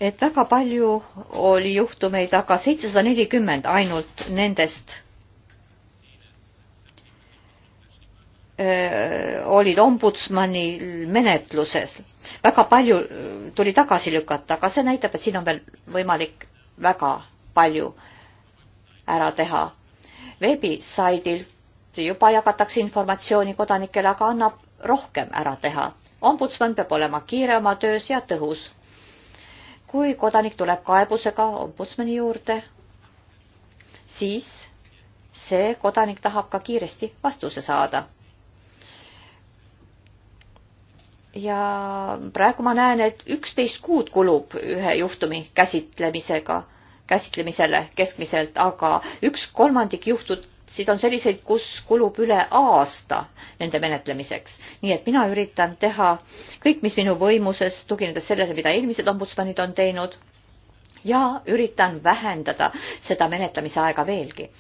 A: et väga palju oli juhtumeid, aga seitsesada nelikümmend ainult nendest öö, olid ombudsmanil menetluses. väga palju tuli tagasi lükata, aga see näitab, et siin on veel võimalik väga palju ära teha. veebisaidilt juba jagatakse informatsiooni kodanikele, aga annab rohkem ära teha. ombudsman peab olema kiire oma töös ja tõhus kui kodanik tuleb kaebusega ombudsmani juurde, siis see kodanik tahab ka kiiresti vastuse saada. ja praegu ma näen, et üksteist kuud kulub ühe juhtumi käsitlemisega, käsitlemisele keskmiselt, aga üks kolmandik juhtud menetlusid on selliseid, kus kulub üle aasta nende menetlemiseks. nii et mina üritan teha kõik, mis minu võimuses, tuginedes sellele, mida eelmised ombudsmanid on teinud ja üritan vähendada seda menetlemise aega veelgi.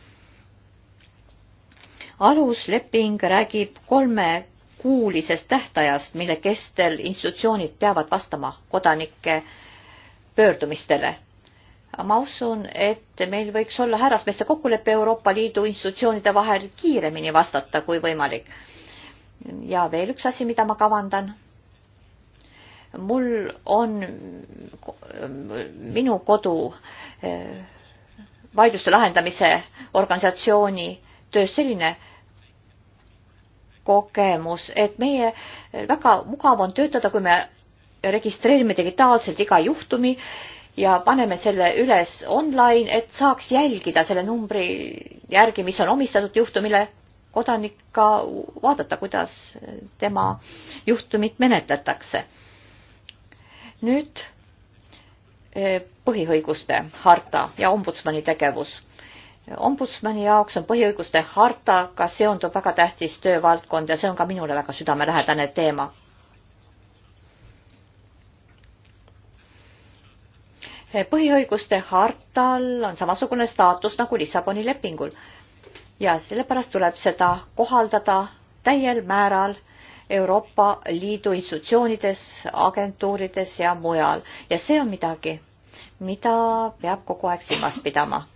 A: alusleping räägib kolmekuulisest tähtajast, mille kestel institutsioonid peavad vastama kodanike pöördumistele ma usun, et meil võiks olla härrasmeeste kokkulepe Euroopa Liidu institutsioonide vahel kiiremini vastata, kui võimalik. ja veel üks asi, mida ma kavandan. mul on minu kodu eh, vaidluste lahendamise organisatsiooni töös selline kogemus, et meie väga mugav on töötada, kui me registreerime digitaalselt iga juhtumi ja paneme selle üles online, et saaks jälgida selle numbri järgi, mis on omistatud juhtumile, kodanik ka vaadata, kuidas tema juhtumit menetletakse. nüüd eh, põhiõiguste harta ja ombudsmani tegevus. ombudsmani jaoks on põhiõiguste hartaga seonduv väga tähtis töövaldkond ja see on ka minule väga südamelähedane teema põhiõiguste hartal on samasugune staatus nagu Lissaboni lepingul ja sellepärast tuleb seda kohaldada täiel määral Euroopa Liidu institutsioonides, agentuurides ja mujal ja see on midagi, mida peab kogu aeg silmas pidama.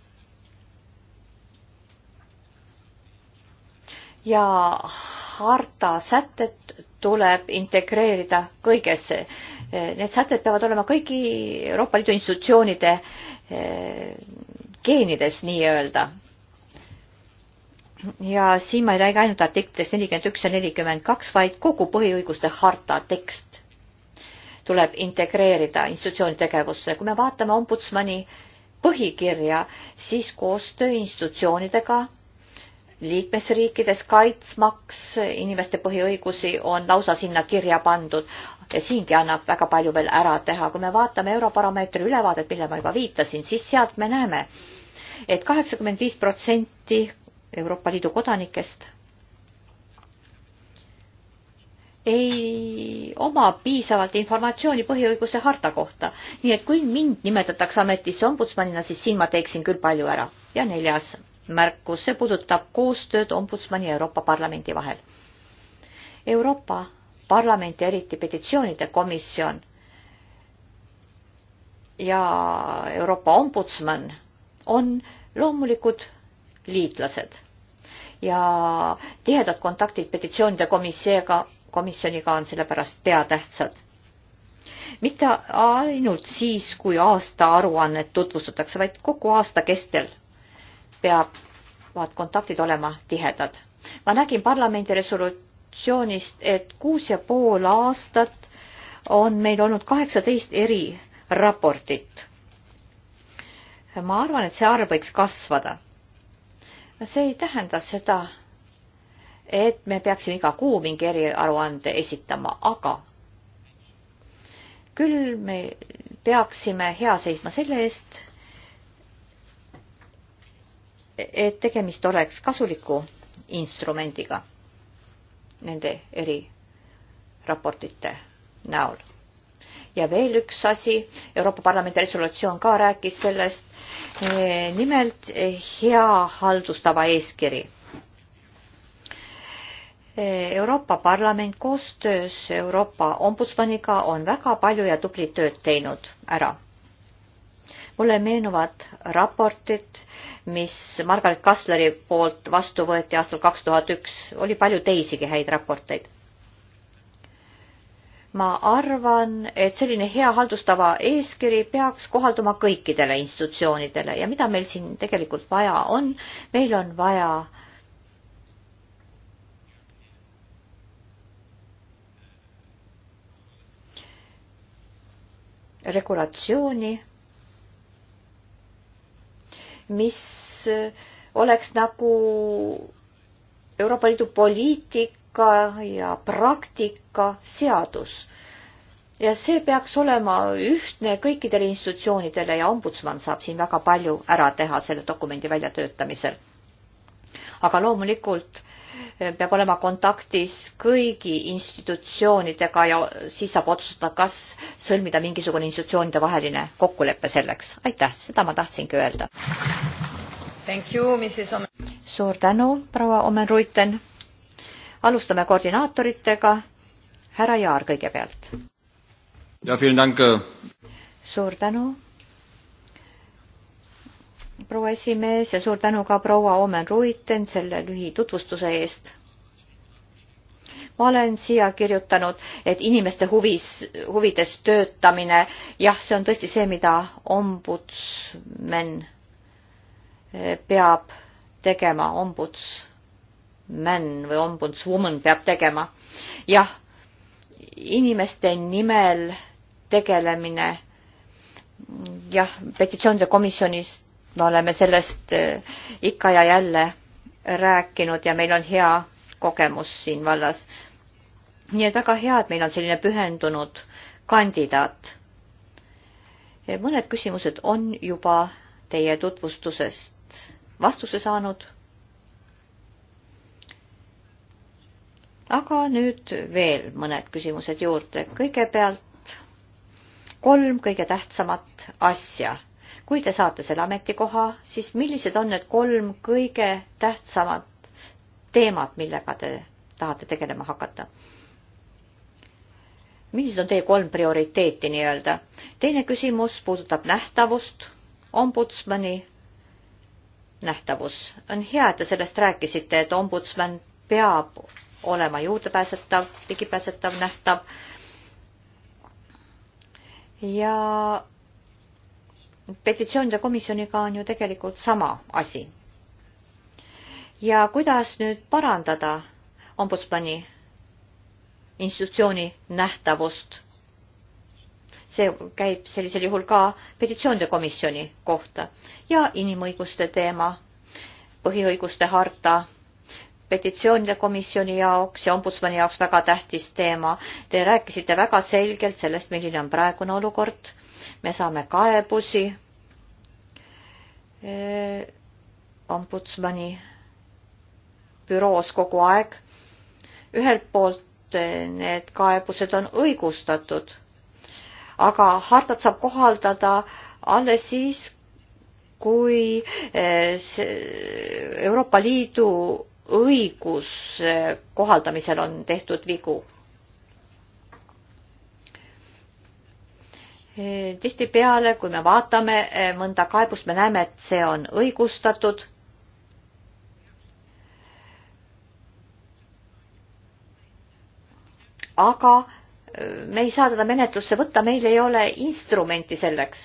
A: ja harta sätted tuleb integreerida kõigesse Need sätted peavad olema kõigi Euroopa Liidu institutsioonide eh, geenides nii-öelda. ja siin ma ei räägi ainult artiklitest nelikümmend üks ja nelikümmend kaks, vaid kogu põhiõiguste harta tekst tuleb integreerida institutsiooni tegevusse. kui me vaatame ombudsmani põhikirja, siis koostöö institutsioonidega liikmesriikides kaitsmaks inimeste põhiõigusi on lausa sinna kirja pandud, ja siingi annab väga palju veel ära teha. kui me vaatame Europarameetri ülevaadet, mille ma juba viitasin, siis sealt me näeme et, et kaheksakümmend viis protsenti Euroopa Liidu kodanikest ei oma piisavalt informatsiooni põhiõiguste harta kohta. nii et kui mind nimetatakse ametisse ombudsmanina, siis siin ma teeksin küll palju ära. ja neljas märkus, see puudutab koostööd ombudsmani ja Euroopa Parlamendi vahel. Euroopa parlament ja eriti petitsioonide komisjon ja Euroopa ombudsman on loomulikud liitlased ja tihedad kontaktid petitsioonide komisjoniga, komisjoniga on sellepärast peatähtsad. mitte ainult siis, kui aastaaruannet tutvustatakse, vaid kogu aasta kestel peavad kontaktid olema tihedad. ma nägin parlamendi resolutsiooni informatsioonist, et kuus ja pool aastat on meil olnud kaheksateist eri raportit. ma arvan, et see arv võiks kasvada. see ei tähenda seda, et me peaksime iga kuu mingi eriaruande esitama, aga küll me peaksime hea seisma selle eest, et tegemist oleks kasuliku instrumendiga nende eri raportite näol. ja veel üks asi, Euroopa Parlamendi resolutsioon ka rääkis sellest, nimelt hea haldustava eeskiri. Euroopa Parlament koostöös Euroopa Ombudsmaniga on väga palju ja tublit tööd teinud ära mulle meenuvad raportid, mis Margaret Kassleri poolt vastu võeti aastal kaks tuhat üks, oli palju teisigi häid raporteid. ma arvan, et selline hea haldustava eeskiri peaks kohalduma kõikidele institutsioonidele ja mida meil siin tegelikult vaja on, meil on vaja regulatsiooni mis eh, oleks nagu Euroopa Liidu poliitika ja praktika seadus. ja see peaks olema ühtne kõikidele institutsioonidele ja ombudsman saab siin väga palju ära teha selle dokumendi väljatöötamisel. aga loomulikult peab olema kontaktis kõigi institutsioonidega ja siis saab otsustada, kas sõlmida mingisugune institutsioonide vaheline kokkulepe selleks. aitäh, seda ma tahtsingi öelda. suur tänu, proua Omen-Ruiten. alustame koordinaatoritega. härra Jaar kõigepealt. Äh. suur tänu proua esimees ja suur tänu ka proua Omen Ruiten selle lühitutvustuse eest. ma olen siia kirjutanud, et inimeste huvis, huvides töötamine, jah, see on tõesti see, mida ombudsman eh, peab tegema, ombudsman või ombudswoman peab tegema. jah, inimeste nimel tegelemine, jah, petitsioonide komisjonist me oleme sellest eh, ikka ja jälle rääkinud ja meil on hea kogemus siin vallas. nii et väga hea, et meil on selline pühendunud kandidaat. mõned küsimused on juba teie tutvustusest vastuse saanud. aga nüüd veel mõned küsimused juurde. kõigepealt kolm kõige tähtsamat asja kui te saate selle ametikoha, siis millised on need kolm kõige tähtsamat teemat, millega te tahate tegelema hakata? millised on teie kolm prioriteeti nii-öelda? teine küsimus puudutab nähtavust, ombudsmani nähtavus. on hea, et te sellest rääkisite, et ombudsman peab olema juurdepääsetav, ligipääsetav, nähtav. ja petitsioonide komisjoniga on ju tegelikult sama asi. ja kuidas nüüd parandada ombudsmani institutsiooni nähtavust? see käib sellisel juhul ka petitsioonide komisjoni kohta ja inimõiguste teema, põhiõiguste harta, petitsioonide komisjoni jaoks ja ombudsmani jaoks väga tähtis teema. Te rääkisite väga selgelt sellest, milline on praegune olukord me saame kaebusi ombudsmani büroos kogu aeg. ühelt poolt e, need kaebused on õigustatud, aga hartat saab kohaldada alles siis, kui e, Euroopa Liidu õigus e, kohaldamisel on tehtud vigu. Eh, tihtipeale, kui me vaatame eh, mõnda kaebust, me näeme, et see on õigustatud. aga eh, me ei saa teda menetlusse võtta, meil ei ole instrumenti selleks,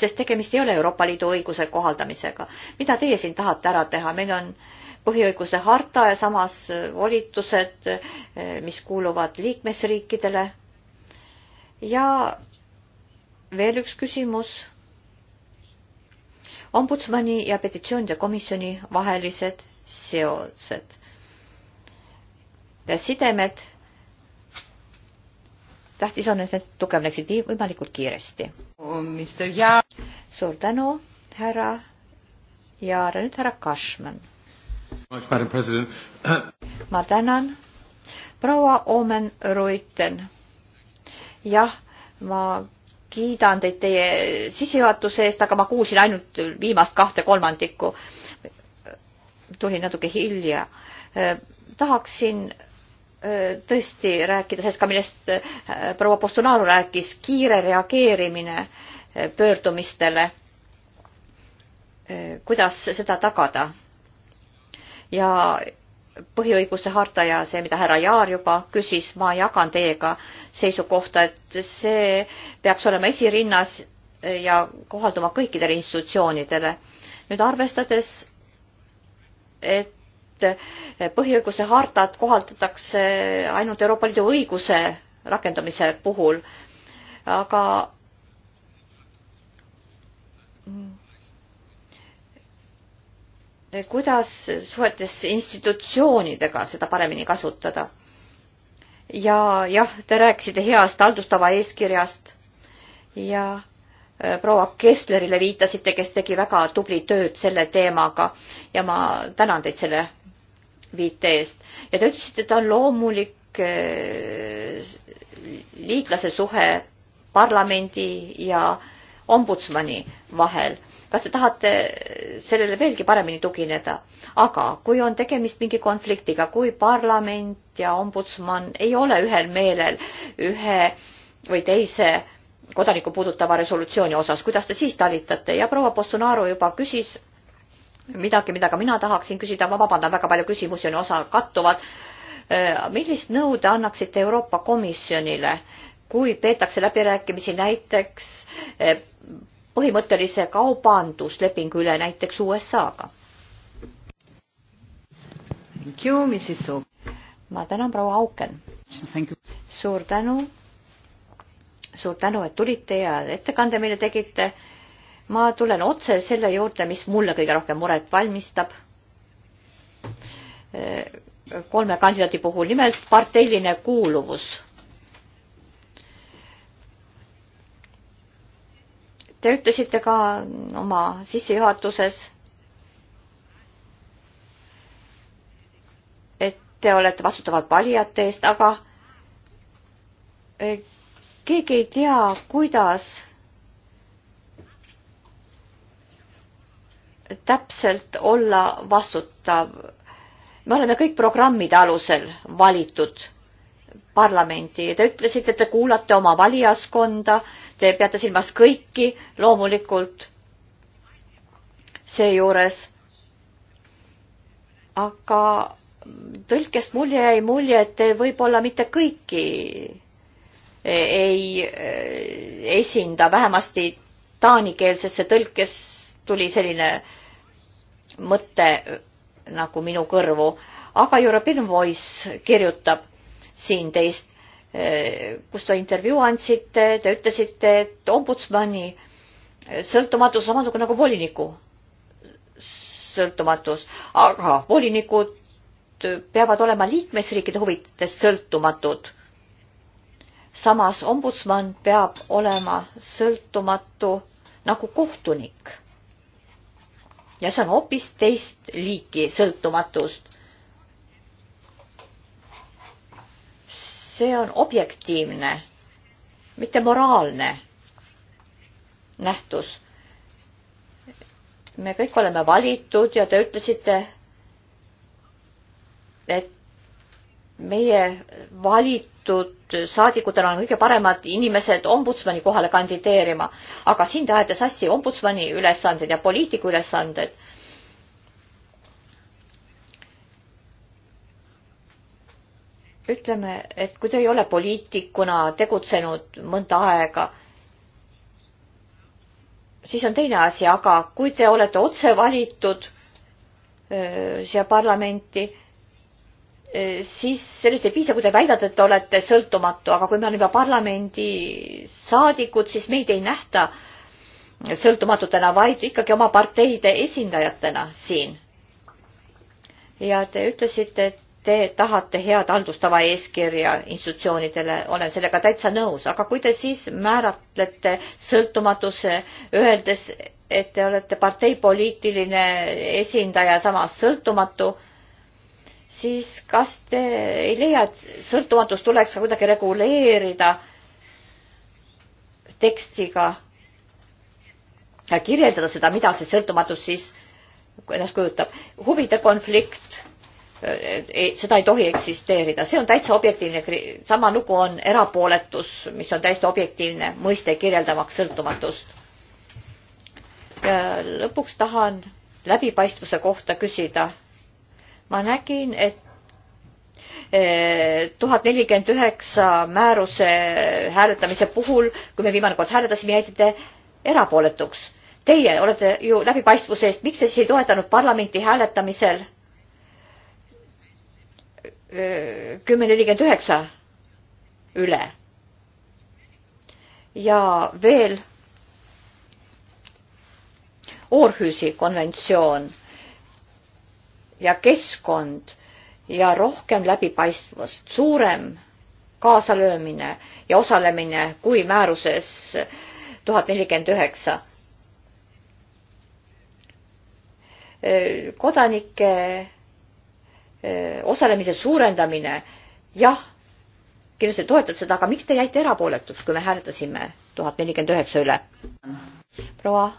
A: sest tegemist ei ole Euroopa Liidu õiguse kohaldamisega. mida teie siin tahate ära teha, meil on põhiõiguste harta ja samas volitused, mis kuuluvad liikmesriikidele ja veel üks küsimus. ombudsmani ja petitsioonide komisjoni vahelised seosed ja sidemed. tähtis on, et need tugevneksid võimalikult kiiresti. suur tänu, härra Jaar ja nüüd härra Kašman. ma tänan, proua Omen Ruiten. jah, ma kiidan teid teie sissejuhatuse eest, aga ma kuulsin ainult viimast kahte kolmandikku. tulin natuke hilja. tahaksin äh, tõesti rääkida sellest ka, millest äh, proua Postularu rääkis, kiire reageerimine äh, pöördumistele. kuidas seda tagada? ja põhiõiguste harta ja see, mida härra Jaar juba küsis, ma jagan teiega seisukohta, et see peaks olema esirinnas ja kohalduma kõikidele institutsioonidele. nüüd arvestades, et põhiõiguste hartat kohaldatakse ainult Euroopa Liidu õiguse rakendamise puhul, aga kuidas suhetes institutsioonidega seda paremini kasutada. ja jah, te rääkisite heast haldustava eeskirjast ja äh, proua Kesslerile viitasite, kes tegi väga tubli tööd selle teemaga ja ma tänan teid selle viite eest. ja te ütlesite, et on loomulik äh, liitlase suhe parlamendi ja ombudsmani vahel kas te tahate sellele veelgi paremini tugineda? aga kui on tegemist mingi konfliktiga, kui parlament ja ombudsman ei ole ühel meelel ühe või teise kodanikku puudutava resolutsiooni osas, kuidas te siis talitate ja proua Postunaro juba küsis midagi, mida ka mina tahaksin küsida, ma vabandan, väga palju küsimusi on, osa kattuvad. Äh, millist nõu te annaksite Euroopa Komisjonile, kui peetakse läbirääkimisi näiteks äh, põhimõttelise kaubanduslepingu üle näiteks USA-ga. ma tänan, proua Auken. suur tänu. suur tänu, et tulite ja ettekande meile tegite. ma tulen otse selle juurde, mis mulle kõige rohkem muret valmistab. kolme kandidaadi puhul, nimelt parteiline kuuluvus Te ütlesite ka oma sissejuhatuses, et te olete vastutavad valijate eest, aga eh, keegi ei tea, kuidas täpselt olla vastutav. me oleme kõik programmide alusel valitud parlamenti ja te ütlesite, et te kuulate oma valijaskonda Te peate silmas kõiki loomulikult seejuures. aga tõlkest mulje jäi mulje, et te võib-olla mitte kõiki e, ei e, esinda, vähemasti taanikeelsesse tõlkes tuli selline mõte nagu minu kõrvu, aga European Voice kirjutab siin teist kus te intervjuu andsite, te ütlesite, et ombudsmani sõltumatus on samasugune nagu voliniku sõltumatus, aga volinikud peavad olema liikmesriikide huvidest sõltumatud. samas ombudsman peab olema sõltumatu nagu kohtunik. ja see on hoopis teist liiki sõltumatust. see on objektiivne, mitte moraalne nähtus. me kõik oleme valitud ja te ütlesite, et meie valitud saadikutena on kõige paremad inimesed ombudsmani kohale kandideerima, aga siin te ajate sassi ombudsmani ülesanded ja poliitiku ülesanded ütleme, et kui te ei ole poliitikuna tegutsenud mõnda aega, siis on teine asi, aga kui te olete otse valitud öö, siia parlamenti, siis sellest ei piisa, kui te väidate, et te olete sõltumatu, aga kui me oleme juba parlamendi saadikud, siis meid ei nähta sõltumatutena, vaid ikkagi oma parteide esindajatena siin. ja te ütlesite, et te tahate head haldustava eeskirja institutsioonidele, olen sellega täitsa nõus, aga kui te siis määratlete sõltumatuse, öeldes, et te olete parteipoliitiline esindaja, samas sõltumatu, siis kas te ei leia, et sõltumatust tuleks ka kuidagi reguleerida tekstiga ja kirjeldada seda, mida see sõltumatus siis ennast kujutab. huvide konflikt seda ei tohi eksisteerida, see on täitsa objektiivne, sama lugu on erapooletus, mis on täiesti objektiivne mõiste kirjeldamaks sõltumatust. ja lõpuks tahan läbipaistvuse kohta küsida. ma nägin, et eh, tuhat nelikümmend üheksa määruse hääletamise puhul, kui me viimane kord hääletasime, jäite erapooletuks. Teie olete ju läbipaistvuse eest, miks te siis ei toetanud parlamenti hääletamisel kümme nelikümmend üheksa üle. ja veel Orhüsi konventsioon ja keskkond ja rohkem läbipaistvust, suurem kaasalöömine ja osalemine kui määruses tuhat nelikümmend üheksa. kodanike osalemise suurendamine, jah, kindlasti toetad seda, aga miks te jäite erapooletuks, kui me hääletasime tuhat nelikümmend üheksa üle? proua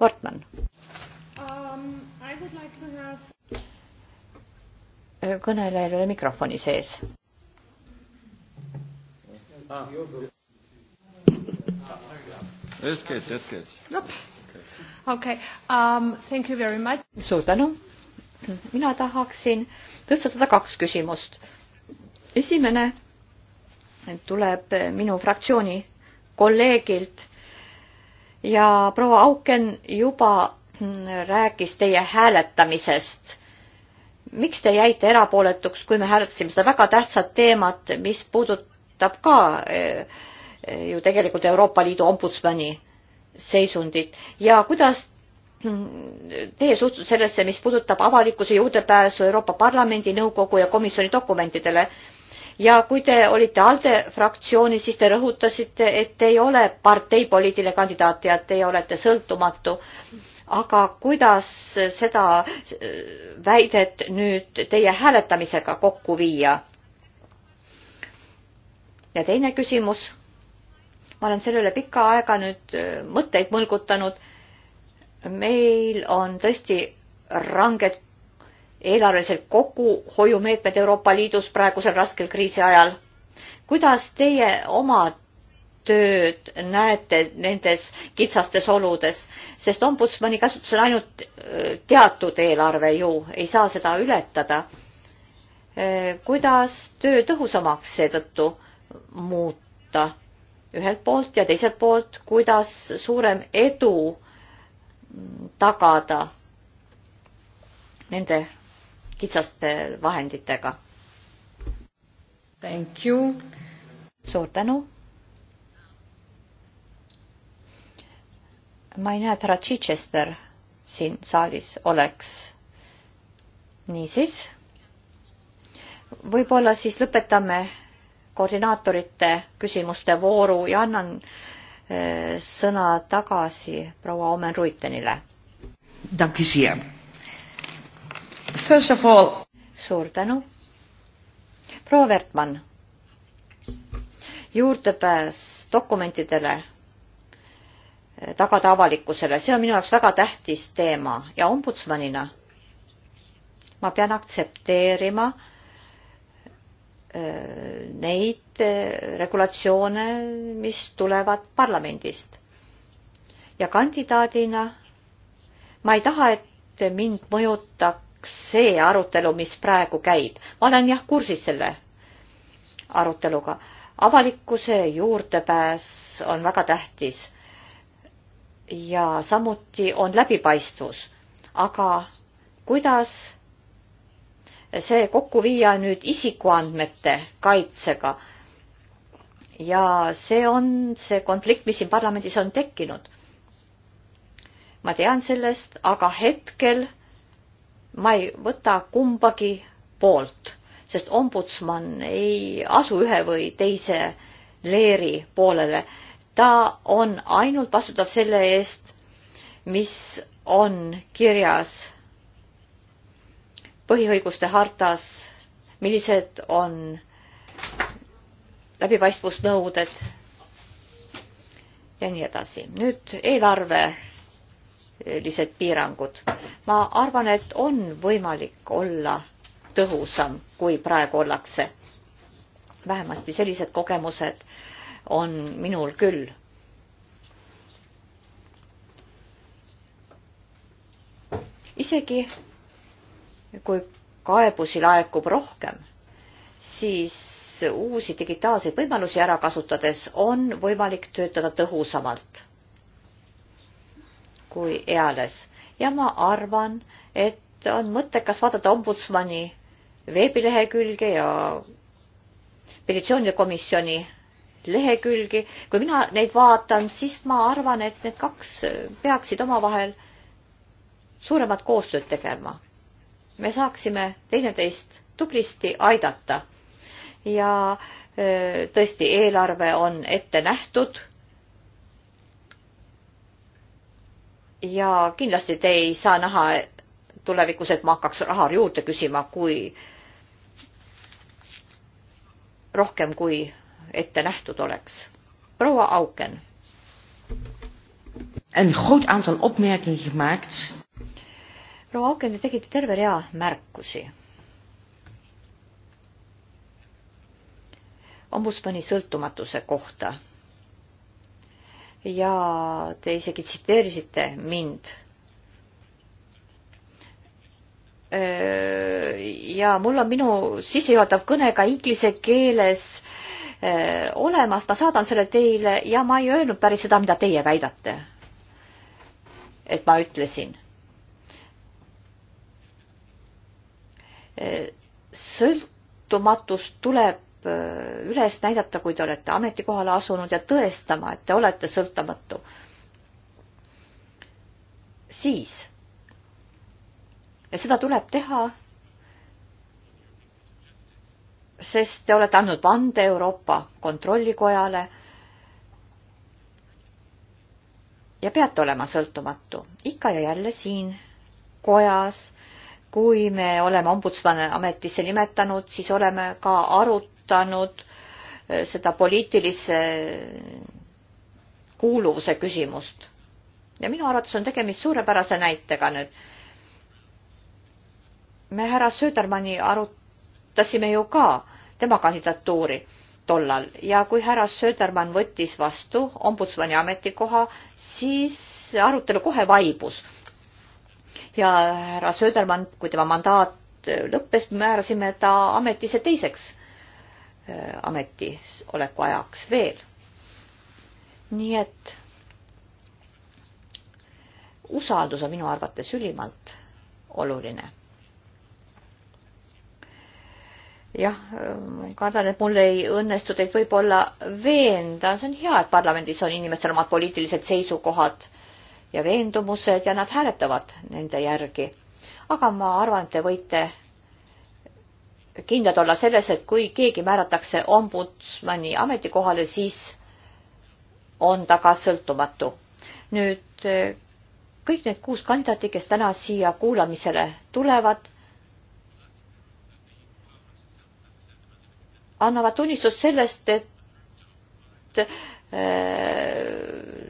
A: Wortmann
D: um,. Like
A: have... kõnelejal ei ole mikrofoni sees
D: ah.. Jetzt geht's, jetzt geht's.
A: okei, thank you very much. suur tänu mina tahaksin tõstatada kaks küsimust. esimene tuleb minu fraktsiooni kolleegilt ja proua Auken juba rääkis teie hääletamisest. miks te jäite erapooletuks, kui me hääletasime seda väga tähtsat teemat, mis puudutab ka eh, eh, ju tegelikult Euroopa Liidu ombudsmani seisundit ja kuidas teie suhtud sellesse, mis puudutab avalikkuse juurdepääsu Euroopa Parlamendi, nõukogu ja komisjoni dokumentidele. ja kui te olite ALDE fraktsioonis, siis te rõhutasite, et te ei ole parteipoliitiline kandidaat ja teie olete sõltumatu. aga kuidas seda äh, väidet nüüd teie hääletamisega kokku viia? ja teine küsimus. ma olen selle üle pikka aega nüüd äh, mõtteid mõlgutanud meil on tõesti ranged eelarvelised kokkuhoiumeetmed Euroopa Liidus praegusel raskel kriisi ajal. kuidas teie oma tööd näete nendes kitsastes oludes, sest ombudsmani kasutusel ainult teatud eelarve ju, ei saa seda ületada. kuidas töö tõhusamaks seetõttu muuta ühelt poolt ja teiselt poolt, kuidas suurem edu tagada nende kitsaste vahenditega. Thank you. suur tänu. ma ei näe, et härra Chichester siin saalis oleks. niisiis, võib-olla siis lõpetame koordinaatorite küsimuste vooru ja annan Eh, sõna tagasi proua Omen Ruitenile. suur tänu. proua Vertmann, juurdepääs dokumentidele eh, tagada avalikkusele, see on minu jaoks väga tähtis teema ja ombudsmanina ma pean aktsepteerima äh, neid äh, regulatsioone, mis tulevad parlamendist. ja kandidaadina ma ei taha, et mind mõjutaks see arutelu, mis praegu käib. ma olen jah kursis selle aruteluga. avalikkuse juurdepääs on väga tähtis ja samuti on läbipaistvus. aga kuidas see kokku viia nüüd isikuandmete kaitsega. ja see on see konflikt, mis siin parlamendis on tekkinud. ma tean sellest, aga hetkel ma ei võta kumbagi poolt, sest ombudsman ei asu ühe või teise leeri poolele. ta on ainult vastutav selle eest, mis on kirjas põhiõiguste hartas, millised on läbipaistvusnõuded ja nii edasi. nüüd eelarvelised piirangud. ma arvan, et on võimalik olla tõhusam, kui praegu ollakse. vähemasti sellised kogemused on minul küll. isegi kui kaebusi laekub rohkem, siis uusi digitaalseid võimalusi ära kasutades on võimalik töötada tõhusamalt kui eales ja ma arvan, et on mõttekas vaadata ombudsmani veebilehekülge ja petitsioonide komisjoni lehekülgi. kui mina neid vaatan, siis ma arvan, et need kaks peaksid omavahel suuremat koostööd tegema me saaksime teineteist tublisti aidata. ja tõesti, eelarve on ette nähtud. ja kindlasti te ei saa näha tulevikus, et ma hakkaks raha juurde küsima, kui rohkem, kui ette nähtud oleks. proua Auken.
B: Een groot aantal opmerkingen gemaakt
A: proua Auken, te tegite terve rea märkusi. ombudsmani sõltumatuse kohta. ja te isegi tsiteerisite mind. ja mul on minu sissejuhatav kõne ka inglise keeles olemas, ma saadan selle teile ja ma ei öelnud päris seda, mida teie väidate. et ma ütlesin sõltumatust tuleb äh, üles näidata, kui te olete ametikohale asunud ja tõestama, et te olete sõltumatu. siis, ja seda tuleb teha, sest te olete andnud vande Euroopa Kontrollikojale ja peate olema sõltumatu ikka ja jälle siin kojas kui me oleme ombudsmane ametisse nimetanud, siis oleme ka arutanud eh, seda poliitilise kuuluvuse küsimust. ja minu arvates on tegemist suurepärase näitega nüüd. me härra Södermanni arutasime ju ka tema kandidatuuri tollal ja kui härra Söderman võttis vastu ombudsmani ametikoha, siis arutelu kohe vaibus ja härra Söderman, kui tema mandaat lõppes, määrasime ta ametisse teiseks äh, ametioleku ajaks veel. nii et usaldus on minu arvates ülimalt oluline. jah, kardan, et mul ei õnnestu teid võib-olla veenda, see on hea, et parlamendis on inimestel omad poliitilised seisukohad ja veendumused ja nad hääletavad nende järgi. aga ma arvan, et te võite kindlad olla selles, et kui keegi määratakse ombudsmani ametikohale, siis on ta ka sõltumatu. nüüd kõik need kuus kandidaati, kes täna siia kuulamisele tulevad, annavad tunnistust sellest, et äh,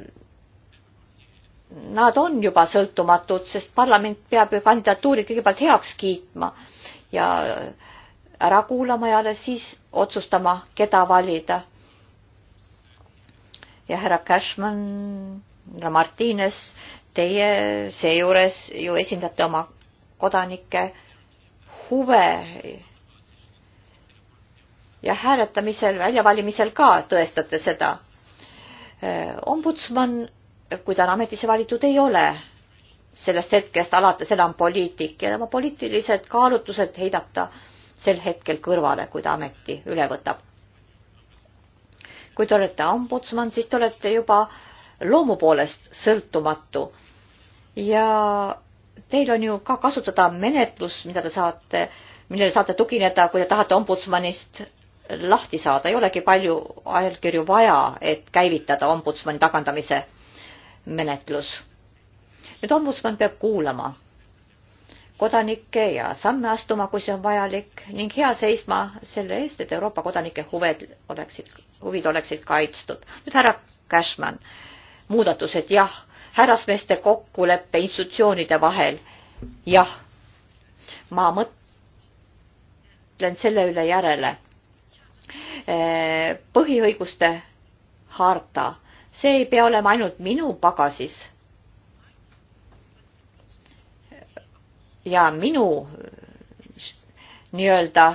A: nad on juba sõltumatud, sest parlament peab ju kandidatuuri kõigepealt heaks kiitma ja ära kuulama ja alles siis otsustama, keda valida. ja härra Cashman, härra Martines, teie seejuures ju esindate oma kodanike huve ja hääletamisel, väljavalimisel ka tõestate seda. Eh, ombudsman kui ta on ametisse valitud, ei ole sellest hetkest alates enam poliitik ja tema poliitilised kaalutlused heidab ta sel hetkel kõrvale, kui ta ameti üle võtab. kui te olete ombudsman, siis te olete juba loomu poolest sõltumatu ja teil on ju ka kasutada menetlus, mida te saate, millele saate tugineda, kui te tahate ombudsmanist lahti saada, ei olegi palju ajakirju vaja, et käivitada ombudsmani tagandamise menetlus. nüüd ombudsman peab kuulama kodanikke ja samme astuma, kui see on vajalik ning hea seisma selle eest, et Euroopa kodanike huved oleksid, huvid oleksid kaitstud. nüüd härra Cashman, muudatused jah, härrasmeeste kokkulepe institutsioonide vahel jah, ma mõtlen selle üle järele. Eh, põhiõiguste harta see ei pea olema ainult minu pagasis ja minu nii-öelda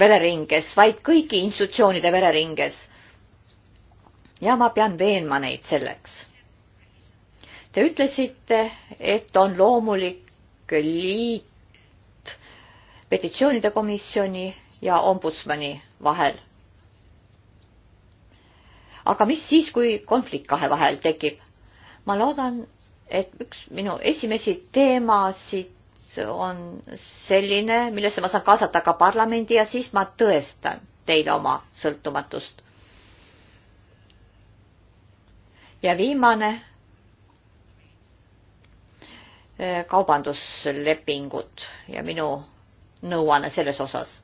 A: vereringes, vaid kõigi institutsioonide vereringes. ja ma pean veenma neid selleks. Te ütlesite, et on loomulik liit petitsioonide komisjoni ja ombudsmani vahel aga mis siis, kui konflikt kahe vahel tekib? ma loodan, et üks minu esimesi teemasid on selline, millesse ma saan kaasata ka parlamendi ja siis ma tõestan teile oma sõltumatust. ja viimane, eh, kaubanduslepingud ja minu nõuanne selles osas.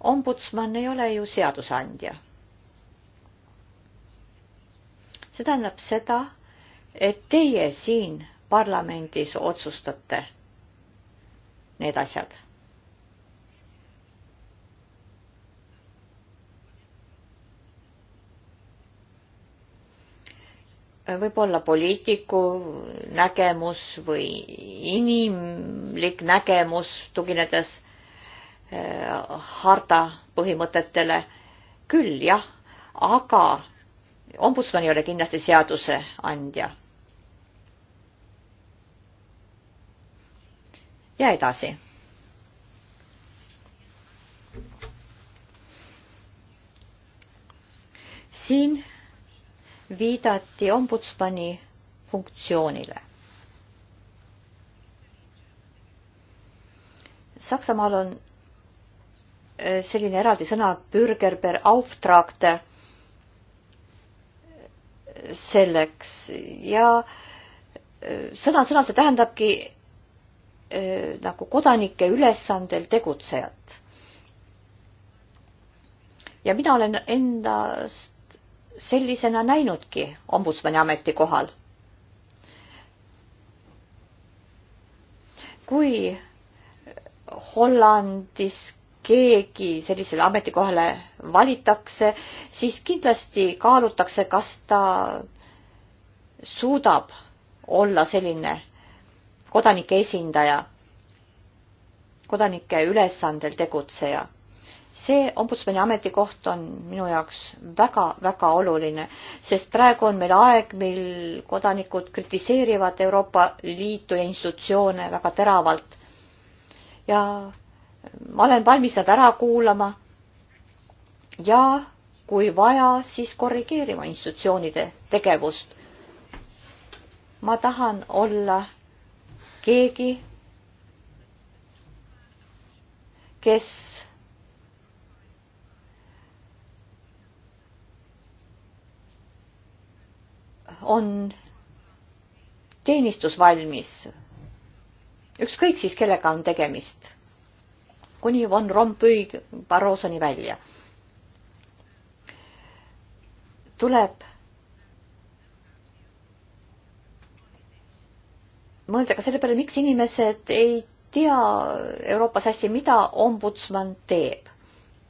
A: ombudsman ei ole ju seadusandja see tähendab seda, et teie siin parlamendis otsustate need asjad. võib-olla poliitiku nägemus või inimlik nägemus, tuginedes eh, harta põhimõtetele, küll jah, aga ombudsman ei ole kindlasti seaduseandja. ja edasi. siin viidati ombudsmani funktsioonile. Saksamaal on eh, selline eraldi sõna Bürgerbeauftragte selleks ja sõna-sõna äh, see tähendabki äh, nagu kodanike ülesandel tegutsejat. ja mina olen endast sellisena näinudki ombudsmani ametikohal. kui Hollandis keegi sellisele ametikohale valitakse, siis kindlasti kaalutakse, kas ta suudab olla selline kodanike esindaja, kodanike ülesandel tegutseja. see ombudsmani ametikoht on minu jaoks väga-väga oluline, sest praegu on meil aeg, mil kodanikud kritiseerivad Euroopa Liitu ja institutsioone väga teravalt. ja ma olen valmis nad ära kuulama ja kui vaja, siis korrigeerima institutsioonide tegevust. ma tahan olla keegi, kes on teenistusvalmis, ükskõik siis, kellega on tegemist kuni Van Rompuy Barrosoni välja. tuleb mõelda ka selle peale, miks inimesed ei tea Euroopas hästi, mida ombudsman teeb,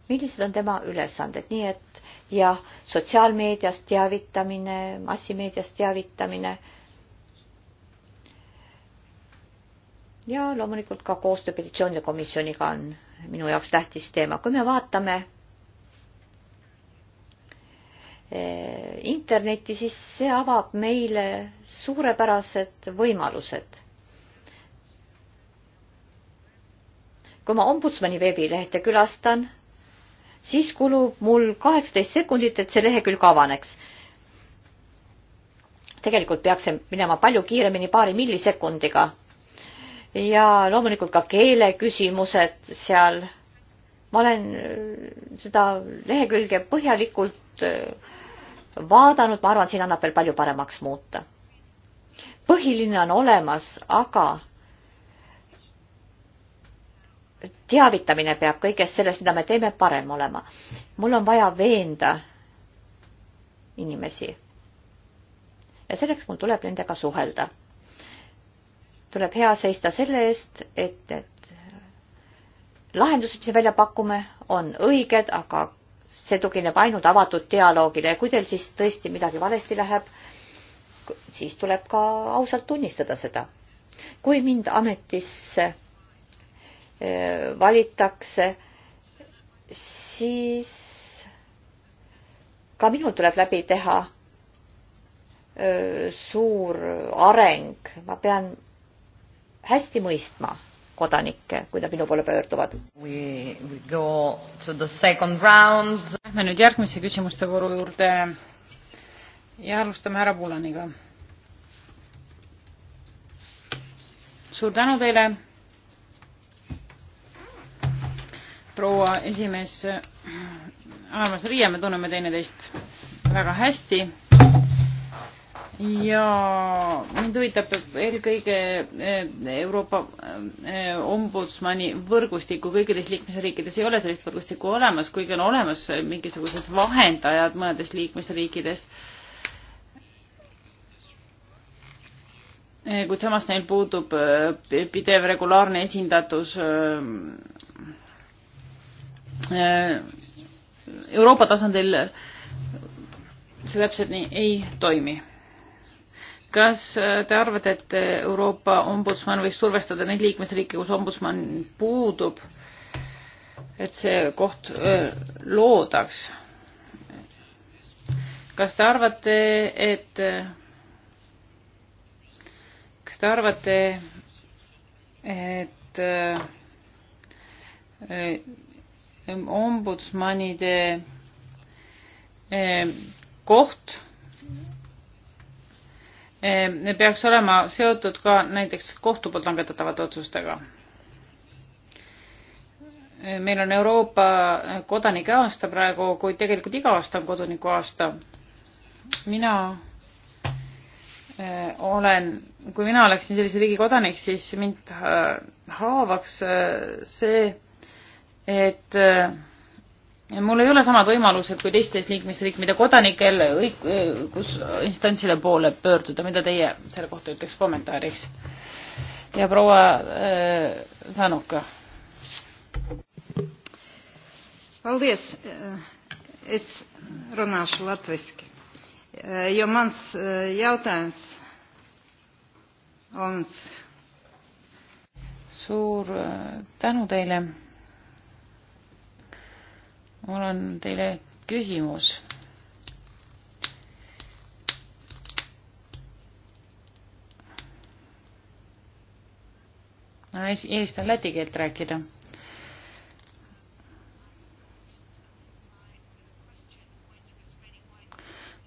A: millised on tema ülesanded, nii et jah, sotsiaalmeediast teavitamine, massimeediast teavitamine ja loomulikult ka koostöö petitsioonide komisjoniga on minu jaoks tähtis teema. kui me vaatame eh, internetti, siis see avab meile suurepärased võimalused. kui ma ombudsmani veebilehte külastan, siis kulub mul kaheksateist sekundit, et see lehekülg avaneks. tegelikult peaks see minema palju kiiremini, paari millisekundiga ja loomulikult ka keeleküsimused seal. ma olen äh, seda lehekülge põhjalikult äh, vaadanud, ma arvan, siin annab veel palju paremaks muuta. põhiline on olemas, aga teavitamine peab kõigest sellest, mida me teeme, parem olema. mul on vaja veenda inimesi. ja selleks mul tuleb nendega suhelda tuleb hea seista selle eest, et, et lahendused, mis me välja pakume, on õiged, aga see tugineb ainult avatud dialoogile ja kui teil siis tõesti midagi valesti läheb, siis tuleb ka ausalt tunnistada seda. kui mind ametisse e, valitakse, siis ka minul tuleb läbi teha e, suur areng, ma pean hästi mõistma kodanikke, kui nad minu poole pöörduvad.
F: Lähme nüüd järgmise küsimuste korra juurde ja alustame härra Pulaniga. suur tänu teile, proua esimees, armas Riia, me tunneme teineteist väga hästi ja mind huvitab eelkõige eh, Euroopa eh, ombudsmani võrgustiku, kõikides liikmesriikides ei ole sellist võrgustikku olemas, kuigi on olemas mingisugused vahendajad mõnedes liikmesriikides. Eh, kuid samas neil puudub pidev regulaarne esindatus Euroopa tasandil see täpselt nii ei toimi kas äh, te arvate, et Euroopa ombudsman võiks survestada neid liikmesriike, kus ombudsman puudub, et see koht öö, äh, loodaks? kas te arvate, et, äh, kas te arvate, et öö, ombudsmanide öö, koht Eh, peaks olema seotud ka näiteks kohtu poolt langetatavate otsustega. Eh, meil on Euroopa kodanike aasta praegu, kuid tegelikult iga aasta on kodaniku aasta. mina eh, olen, kui mina oleksin sellise riigi kodanik, siis mind haavaks see, et äh, mul ei ole samad võimalused kui teistes liikmesriikide kodanikel õigusinstantside poole pöörduda, mida teie selle kohta ütleks kommentaariks? ja proua äh, Sanuka.
C: Paldies, äh, es runāšu latviski, äh, jo mans äh, jautājums on. suur tänu
F: teile mul on teile küsimus. ma eelistan läti keelt rääkida.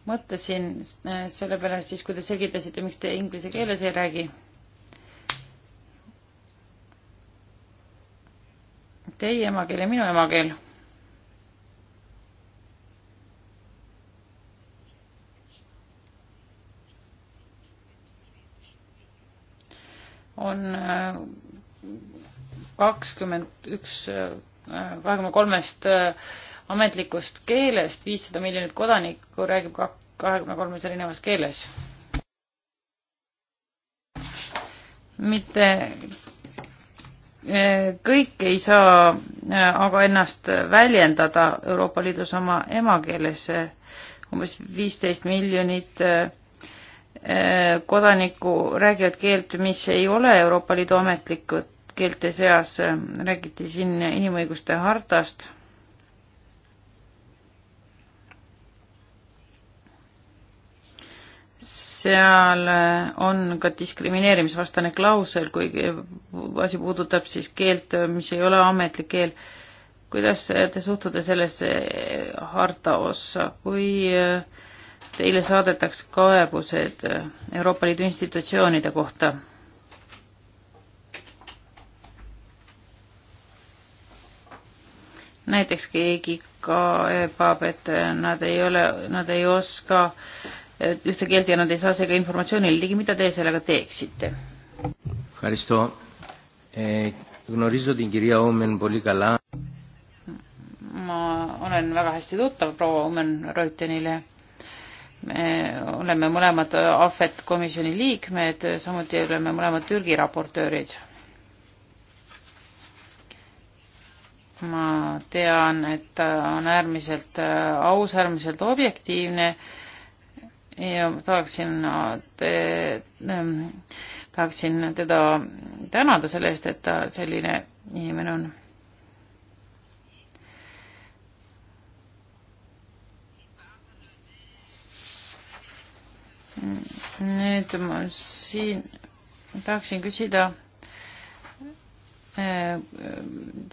F: mõtlesin äh, selle peale siis, kui te selgitasite, miks te inglise keeles ei räägi teie emakeel ja minu emakeel. on äh, kakskümmend üks, äh, kahekümne kolmest äh, ametlikust keelest, viissada miljonit kodanikku räägib kahekümne kolmes erinevas keeles. mitte kõik ei saa aga ennast väljendada Euroopa Liidus oma emakeeles, umbes viisteist miljonit Äh, kodanikku räägivad keelt, mis ei ole Euroopa Liidu ametlikud keelte seas, räägiti siin inimõiguste hartast. seal on ka diskrimineerimisvastane klausel, kui asi puudutab siis keelt, mis ei ole ametlik keel. kuidas te suhtute sellesse harta ossa, kui äh, teile saadetakse kaebused Euroopa Liidu institutsioonide kohta. näiteks keegi kaebab, et nad ei ole, nad ei oska ühte keelt ja nad ei saa seega informatsiooni ligi, mida teie sellega teeksite? Eh, ma olen väga hästi tuttav proua Omen Reutenile me oleme mõlemad AFET komisjoni liikmed, samuti oleme mõlemad Türgi raportöörid. ma tean, et ta on äärmiselt aus, äärmiselt objektiivne ja tahaksin te, ähm, tahaksin teda tänada selle eest, et ta selline inimene on nüüd ma siin tahaksin küsida eh,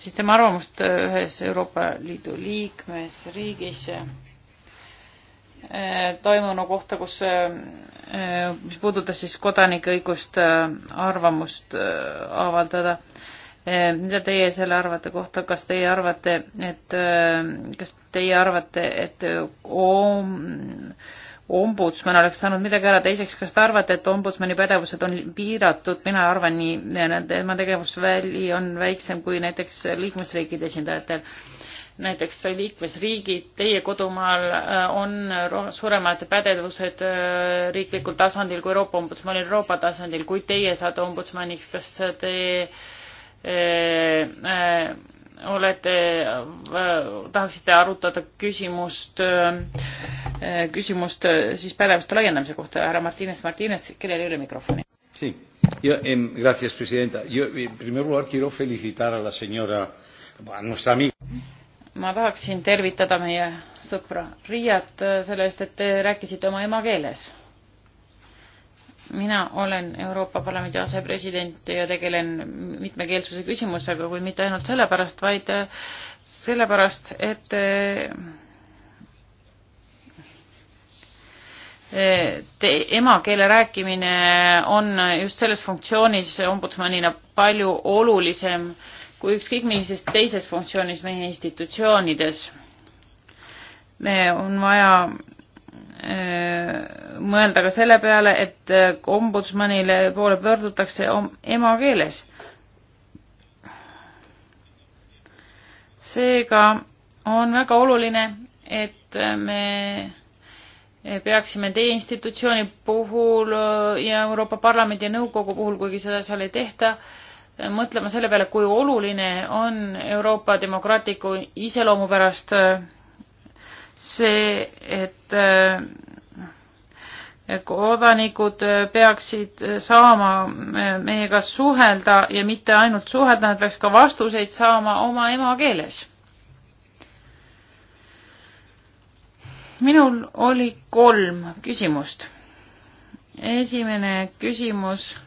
F: siis tema arvamust eh, ühes Euroopa Liidu liikmesriigis eh, toimunu kohta, kus, mis puudutas siis kodanike õigust arvamust avaldada. mida teie selle arvate kohta, kas teie arvate, et, kas teie arvate, et om, ombudsman oleks saanud midagi ära, teiseks, kas te arvate, et ombudsmani pädevused on piiratud, mina arvan nii, tema tegevusväli on väiksem kui näiteks liikmesriikide esindajatel. näiteks liikmesriigid, teie kodumaal äh, on suuremad pädevused äh, riiklikul tasandil kui Euroopa ombudsmanil Euroopa tasandil, kui teie saate ombudsmaniks, kas te äh, äh, olete, äh, tahaksite arutada küsimust, äh, küsimust äh, siis pädevuste laiendamise kohta, härra Martines, Martines, kellel ei ole mikrofoni?
D: Yo, eh, gracias, presidenta. Yo, en primer lugar, quiero felicitar a la señora, a nuestra amiga.
F: ma tahaksin tervitada meie sõpra Riiat selle eest, et te rääkisite oma emakeeles mina olen Euroopa Parlamendi asepresident ja tegelen mitmekeelsuse küsimusega, kuid mitte ainult sellepärast, vaid äh, sellepärast, et äh, te, emakeele rääkimine on just selles funktsioonis ombudsmanina palju olulisem kui ükskõik millises teises funktsioonis meie institutsioonides. on vaja Äh, mõelda ka selle peale, et äh, ombudsmanile poole pöördutakse emakeeles. seega on väga oluline, et äh, me peaksime teie institutsiooni puhul ja Euroopa Parlamendi ja Nõukogu puhul, kuigi seda seal ei tehta, mõtlema selle peale, kui oluline on Euroopa demokraatliku iseloomu pärast see, et äh, kodanikud äh, peaksid äh, saama meiega suhelda ja mitte ainult suhelda, nad peaks ka vastuseid saama oma emakeeles. minul oli kolm küsimust. esimene küsimus,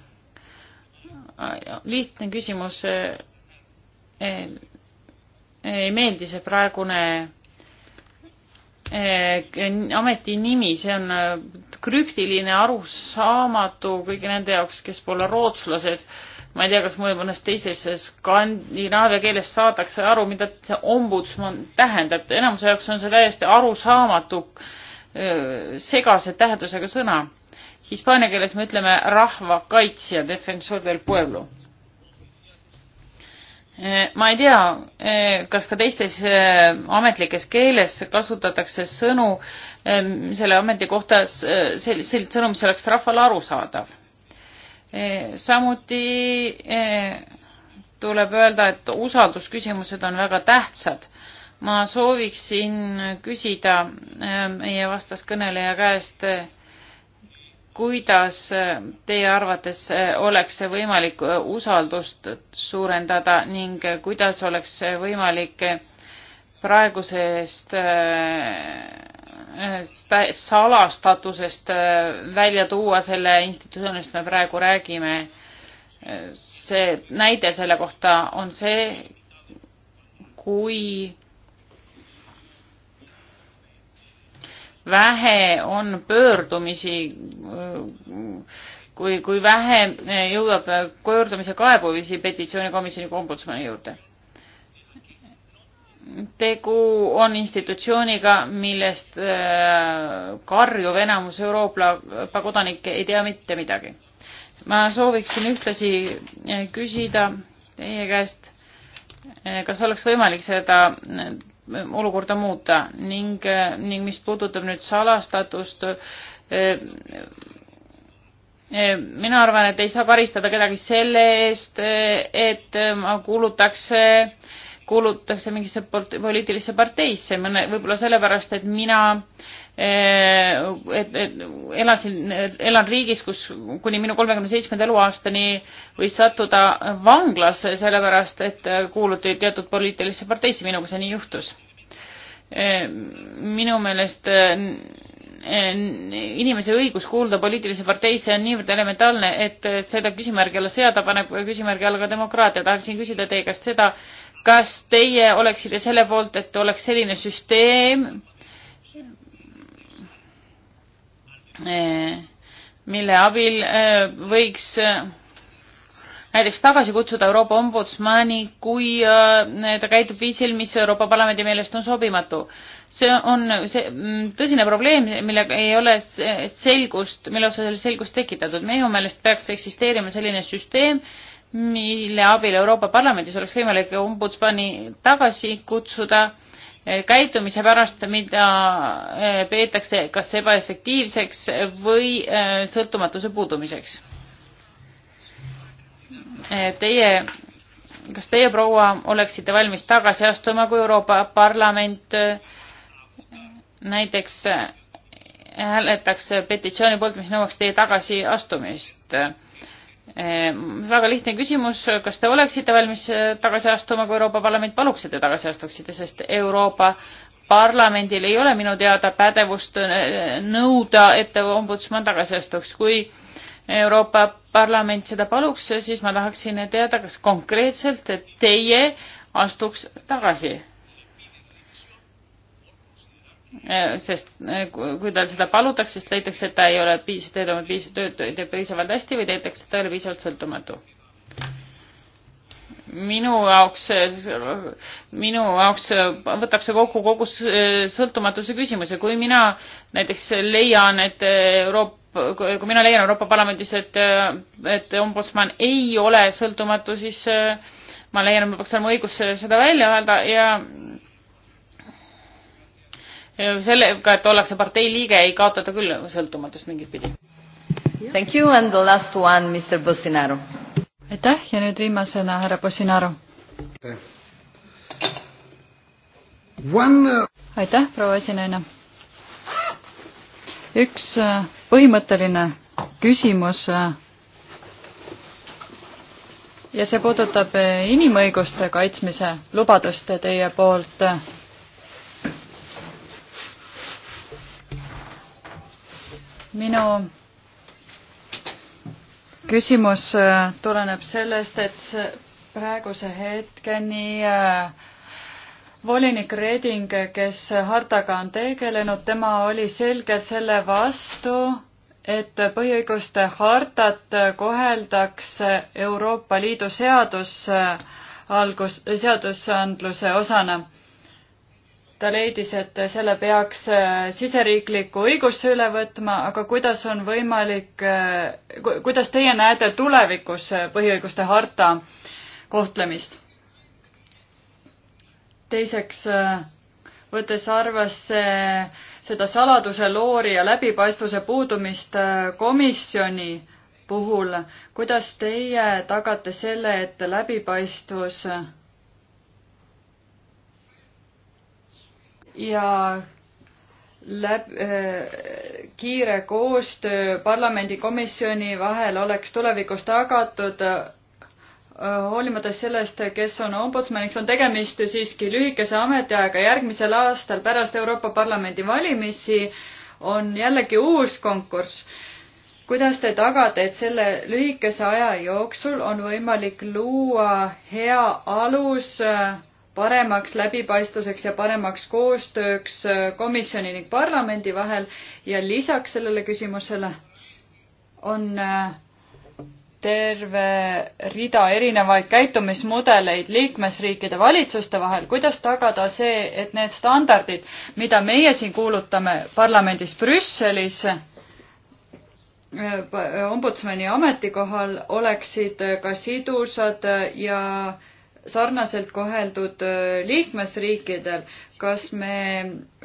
F: lihtne küsimus. Eh, ei meeldi see praegune Eh, ameti nimi, see on eh, krüptiline, arusaamatu kõigi nende jaoks, kes pole rootslased. ma ei tea, kas mul mõnes teises skandinaavia keeles saadakse aru, mida see ombudsman tähendab, enamuse jaoks on see täiesti arusaamatu, eh, segase tähendusega sõna. Hispaania keeles me ütleme rahvakaitsja, defensor del pueblo ma ei tea, kas ka teistes eh, ametlikes keeles kasutatakse sõnu eh, selle ameti kohta eh, sellist sõnu, mis oleks rahvale arusaadav. samuti tuleb öelda, et usaldusküsimused on väga tähtsad. ma sooviksin küsida meie vastaskõneleja käest kuidas äh, teie arvates äh, oleks võimalik äh, usaldust suurendada ning kuidas oleks võimalik praegusest salastatusest välja tuua selle institutsioonist me praegu räägime. see näide selle kohta on see, kui vähe on pöördumisi, kui, kui vähe jõuab pöördumise kaebusi petitsioonikomisjoni kui ombudsmani juurde. tegu on institutsiooniga, millest äh, karjuv enamus Euroopa kodanikke ei tea mitte midagi. ma sooviksin ühtlasi äh, küsida teie käest, äh, kas oleks võimalik seda olukorda muuta ning, ning mis puudutab nüüd salastatust, eh, eh, mina arvan, et ei saa karistada kedagi selle eest, eh, et kuulutakse, kuulutakse mingisse poliitilisse parteisse, mõne, võib-olla sellepärast, et mina äh, Eh, et, et elasin, elan riigis, kus kuni minu kolmekümne seitsmenda eluaastani võis sattuda vanglasse, sellepärast et kuuluti teatud poliitilisse parteisse, minuga see nii juhtus. Eh, minu meelest eh, inimese õigus kuuluda poliitilise parteisse on niivõrd elementaarne, et seda küsimärgi alla seada paneb küsimärgi alla ka demokraatia. tahaksin küsida teie käest seda, kas teie oleksite selle poolt, et oleks selline süsteem, Eh, mille abil eh, võiks eh, näiteks tagasi kutsuda Euroopa ombudsmani, kui ta käitub viisil, mis Euroopa Parlamendi meelest on sobimatu. see on see mm, tõsine probleem, millega ei ole selgust, mille osas ei ole selgust tekitatud. minu meelest peaks eksisteerima selline süsteem, mille abil Euroopa Parlamendis oleks võimalik ombudsmani tagasi kutsuda käitumise pärast, mida eh, peetakse kas ebaefektiivseks või eh, sõltumatuse puudumiseks. Eh, teie, kas teie, proua, oleksite valmis tagasi astuma, kui Euroopa Parlament näiteks hääletaks petitsiooni poolt, mis nõuaks teie tagasiastumist? Eh, väga lihtne küsimus, kas te oleksite valmis eh, tagasi astuma, kui Euroopa Parlament paluks, et te tagasi astuksite, sest Euroopa Parlamendil ei ole minu teada pädevust eh, nõuda, et ombudsman tagasi astuks. kui Euroopa Parlament seda paluks, siis ma tahaksin teada, kas konkreetselt teie astuks tagasi Äh, sest äh, kui tal seda palutakse, siis leitakse, et ta ei ole piis-, teeb oma piis-, tööd teeb piisavalt hästi või leitakse, et ta ei ole piisavalt sõltumatu. minu jaoks, minu jaoks võtab see kokku kogu sõltumatuse küsimuse, kui mina näiteks leian, et Euroopa kui mina leian Euroopa Parlamendis, et, et ombudsman ei ole sõltumatu, siis äh, ma leian, et mul peaks olema õigus seda välja öelda ja sellega, et ollakse partei liige, ei kaotata küll sõltumatust mingit pidi.
C: Thank you and the last one, Mr Bossinaro. aitäh ja nüüd viimasena härra Bossinaro. Uh,
E: aitäh, proua esinaine. üks uh, põhimõtteline küsimus uh, ja see puudutab inimõiguste kaitsmise lubadust teie poolt minu küsimus äh, tuleneb sellest, et praeguse hetkeni äh, volinik Reding, kes hartaga on tegelenud, tema oli selgelt selle vastu, et põhiõiguste hartat koheldakse Euroopa Liidu seadus äh, algus, seadusandluse osana ta leidis, et selle peaks äh, siseriikliku õigusse üle võtma, aga kuidas on võimalik, äh, kuidas teie näete tulevikus äh, põhiõiguste harta kohtlemist? teiseks, võttes arvesse seda saladuse loori ja läbipaistvuse puudumist komisjoni puhul, kuidas teie tagate selle, et läbipaistvus ja läb- äh,, kiire koostöö parlamendikomisjoni vahel oleks tulevikus tagatud äh, hoolimata sellest, kes on ombudsmaniks, on tegemist ju siiski lühikese ametiajaga. järgmisel aastal pärast Euroopa Parlamendi valimisi on jällegi uus konkurss. kuidas te tagate, et selle lühikese aja jooksul on võimalik luua hea alus äh, paremaks läbipaistvuseks ja paremaks koostööks äh, komisjoni ning parlamendi vahel ja lisaks sellele küsimusele on äh, terve rida erinevaid käitumismudeleid liikmesriikide valitsuste vahel, kuidas tagada see, et need standardid, mida meie siin kuulutame parlamendis Brüsselis, äh, ombudsmani ametikohal oleksid ka sidusad ja äh, sarnaselt koheldud liikmesriikidel. kas me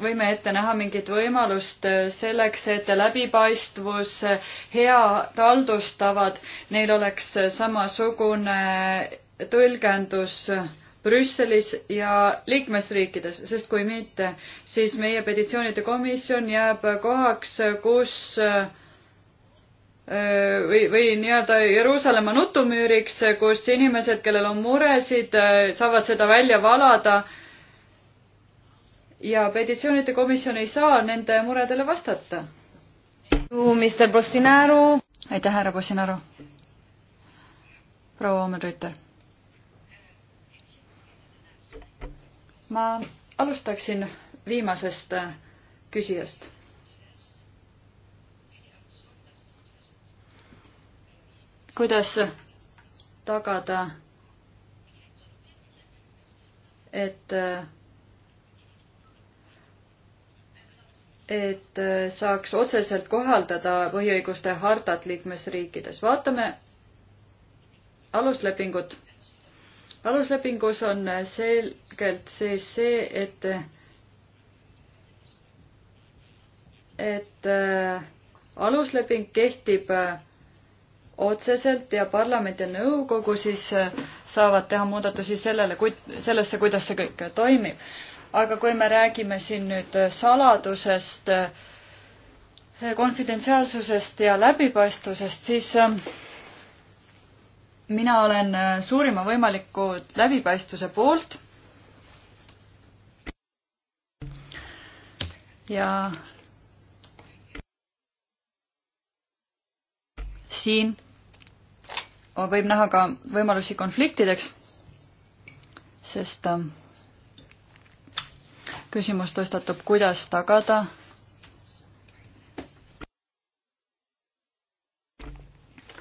E: võime ette näha mingit võimalust selleks, et läbipaistvus, hea taldustavad, neil oleks samasugune tõlgendus Brüsselis ja liikmesriikides, sest kui mitte, siis meie petitsioonide komisjon jääb kohaks, kus Äh, või, või nii-öelda Jeruusalemma nutumüüriks, kus inimesed, kellel on muresid, äh, saavad seda välja valada. ja petitsioonide komisjon ei saa nende muredele vastata. aitäh, härra Bossinaru. proua Omen-Rüütel. ma alustaksin viimasest äh, küsijast kuidas tagada, et, et saaks otseselt kohaldada põhiõiguste hartat liikmesriikides. vaatame aluslepingut. aluslepingus on selgelt sees see, et, et äh, alusleping kehtib äh, otseselt ja parlament ja nõukogu siis äh, saavad teha muudatusi sellele, sellesse, kuidas see kõik äh, toimib. aga kui me räägime siin nüüd äh, saladusest, konfidentsiaalsusest ja läbipaistvusest, siis ähm, mina olen suurima võimaliku läbipaistvuse poolt. ja siin võib näha ka võimalusi konfliktideks, sest äh, küsimus tõstatub, kuidas tagada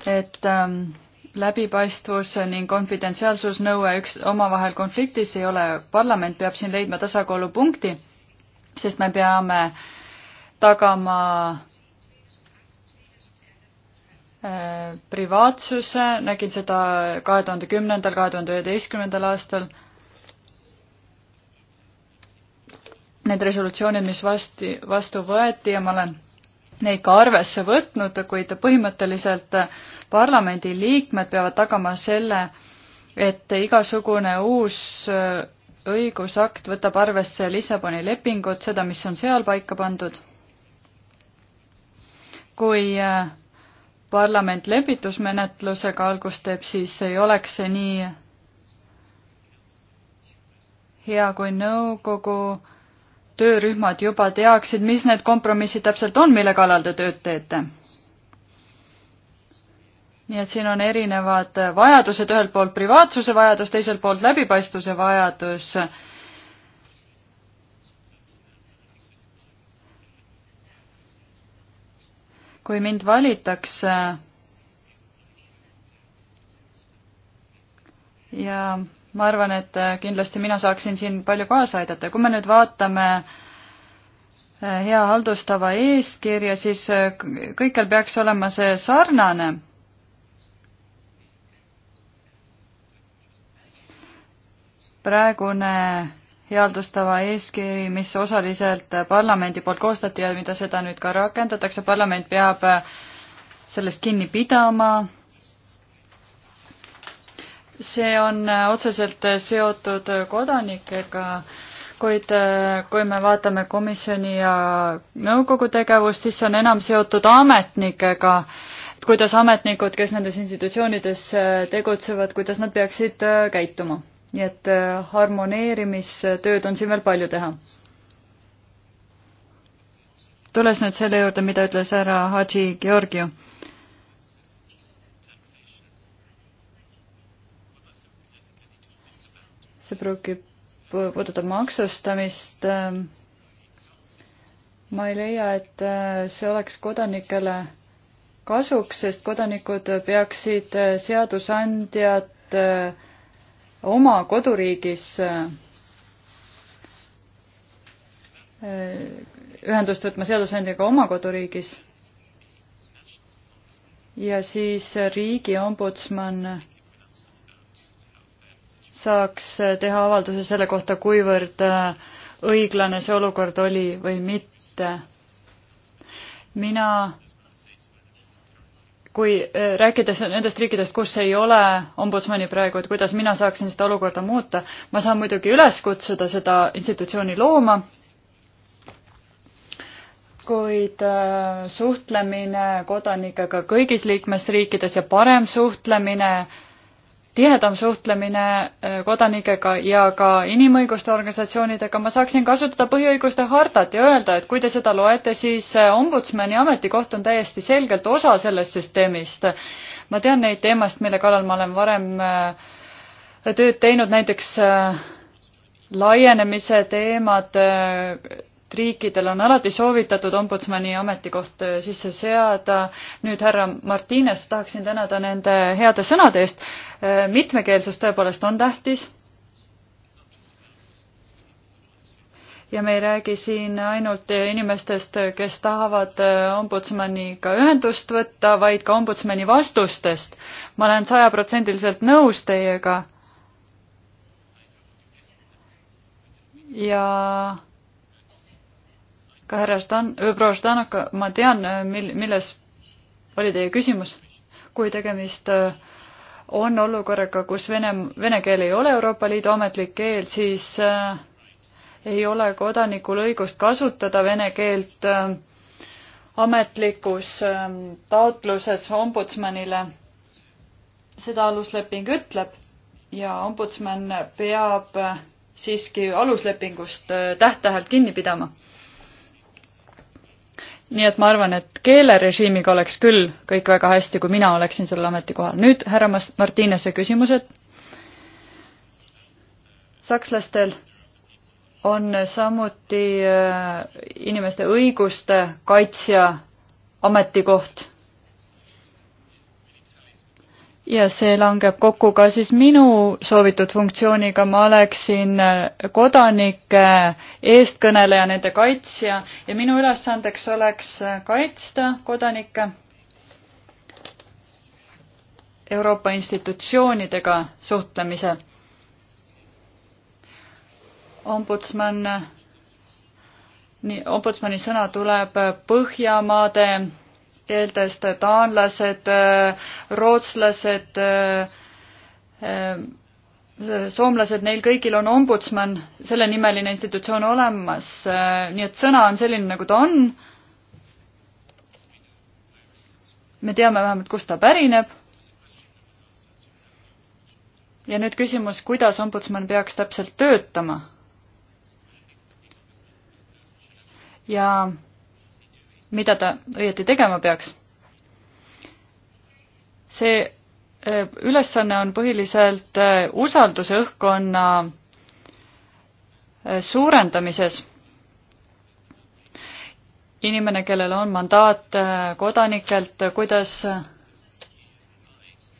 E: et ähm, läbipaistvus ning konfidentsiaalsusnõue üks omavahel konfliktis ei ole, parlament peab siin leidma tasakaalupunkti, sest me peame tagama Äh, privaatsuse, nägin seda kahe tuhande kümnendal, kahe tuhande üheteistkümnendal aastal. Need resolutsioonid, mis vasti, vastu võeti ja ma olen neid ka arvesse võtnud, kuid põhimõtteliselt parlamendi liikmed peavad tagama selle, et igasugune uus äh, õigusakt võtab arvesse Lissaboni lepingut, seda, mis on seal paika pandud. kui äh, parlament lepitusmenetlusega algust teeb, siis ei oleks see nii hea, kui nõukogu töörühmad juba teaksid, mis need kompromissid täpselt on, mille kallal te tööd teete. nii et siin on erinevad vajadused, ühelt poolt privaatsuse vajadus, teiselt poolt läbipaistvuse vajadus kui mind valitakse ja ma arvan, et kindlasti mina saaksin siin palju kaasa aidata. kui me nüüd vaatame eh, hea haldustava eeskirja, siis eh, kõikjal peaks olema see sarnane. praegune healdustava eeskiri, mis osaliselt parlamendi poolt koostati ja mida seda nüüd ka rakendatakse, parlament peab äh, sellest kinni pidama. see on äh, otseselt äh, seotud kodanikega, kuid kui me vaatame komisjoni ja nõukogu tegevust, siis see on enam seotud ametnikega et kuidas ametnikud, kes nendes institutsioonides tegutsevad, kuidas nad peaksid käituma? nii et äh, harmoneerimistööd on siin veel palju teha. tulles nüüd selle juurde, mida ütles härra Hadži Georgiu. see pruugi puudutab maksustamist. Ähm, ma ei leia, et äh, see oleks kodanikele kasuks, sest kodanikud peaksid äh, seadusandjat äh, oma koduriigis äh, ühendust võtma seadusandjaga oma koduriigis ja siis riigi ombudsman saaks teha avalduse selle kohta, kuivõrd äh, õiglane see olukord oli või mitte. mina kui eh, rääkides nendest riikidest, kus ei ole ombudsmani praegu, et kuidas mina saaksin seda olukorda muuta, ma saan muidugi üles kutsuda seda institutsiooni looma, kuid eh, suhtlemine kodanikega kõigis liikmesriikides ja parem suhtlemine tihedam suhtlemine äh, kodanikega ja ka inimõiguste organisatsioonidega, ma saaksin kasutada põhiõiguste hartat ja öelda, et kui te seda loete, siis äh, ombudsmani ametikoht on täiesti selgelt osa sellest süsteemist. ma tean neid teemast, mille kallal ma olen varem äh, tööd teinud, näiteks laienemise teemad, riikidel on alati soovitatud ombudsmani ametikoht sisse seada. nüüd härra Martines, tahaksin tänada nende heade sõnade eest mitmekeelsus tõepoolest on tähtis. ja me ei räägi siin ainult inimestest, kes tahavad äh, ombudsmaniga ühendust võtta, vaid ka ombudsmani vastustest. ma olen sajaprotsendiliselt nõus teiega. ja ka härra Stan-, äh, proua Stanoka, ma tean, äh, mil-, milles oli teie küsimus, kui tegemist äh, on olukorraga, kus vene, vene keel ei ole Euroopa Liidu ametlik keel, siis äh, ei ole kodanikul õigust kasutada vene keelt äh, ametlikus äh, taotluses ombudsmanile. seda alusleping ütleb ja ombudsman peab äh, siiski aluslepingust äh, täht-tähelt kinni pidama nii et ma arvan, et keelerežiimiga oleks küll kõik väga hästi, kui mina oleksin sellel ametikohal. nüüd härra Martinese küsimused. sakslastel on samuti äh, inimeste õiguste kaitsja ametikoht ja see langeb kokku ka siis minu soovitud funktsiooniga, ma oleksin kodanike eestkõneleja, nende kaitsja ja minu ülesandeks oleks kaitsta kodanikke Euroopa institutsioonidega suhtlemisel. ombudsman, nii, ombudsmani sõna tuleb Põhjamaade keeltest, taanlased, äh, rootslased, äh, äh, soomlased, neil kõigil on ombudsman, sellenimeline institutsioon olemas, nii et sõna on selline, nagu ta on. me teame vähemalt, kust ta pärineb. ja nüüd küsimus, kuidas ombudsman peaks täpselt töötama? ja mida ta õieti tegema peaks. see äh, ülesanne on põhiliselt äh, usalduse õhkkonna äh, suurendamises. inimene, kellel on mandaat kodanikelt, kuidas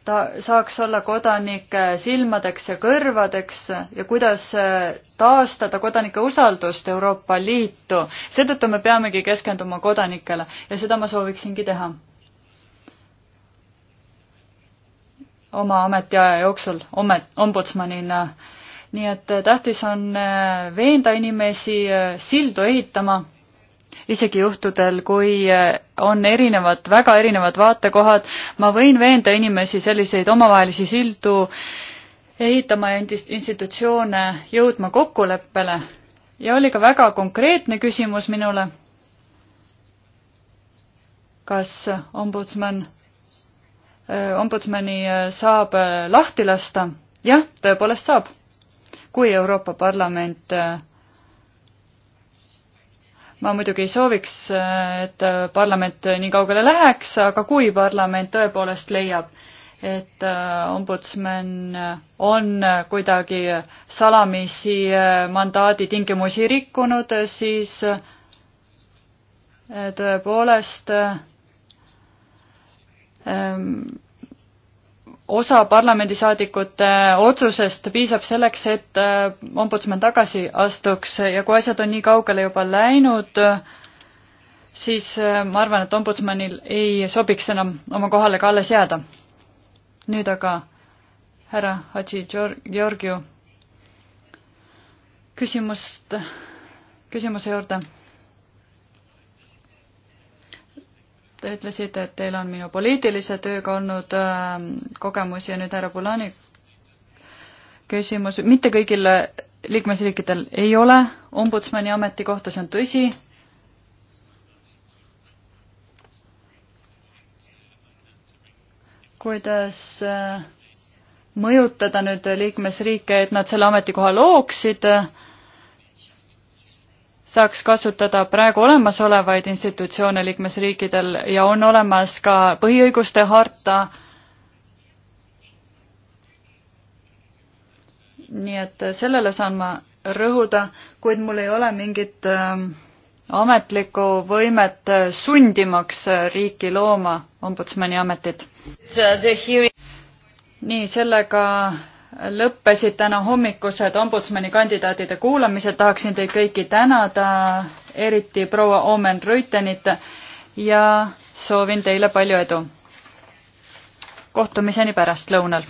E: ta saaks olla kodanike silmadeks ja kõrvadeks ja kuidas taastada kodanike usaldust Euroopa Liitu. seetõttu me peamegi keskenduma kodanikele ja seda ma sooviksingi teha. oma ametiaja jooksul omet-, ombudsmanina. nii et tähtis on veenda inimesi sildu ehitama isegi juhtudel, kui eh, on erinevad, väga erinevad vaatekohad, ma võin veenda inimesi selliseid omavahelisi sildu ehitama ja institutsioone jõudma kokkuleppele ja oli ka väga konkreetne küsimus minule. kas ombudsman, eh, ombudsmani eh, saab lahti lasta? jah, tõepoolest saab, kui Euroopa Parlament ma muidugi ei sooviks, äh, et äh, parlament nii kaugele läheks, aga kui parlament tõepoolest leiab, et äh, ombudsman on kuidagi salamisi mandaadi tingimusi rikkunud, siis tõepoolest osa parlamendisaadikute otsusest piisab selleks, et äh, ombudsman tagasi astuks ja kui asjad on nii kaugele juba läinud, siis äh, ma arvan, et ombudsmanil ei sobiks enam oma kohale ka alles jääda. nüüd aga härra Hadži Georgiu küsimust, küsimuse juurde Te ütlesite, et teil on minu poliitilise tööga olnud äh, kogemusi ja nüüd härra Bulani küsimus, mitte kõigil liikmesriikidel ei ole ombudsmani ametikohta, see on tõsi. kuidas äh, mõjutada nüüd liikmesriike, et nad selle ametikoha looksid äh, saaks kasutada praegu olemasolevaid institutsioone liikmesriikidel ja on olemas ka põhiõiguste harta. nii et sellele saan ma rõhuda, kuid mul ei ole mingit ähm, ametlikku võimet äh, sundimaks äh, riiki looma ombudsmani ametit. nii, sellega lõppesid täna hommikused ombudsmani kandidaatide kuulamised, tahaksin teid kõiki tänada, eriti proua Omen Rüütenit ja soovin teile palju edu. kohtumiseni pärastlõunal!